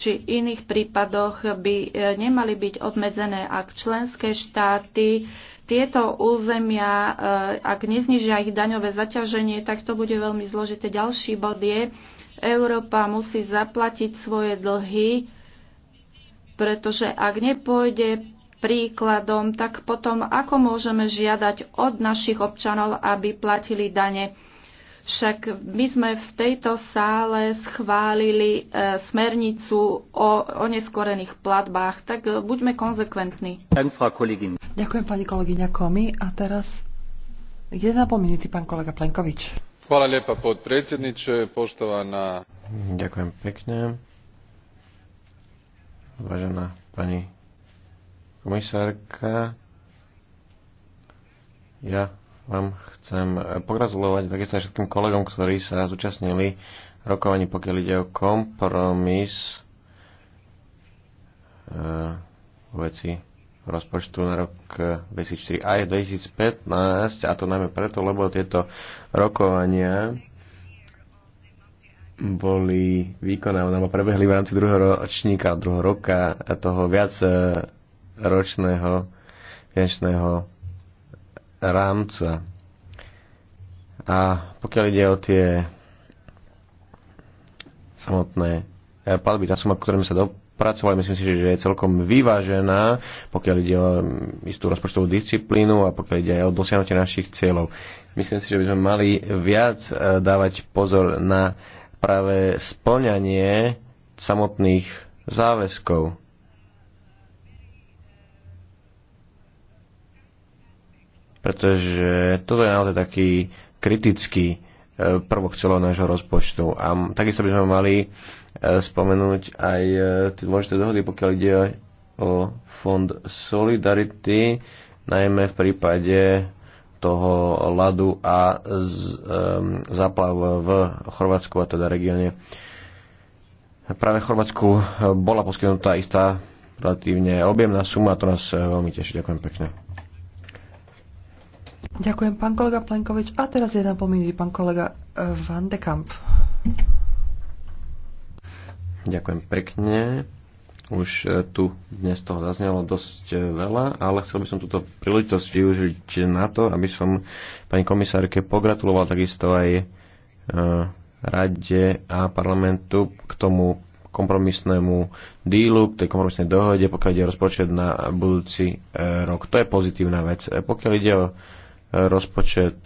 či iných prípadoch by e, nemali byť obmedzené, ak členské štáty tieto územia, ak neznižia ich daňové zaťaženie, tak to bude veľmi zložité. Ďalší bod je, Európa musí zaplatiť svoje dlhy, pretože ak nepôjde príkladom, tak potom ako môžeme žiadať od našich občanov, aby platili dane? Však my sme v tejto sále schválili e, smernicu o oneskorených platbách, tak buďme konzekventní. Ďakujem pani kolegyňa Komi a teraz 1,5 minúty pán kolega Plenkovič. Hvala lepa podpredsedniče, poštovaná... Ďakujem pekne. Vážená pani komisárka, ja vám chcem pogratulovať takisto aj všetkým kolegom, ktorí sa zúčastnili rokovaní, pokiaľ ide o kompromis uh, veci rozpočtu na rok 2004 aj 2015, a to najmä preto, lebo tieto rokovania boli vykonávané, alebo prebehli v rámci druhého ročníka, druhého roka a toho viac eh, ročného finančného rámca. A pokiaľ ide o tie samotné eh, palby, tá suma, sme sa dopracovali, myslím si, že je celkom vyvážená, pokiaľ ide o mm, istú rozpočtovú disciplínu a pokiaľ ide aj o dosiahnutie našich cieľov. Myslím si, že by sme mali viac eh, dávať pozor na práve splňanie samotných záväzkov pretože toto je naozaj taký kritický e, prvok celého nášho rozpočtu. A takisto by sme mali e, spomenúť aj e, tie dôležité dohody, pokiaľ ide o fond Solidarity, najmä v prípade toho ľadu a z, um, zaplav v Chorvátsku a teda regióne. Práve v Chorvátsku bola poskytnutá istá relatívne objemná suma a to nás veľmi teší. Ďakujem pekne. Ďakujem, pán kolega Plenkovič. A teraz jedna pominúť, pán kolega eh, Van de Kamp. Ďakujem pekne. Už eh, tu dnes toho zaznelo dosť eh, veľa, ale chcel by som túto príležitosť využiť na to, aby som pani komisárke pogratuloval takisto aj rade a parlamentu k tomu kompromisnému dílu, k tej kompromisnej dohode, pokiaľ ide o rozpočet na budúci rok. To je pozitívna vec. Pokiaľ ide o rozpočet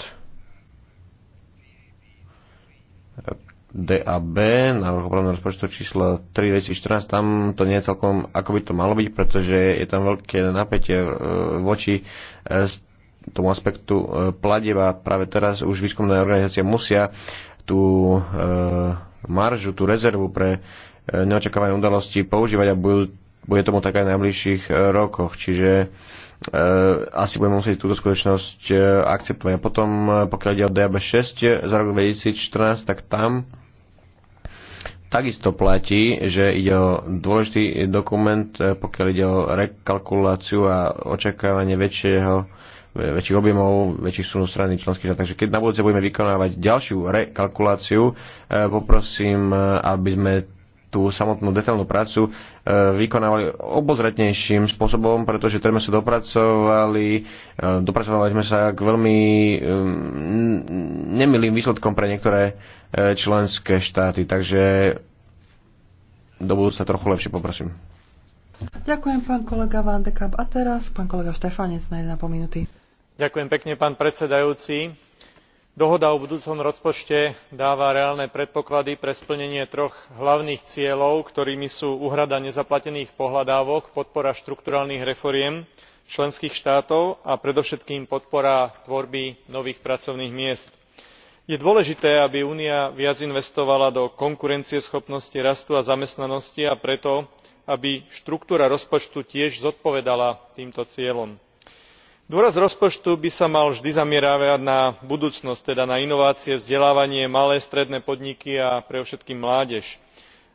DAB, návrh opravného rozpočtu číslo 3014. tam to nie je celkom, ako by to malo byť, pretože je tam veľké napätie e, voči e, tomu aspektu e, pladeva. Práve teraz už výskumné organizácie musia tú maržu, tú rezervu pre neočakávané udalosti používať a bude tomu tak aj v najbližších rokoch. Čiže Eh, asi budeme musieť túto skutočnosť eh, akceptovať. A potom, eh, pokiaľ ide o DAB 6 za rok 2014, tak tam takisto platí, že ide o dôležitý dokument, pokiaľ ide o rekalkuláciu a očakávanie väčšieho väčších objemov, väčších sú strany členských štát. Takže keď na budúce budeme vykonávať ďalšiu rekalkuláciu, poprosím, aby sme tú samotnú detailnú prácu e, vykonávali obozretnejším spôsobom, pretože teraz sme sa dopracovali, e, dopracovali sme sa k veľmi e, nemilým výsledkom pre niektoré členské štáty. Takže do budúca trochu lepšie poprosím. Ďakujem pán kolega Vandekab A teraz pán kolega Štefanec na 1,5 minúty. Ďakujem pekne pán predsedajúci dohoda o budúcom rozpočte dáva reálne predpoklady pre splnenie troch hlavných cieľov ktorými sú úhrada nezaplatených pohľadávok podpora štrukturálnych reforiem členských štátov a predovšetkým podpora tvorby nových pracovných miest. je dôležité aby únia viac investovala do konkurencieschopnosti rastu a zamestnanosti a preto aby štruktúra rozpočtu tiež zodpovedala týmto cieľom dôraz rozpočtu by sa mal vždy zameriavať na budúcnosť teda na inovácie vzdelávanie malé stredné podniky a predovšetkým mládež.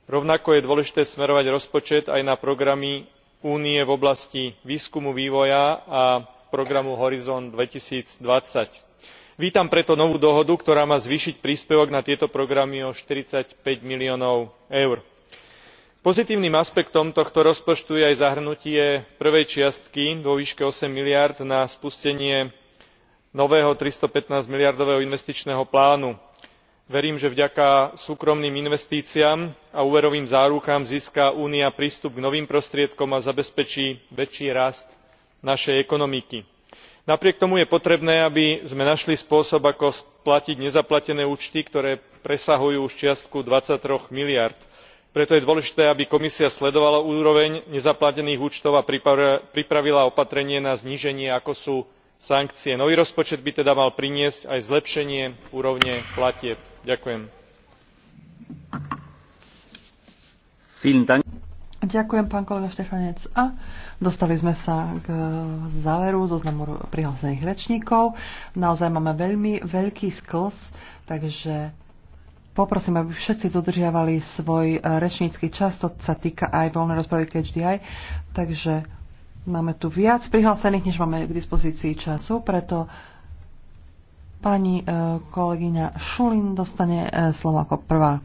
rovnako je dôležité smerovať rozpočet aj na programy únie v oblasti výskumu vývoja a programu horizont. two thousand and twenty vítam preto novú dohodu ktorá má zvýšiť príspevok na tieto programy o forty five miliónov eur pozitívnym aspektom tohto rozpočtu je aj zahrnutie prvej čiastky vo výške eight miliárd na spustenie nového three hundred and fifteen miliardového investičného plánu. verím že vďaka súkromným investíciám a úverovým zárukám získa únia prístup k novým prostriedkom a zabezpečí väčší rast našej ekonomiky. napriek tomu je potrebné aby sme našli spôsob ako splatiť nezaplatené účty ktoré presahujú už čiastku twenty three miliárd preto je dôležité aby komisia sledovala úroveň nezaplatených účtov a pripravila opatrenie na zníženie ako sú sankcie. nový rozpočet by teda mal priniesť aj zlepšenie úrovne platieb. ďakujem. Ďakujem, pán kolega Štefanec. A dostali sme sa k záveru zoznamu prihlásených rečníkov. Naozaj máme veľmi veľký sklz, takže Poprosím, aby všetci dodržiavali svoj e, rečnícky čas, to sa týka aj voľnej rozpravy KHDI, takže máme tu viac prihlásených, než máme k dispozícii času, preto pani e, kolegyňa Šulin dostane e, slovo ako prvá.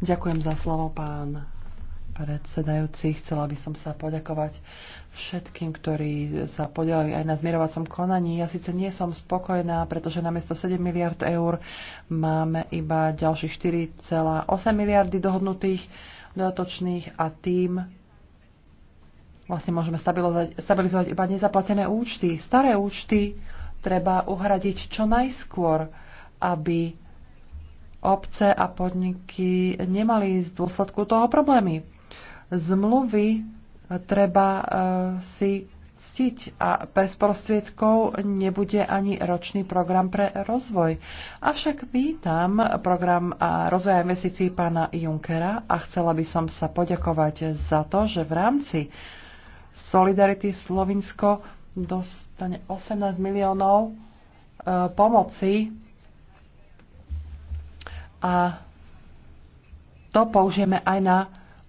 Ďakujem za slovo, pán predsedajúci. Chcela by som sa poďakovať všetkým, ktorí sa podelali aj na zmierovacom konaní. Ja síce nie som spokojná, pretože namiesto 7 miliard eur máme iba ďalších 4,8 miliardy dohodnutých dodatočných a tým vlastne môžeme stabilizovať iba nezaplatené účty. Staré účty treba uhradiť čo najskôr, aby obce a podniky nemali z dôsledku toho problémy. Zmluvy treba e, si ctiť a bez prostriedkov nebude ani ročný program pre rozvoj. Avšak vítam program rozvoja investícií pána Junkera a chcela by som sa poďakovať za to, že v rámci Solidarity Slovinsko dostane 18 miliónov e, pomoci a to použijeme aj na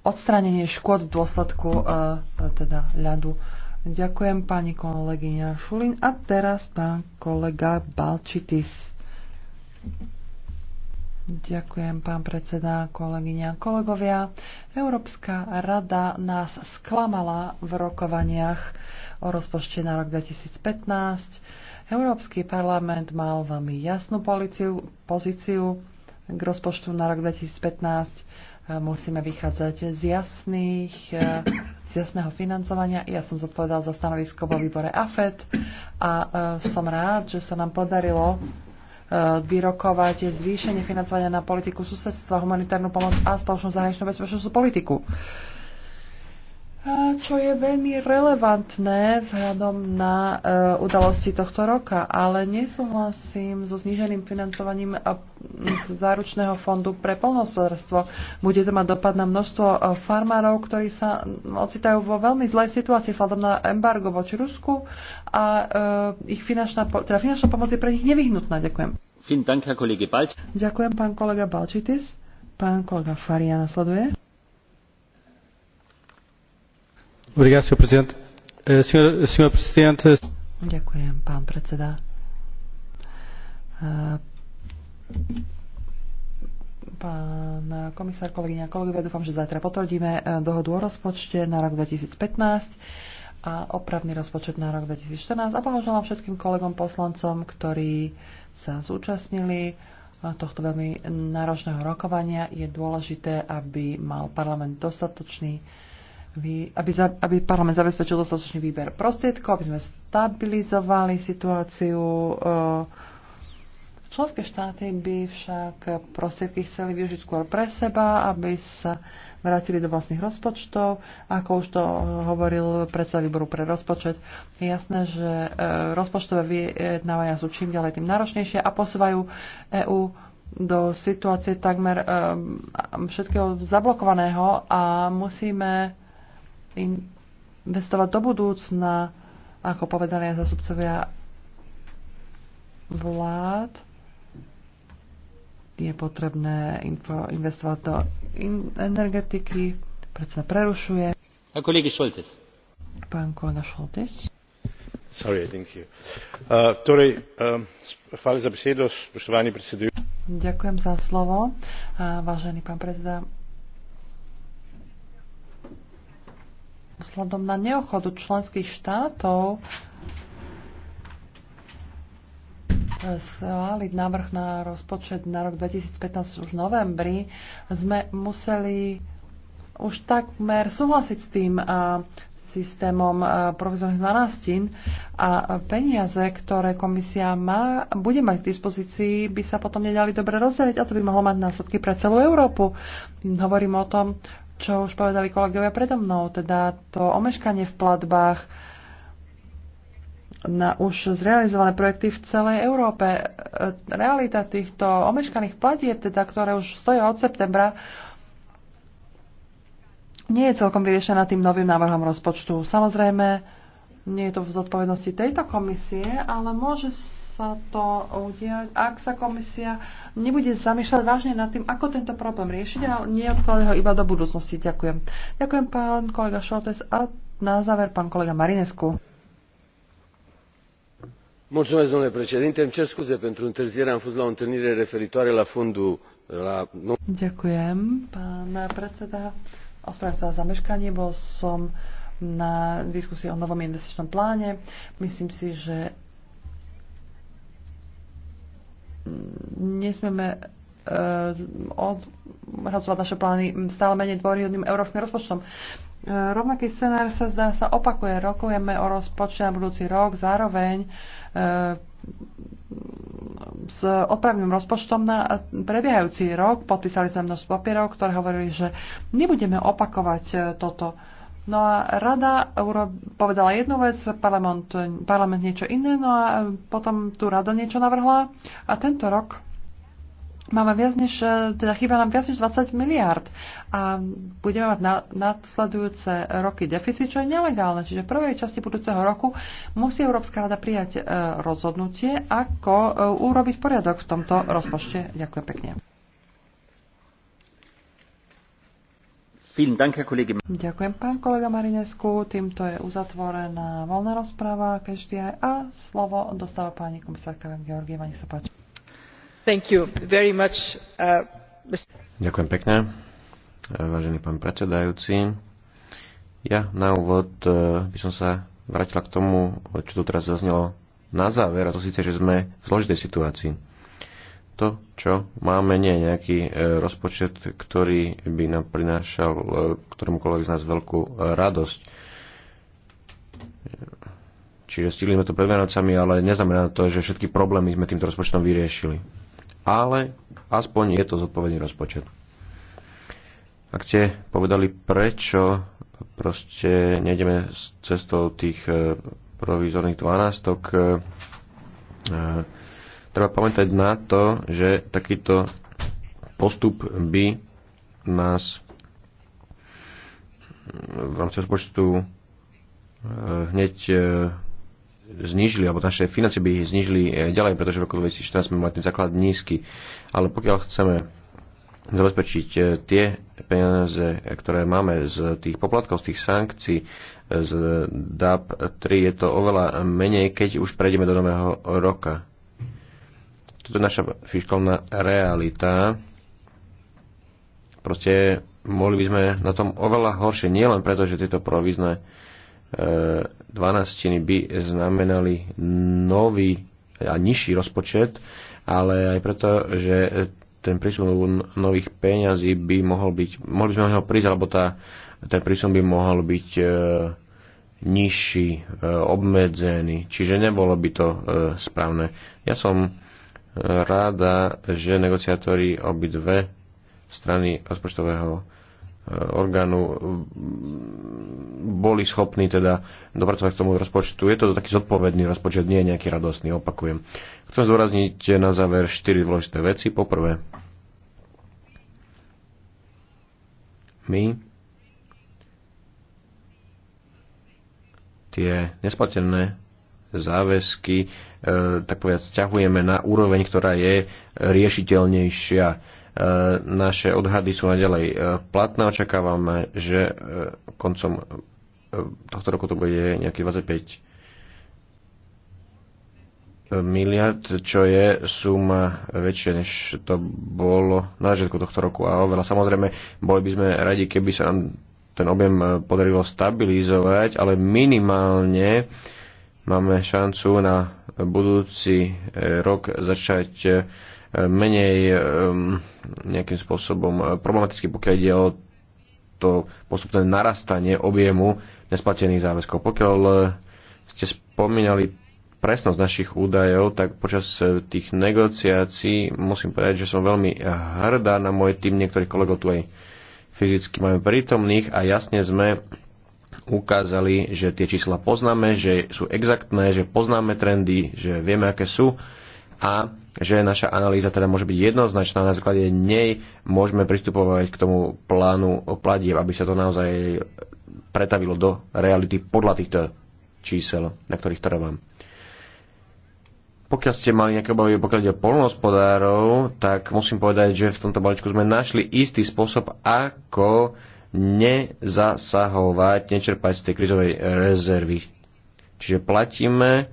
odstránenie škôd v dôsledku e, e, teda ľadu. Ďakujem pani kolegyňa Šulin. A teraz pán kolega Balčitis. Ďakujem, pán predseda, kolegyňa, kolegovia. Európska rada nás sklamala v rokovaniach o rozpočte na rok 2015. Európsky parlament mal veľmi jasnú policiu, pozíciu k rozpočtu na rok 2015 musíme vychádzať z, jasných, e, z jasného financovania. Ja som zodpovedal za stanovisko vo výbore AFED a e, som rád, že sa nám podarilo e, vyrokovať zvýšenie financovania na politiku susedstva, humanitárnu pomoc a spoločnú zahraničnú bezpečnostnú politiku čo je veľmi relevantné vzhľadom na e, udalosti tohto roka, ale nesúhlasím so zníženým financovaním e, záručného fondu pre polnohospodárstvo. Bude to mať dopad na množstvo e, farmárov, ktorí sa ocitajú vo veľmi zlej situácii vzhľadom na embargo voči Rusku a ich finančná, teda finančná pomoc je pre nich nevyhnutná. Ďakujem. Ďakujem, pán kolega Balčitis. Pán kolega Faria nasleduje. Eh, Ďakujem, pán predseda. Eh, pán komisár, kolegyňa a kolegovia, dúfam, že zajtra potvrdíme eh, dohodu o rozpočte na rok 2015 a opravný rozpočet na rok 2014 a blahoželám všetkým kolegom poslancom, ktorí sa zúčastnili tohto veľmi náročného rokovania. Je dôležité, aby mal parlament dostatočný aby, aby, za, aby parlament zabezpečil dostatočný výber prostriedkov, aby sme stabilizovali situáciu. Eh, členské štáty by však prostriedky chceli využiť skôr pre seba, aby sa vrátili do vlastných rozpočtov. Ako už to eh, hovoril predseda výboru pre rozpočet, je jasné, že eh, rozpočtové vyjednávania sú čím ďalej tým náročnejšie a posúvajú EÚ do situácie takmer všetkého zablokovaného a musíme investovať do budúcna, ako povedali aj zastupcovia vlád. Je potrebné info, investovať do in, energetiky. sa prerušuje. A kolegy Šoltes. Pán kolega Šoltes. Sorry, thank you. Uh, torej, uh, za besedo, spoštovani predsedujoči. Ďakujem za slovo, uh, vážený pán predseda, vzhľadom na neochodu členských štátov eh, schváliť návrh na rozpočet na rok 2015 už v novembri, sme museli už takmer súhlasiť s tým a eh, systémom eh, provizorných 12 a peniaze, ktoré komisia má, bude mať k dispozícii, by sa potom nedali dobre rozdeliť a to by mohlo mať následky pre celú Európu. Hovorím o tom, čo už povedali kolegovia predo mnou, teda to omeškanie v platbách na už zrealizované projekty v celej Európe. E, realita týchto omeškaných platieb, teda, ktoré už stojí od septembra, nie je celkom vyriešená tým novým návrhom rozpočtu. Samozrejme, nie je to v zodpovednosti tejto komisie, ale môže sa to udiať, ak sa komisia nebude zamýšľať vážne nad tým, ako tento problém riešiť a neodkladá ho iba do budúcnosti. Ďakujem. Ďakujem pán kolega Šoltes a na záver pán kolega Marinescu. Mulțumesc, domnule președinte. Îmi cer scuze pentru întârziere. Am fost la o întâlnire referitoare la fondul la... Ďakujem, pán predseda. Ospravedlňujem sa za meškanie, bol som na diskusii o novom investičnom pláne. Myslím si, že nesmieme eh, odhradzovať naše plány stále menej dôryhodným európskym rozpočtom. Eh, rovnaký scenár sa zdá sa opakuje. Rokujeme o rozpočte na budúci rok, zároveň eh, s odpravným rozpočtom na prebiehajúci rok. Podpísali sme množstvo papierov, ktoré hovorili, že nebudeme opakovať toto No a rada povedala jednu vec, parlament, parlament niečo iné, no a potom tu rada niečo navrhla a tento rok máme viac než, teda chýba nám viac než 20 miliard a budeme mať na, nadsledujúce roky deficit, čo je nelegálne. Čiže v prvej časti budúceho roku musí Európska rada prijať e, rozhodnutie, ako e, urobiť poriadok v tomto rozpočte. Ďakujem pekne. Ďakujem, pán kolega Marinesku. Týmto je uzatvorená voľná rozpráva každý aj a slovo dostáva pani komisárka Georgieva. Nech sa páči. Thank you very much, uh, Ďakujem pekne, uh, vážený pán predsedajúci. Ja na úvod uh, by som sa vrátila k tomu, čo tu teraz zaznelo na záver, a to síce, že sme v zložitej situácii to, čo máme, nie je nejaký e, rozpočet, ktorý by nám prinášal e, ktorémukoľvek z nás veľkú radosť. Čiže stihli sme to pred Vianocami, ale neznamená to, že všetky problémy sme týmto rozpočtom vyriešili. Ale aspoň je to zodpovedný rozpočet. Ak ste povedali, prečo proste nejdeme s cestou tých e, provizorných dvanástok, treba pamätať na to, že takýto postup by nás v rámci rozpočtu e, hneď e, znižili, alebo naše financie by ich znižili e, ďalej, pretože v roku 2014 sme mali ten základ nízky. Ale pokiaľ chceme zabezpečiť tie peniaze, ktoré máme z tých poplatkov, z tých sankcií, z DAP 3, je to oveľa menej, keď už prejdeme do nového roka toto je naša fiskálna realita. Proste mohli by sme na tom oveľa horšie, nielen preto, že tieto provizné e, dvanáctiny by znamenali nový a nižší rozpočet, ale aj preto, že ten prísun nových peňazí by mohol byť, mohli by sme ho prísť, alebo tá, ten prísun by mohol byť e, nižší, e, obmedzený, čiže nebolo by to e, správne. Ja som rada, že negociátori obidve strany rozpočtového e, orgánu boli schopní teda dopracovať k tomu rozpočtu. Je to taký zodpovedný rozpočet, nie je nejaký radostný, opakujem. Chcem zdôrazniť na záver štyri dôležité veci. Poprvé, my tie nesplatené záväzky, e, tak povedať, stiahujeme na úroveň, ktorá je riešiteľnejšia. E, naše odhady sú naďalej e, platné, očakávame, že koncom tohto roku to bude nejaký 25 miliard, čo je suma väčšia, než to bolo na začiatku tohto roku a oveľa. Samozrejme, boli by sme radi, keby sa nám ten objem podarilo stabilizovať, ale minimálne Máme šancu na budúci e, rok začať e, menej e, nejakým spôsobom problematicky, pokiaľ ide o to postupné narastanie objemu nesplatených záväzkov. Pokiaľ ste spomínali presnosť našich údajov, tak počas tých negociácií musím povedať, že som veľmi hrdá na môj tým, niektorých kolegov tu aj fyzicky máme prítomných a jasne sme ukázali, že tie čísla poznáme, že sú exaktné, že poznáme trendy, že vieme, aké sú a že naša analýza teda môže byť jednoznačná, na základe nej môžeme pristupovať k tomu plánu platieb, aby sa to naozaj pretavilo do reality podľa týchto čísel, na ktorých trvám. Pokiaľ ste mali nejaké obavy, pokiaľ ide o polnohospodárov, tak musím povedať, že v tomto balíčku sme našli istý spôsob, ako nezasahovať, nečerpať z tej krizovej rezervy. Čiže platíme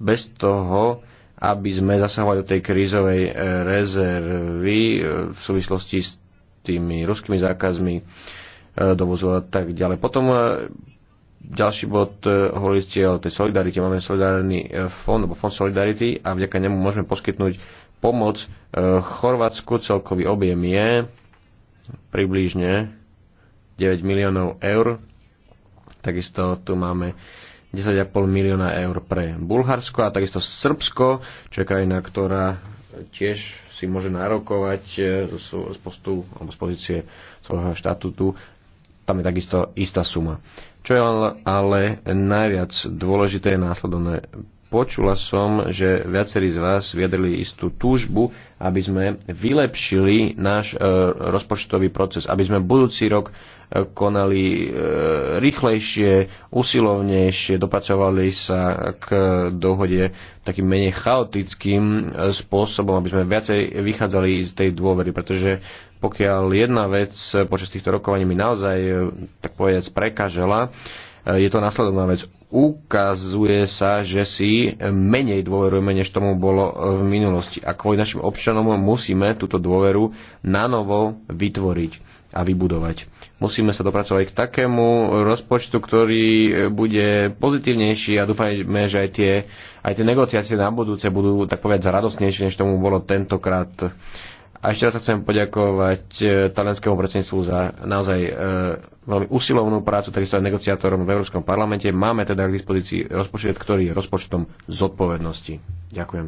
bez toho, aby sme zasahovali do tej krízovej e, rezervy e, v súvislosti s tými ruskými zákazmi e, dovozu a tak ďalej. Potom ďalší bod, hovorili ste o tej solidarite. Máme solidárny fond, alebo fond solidarity a vďaka nemu môžeme poskytnúť pomoc Chorvátsku. Celkový objem je približne 9 miliónov eur. Takisto tu máme 10,5 milióna eur pre Bulharsko a takisto Srbsko, čo je krajina, ktorá tiež si môže narokovať e, z postu alebo z pozície svojho štatútu. Tam je takisto istá suma. Čo je ale najviac dôležité je následovné Počula som, že viacerí z vás vyjadrili istú túžbu, aby sme vylepšili náš e, rozpočtový proces, aby sme budúci rok e, konali e, rýchlejšie, usilovnejšie, dopracovali sa k dohode takým menej chaotickým spôsobom, aby sme viacej vychádzali z tej dôvery, pretože pokiaľ jedna vec počas týchto rokovaní mi naozaj, tak povedať, prekážela, je to následovná vec ukazuje sa, že si menej dôverujeme, než tomu bolo v minulosti. A kvôli našim občanom musíme túto dôveru na novo vytvoriť a vybudovať. Musíme sa dopracovať k takému rozpočtu, ktorý bude pozitívnejší a dúfajme, že aj tie, aj tie negociácie na budúce budú tak povedať radosnejšie, než tomu bolo tentokrát. A ešte raz sa chcem poďakovať eh, talenskému predsedníctvu za naozaj eh, veľmi usilovnú prácu, takisto aj negociátorom v Európskom parlamente. Máme teda k dispozícii rozpočet, ktorý je rozpočtom zodpovednosti. Ďakujem.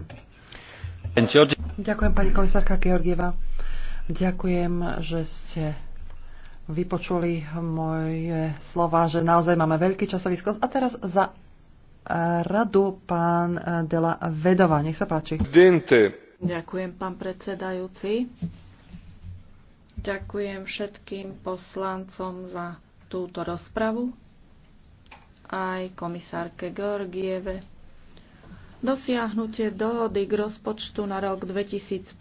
Ďakujem pani komisárka Georgieva. Ďakujem, že ste vypočuli moje slova, že naozaj máme veľký časový skos. A teraz za e, radu pán e, Dela Vedova. Nech sa páči. Dente. Ďakujem, pán predsedajúci. Ďakujem všetkým poslancom za túto rozpravu, aj komisárke Georgieve. Dosiahnutie dohody k rozpočtu na rok 2015,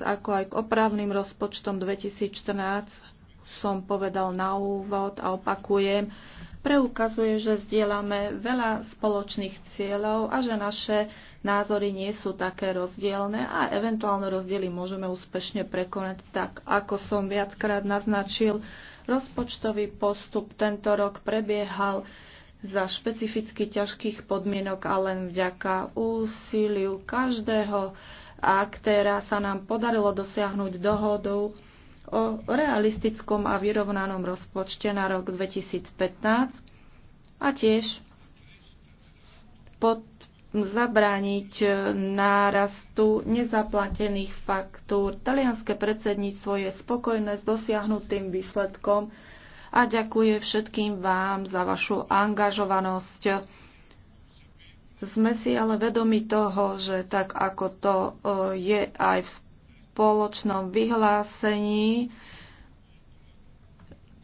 ako aj k opravným rozpočtom 2014, som povedal na úvod a opakujem, preukazuje, že zdieľame veľa spoločných cieľov a že naše názory nie sú také rozdielne a eventuálne rozdiely môžeme úspešne prekonať. Tak ako som viackrát naznačil, rozpočtový postup tento rok prebiehal za špecificky ťažkých podmienok a len vďaka úsiliu každého aktéra sa nám podarilo dosiahnuť dohodu o realistickom a vyrovnanom rozpočte na rok 2015 a tiež pod zabrániť e, nárastu nezaplatených faktúr. Talianské predsedníctvo je spokojné s dosiahnutým výsledkom a ďakuje všetkým vám za vašu angažovanosť. Sme si ale vedomi toho, že tak ako to e, je aj v spoločnom vyhlásení,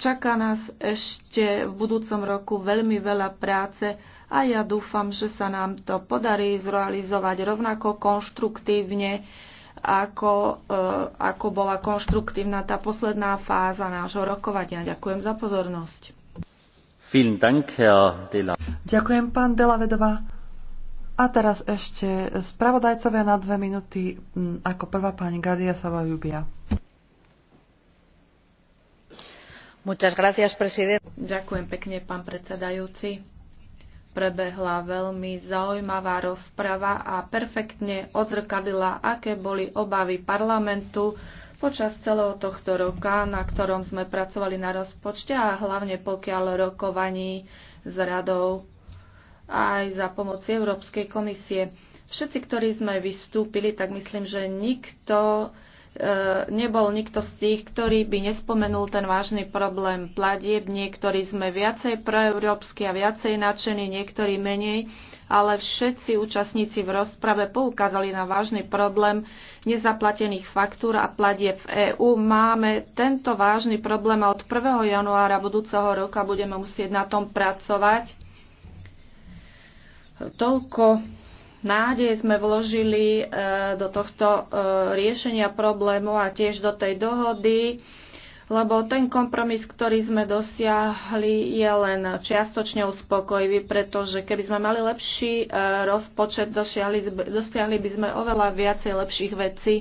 čaká nás ešte v budúcom roku veľmi veľa práce, a ja dúfam, že sa nám to podarí zrealizovať rovnako konštruktívne, ako, e, ako bola konštruktívna tá posledná fáza nášho rokovania. Ďakujem za pozornosť. Ďakujem, pán Delavedová. A teraz ešte spravodajcovia na dve minúty, mm, ako prvá pani Gardia Savajubia. Ďakujem pekne, pán predsedajúci Prebehla veľmi zaujímavá rozprava a perfektne odzrkadila, aké boli obavy parlamentu počas celého tohto roka, na ktorom sme pracovali na rozpočte a hlavne pokiaľ rokovaní s radou aj za pomoci Európskej komisie. Všetci, ktorí sme vystúpili, tak myslím, že nikto Eh, nebol nikto z tých, ktorý by nespomenul ten vážny problém platieb. Niektorí sme viacej proeurópsky a viacej nadšení, niektorí menej, ale všetci účastníci v rozprave poukázali na vážny problém nezaplatených faktúr a platieb v EÚ. Máme tento vážny problém a od 1. januára budúceho roka budeme musieť na tom pracovať. Toľko nádej sme vložili e, do tohto e, riešenia problému a tiež do tej dohody, lebo ten kompromis, ktorý sme dosiahli, je len čiastočne uspokojivý, pretože keby sme mali lepší e, rozpočet, dosiahli, dosiahli by sme oveľa viacej lepších vecí.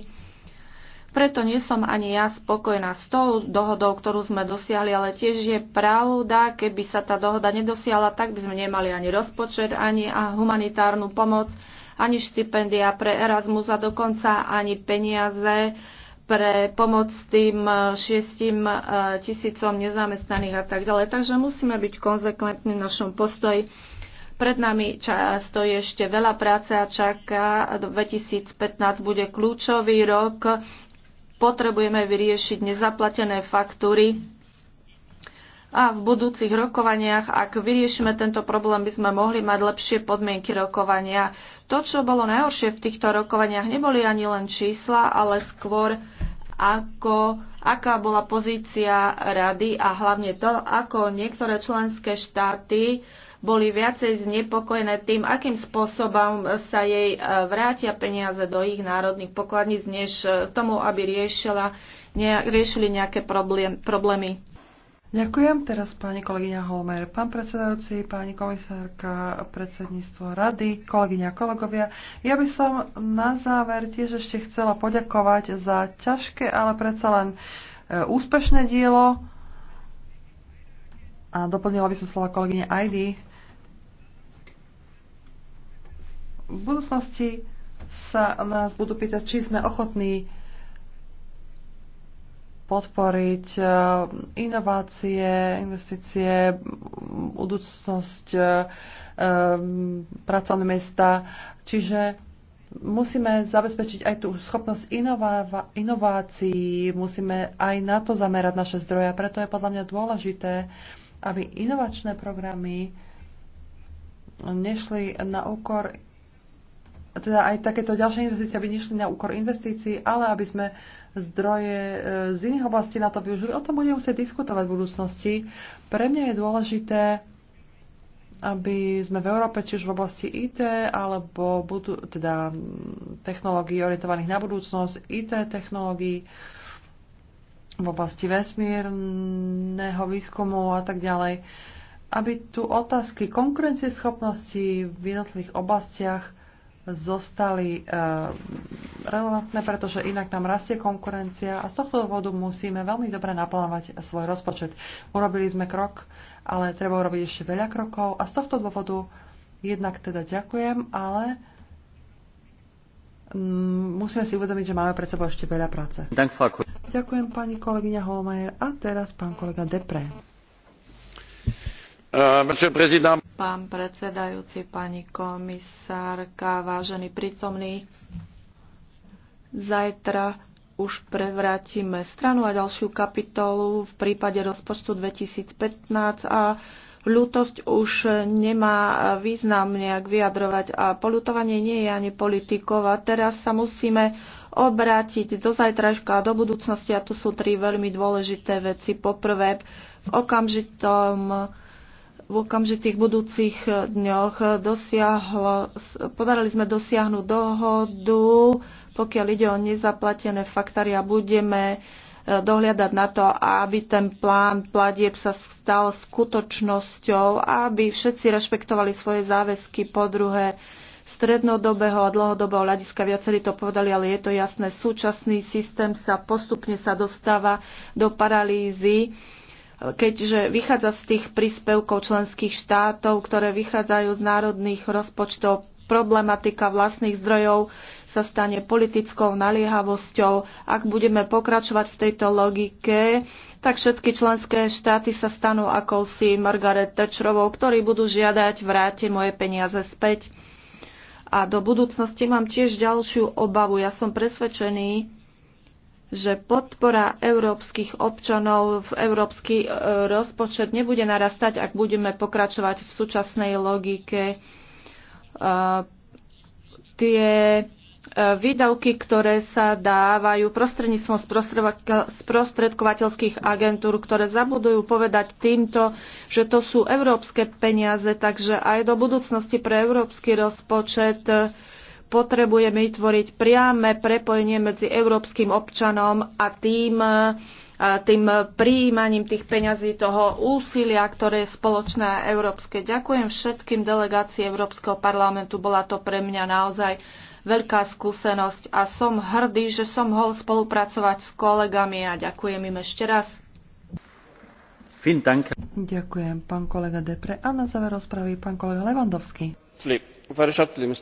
Preto nie som ani ja spokojná s tou dohodou, ktorú sme dosiahli, ale tiež je pravda, keby sa tá dohoda nedosiahla, tak by sme nemali ani rozpočet, ani humanitárnu pomoc, ani štipendia pre Erasmus a dokonca ani peniaze pre pomoc tým e, šiestim e, tisícom nezamestnaných a tak ďalej. Takže musíme byť konzekventní v našom postoji. Pred nami stojí ešte veľa práce a čaká. 2015 bude kľúčový rok potrebujeme vyriešiť nezaplatené faktúry a v budúcich rokovaniach, ak vyriešime tento problém, by sme mohli mať lepšie podmienky rokovania. To, čo bolo najhoršie v týchto rokovaniach, neboli ani len čísla, ale skôr ako, aká bola pozícia rady a hlavne to, ako niektoré členské štáty boli viacej znepokojené tým, akým spôsobom sa jej e, vrátia peniaze do ich národných pokladníc, než e, tomu, aby riešila, ne, riešili nejaké problém, problémy. Ďakujem. Teraz pani kolegyňa Holmer, pán predsedajúci, pani komisárka, predsedníctvo rady, kolegyňa, kolegovia. Ja by som na záver tiež ešte chcela poďakovať za ťažké, ale predsa len e, úspešné dielo. A doplnila by som slova kolegyne Aidy. v budúcnosti sa nás budú pýtať, či sme ochotní podporiť eh, inovácie, investície, budúcnosť, eh, eh, pracovné mesta. Čiže musíme zabezpečiť aj tú schopnosť inová- inovácií, musíme aj na to zamerať naše zdroje. preto je podľa mňa dôležité, aby inovačné programy nešli na úkor teda aj takéto ďalšie investície, aby nešli na úkor investícií, ale aby sme zdroje e, z iných oblastí na to využili. O tom budeme musieť diskutovať v budúcnosti. Pre mňa je dôležité, aby sme v Európe, či už v oblasti IT, alebo budu, teda technológií orientovaných na budúcnosť, IT technológií, v oblasti vesmírneho výskumu a tak ďalej, aby tu otázky konkurencieschopnosti v jednotlivých oblastiach zostali eh, relevantné, pretože inak nám rastie konkurencia a z tohto dôvodu musíme veľmi dobre naplánovať svoj rozpočet. Urobili sme krok, ale treba urobiť ešte veľa krokov a z tohto dôvodu jednak teda ďakujem, ale mm, musíme si uvedomiť, že máme pred sebou ešte veľa práce. Ďakujem pani kolegyňa Holmajer a teraz pán kolega Depre. Uh, Pán predsedajúci, pani komisárka, vážení prítomní, zajtra už prevrátime stranu a ďalšiu kapitolu v prípade rozpočtu 2015 a ľútosť už nemá význam nejak vyjadrovať a poľutovanie nie je ani politikov a teraz sa musíme obrátiť do zajtrajška a do budúcnosti a tu sú tri veľmi dôležité veci. Poprvé, v okamžitom v okamžitých budúcich eh, dňoch eh, dosiahlo, podarili sme dosiahnuť dohodu, pokiaľ ide o nezaplatené faktária, budeme eh, dohliadať na to, aby ten plán platieb sa stal skutočnosťou, aby všetci rešpektovali svoje záväzky. Po druhé, strednodobého a dlhodobého hľadiska, viacerí to povedali, ale je to jasné, súčasný systém sa postupne sa dostáva do paralýzy keďže vychádza z tých príspevkov členských štátov, ktoré vychádzajú z národných rozpočtov, problematika vlastných zdrojov sa stane politickou naliehavosťou. Ak budeme pokračovať v tejto logike, tak všetky členské štáty sa stanú akousi Margaret Thatcherovou, ktorí budú žiadať vráte moje peniaze späť. A do budúcnosti mám tiež ďalšiu obavu. Ja som presvedčený, že podpora európskych občanov v európsky e, rozpočet nebude narastať, ak budeme pokračovať v súčasnej logike. E, tie e, výdavky, ktoré sa dávajú prostredníctvom sprostredkovateľských agentúr, ktoré zabudujú povedať týmto, že to sú európske peniaze, takže aj do budúcnosti pre európsky rozpočet potrebujeme vytvoriť priame prepojenie medzi európskym občanom a tým, tým príjmaním tých peňazí, toho úsilia, ktoré je spoločné a európske. Ďakujem všetkým delegácii Európskeho parlamentu. Bola to pre mňa naozaj veľká skúsenosť a som hrdý, že som mohol spolupracovať s kolegami a ďakujem im ešte raz. Ďakujem, pán kolega Depre. A na záver rozpravy pán kolega Levandovský. Slip. Veľmi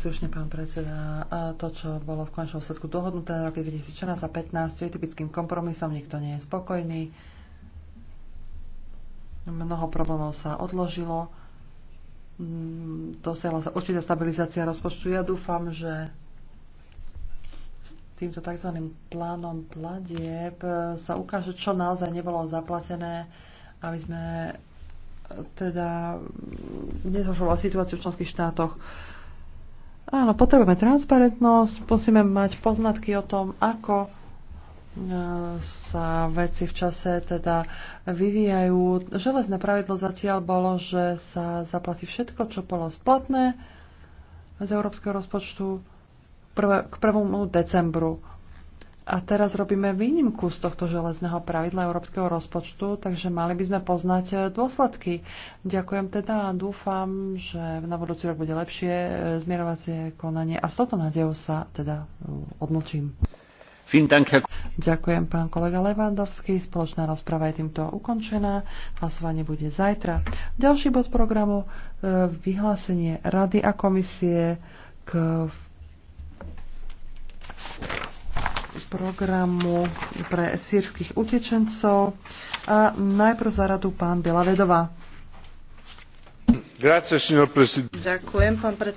slušne, pán predseda. A to, čo bolo v končnom sledku dohodnuté na roky 2014 a 2015, je typickým kompromisom, nikto nie je spokojný. Mnoho problémov sa odložilo. Dosiahla sa určitá stabilizácia rozpočtu. Ja dúfam, že s týmto tzv. plánom platieb sa ukáže, čo naozaj nebolo zaplatené, aby sme teda mm, nezhoršovala situáciu v členských štátoch. Áno, potrebujeme transparentnosť, musíme mať poznatky o tom, ako e, sa veci v čase teda vyvíjajú. Železné pravidlo zatiaľ bolo, že sa zaplatí všetko, čo bolo splatné z európskeho rozpočtu k 1. decembru a teraz robíme výnimku z tohto železného pravidla európskeho rozpočtu, takže mali by sme poznať e, dôsledky. Ďakujem teda a dúfam, že na budúci rok bude lepšie e, zmierovacie konanie a s touto nádejou sa teda e, odmlčím. Ďakujem pán kolega Levandovský. Spoločná rozprava je týmto ukončená. Hlasovanie bude zajtra. Ďalší bod programu vyhlásenie Rady a komisie k programu pre sírskych utečencov. A najprv za radu pán Bielavedová. Grazie, signor Presidente. Ďakujem, pán predseda.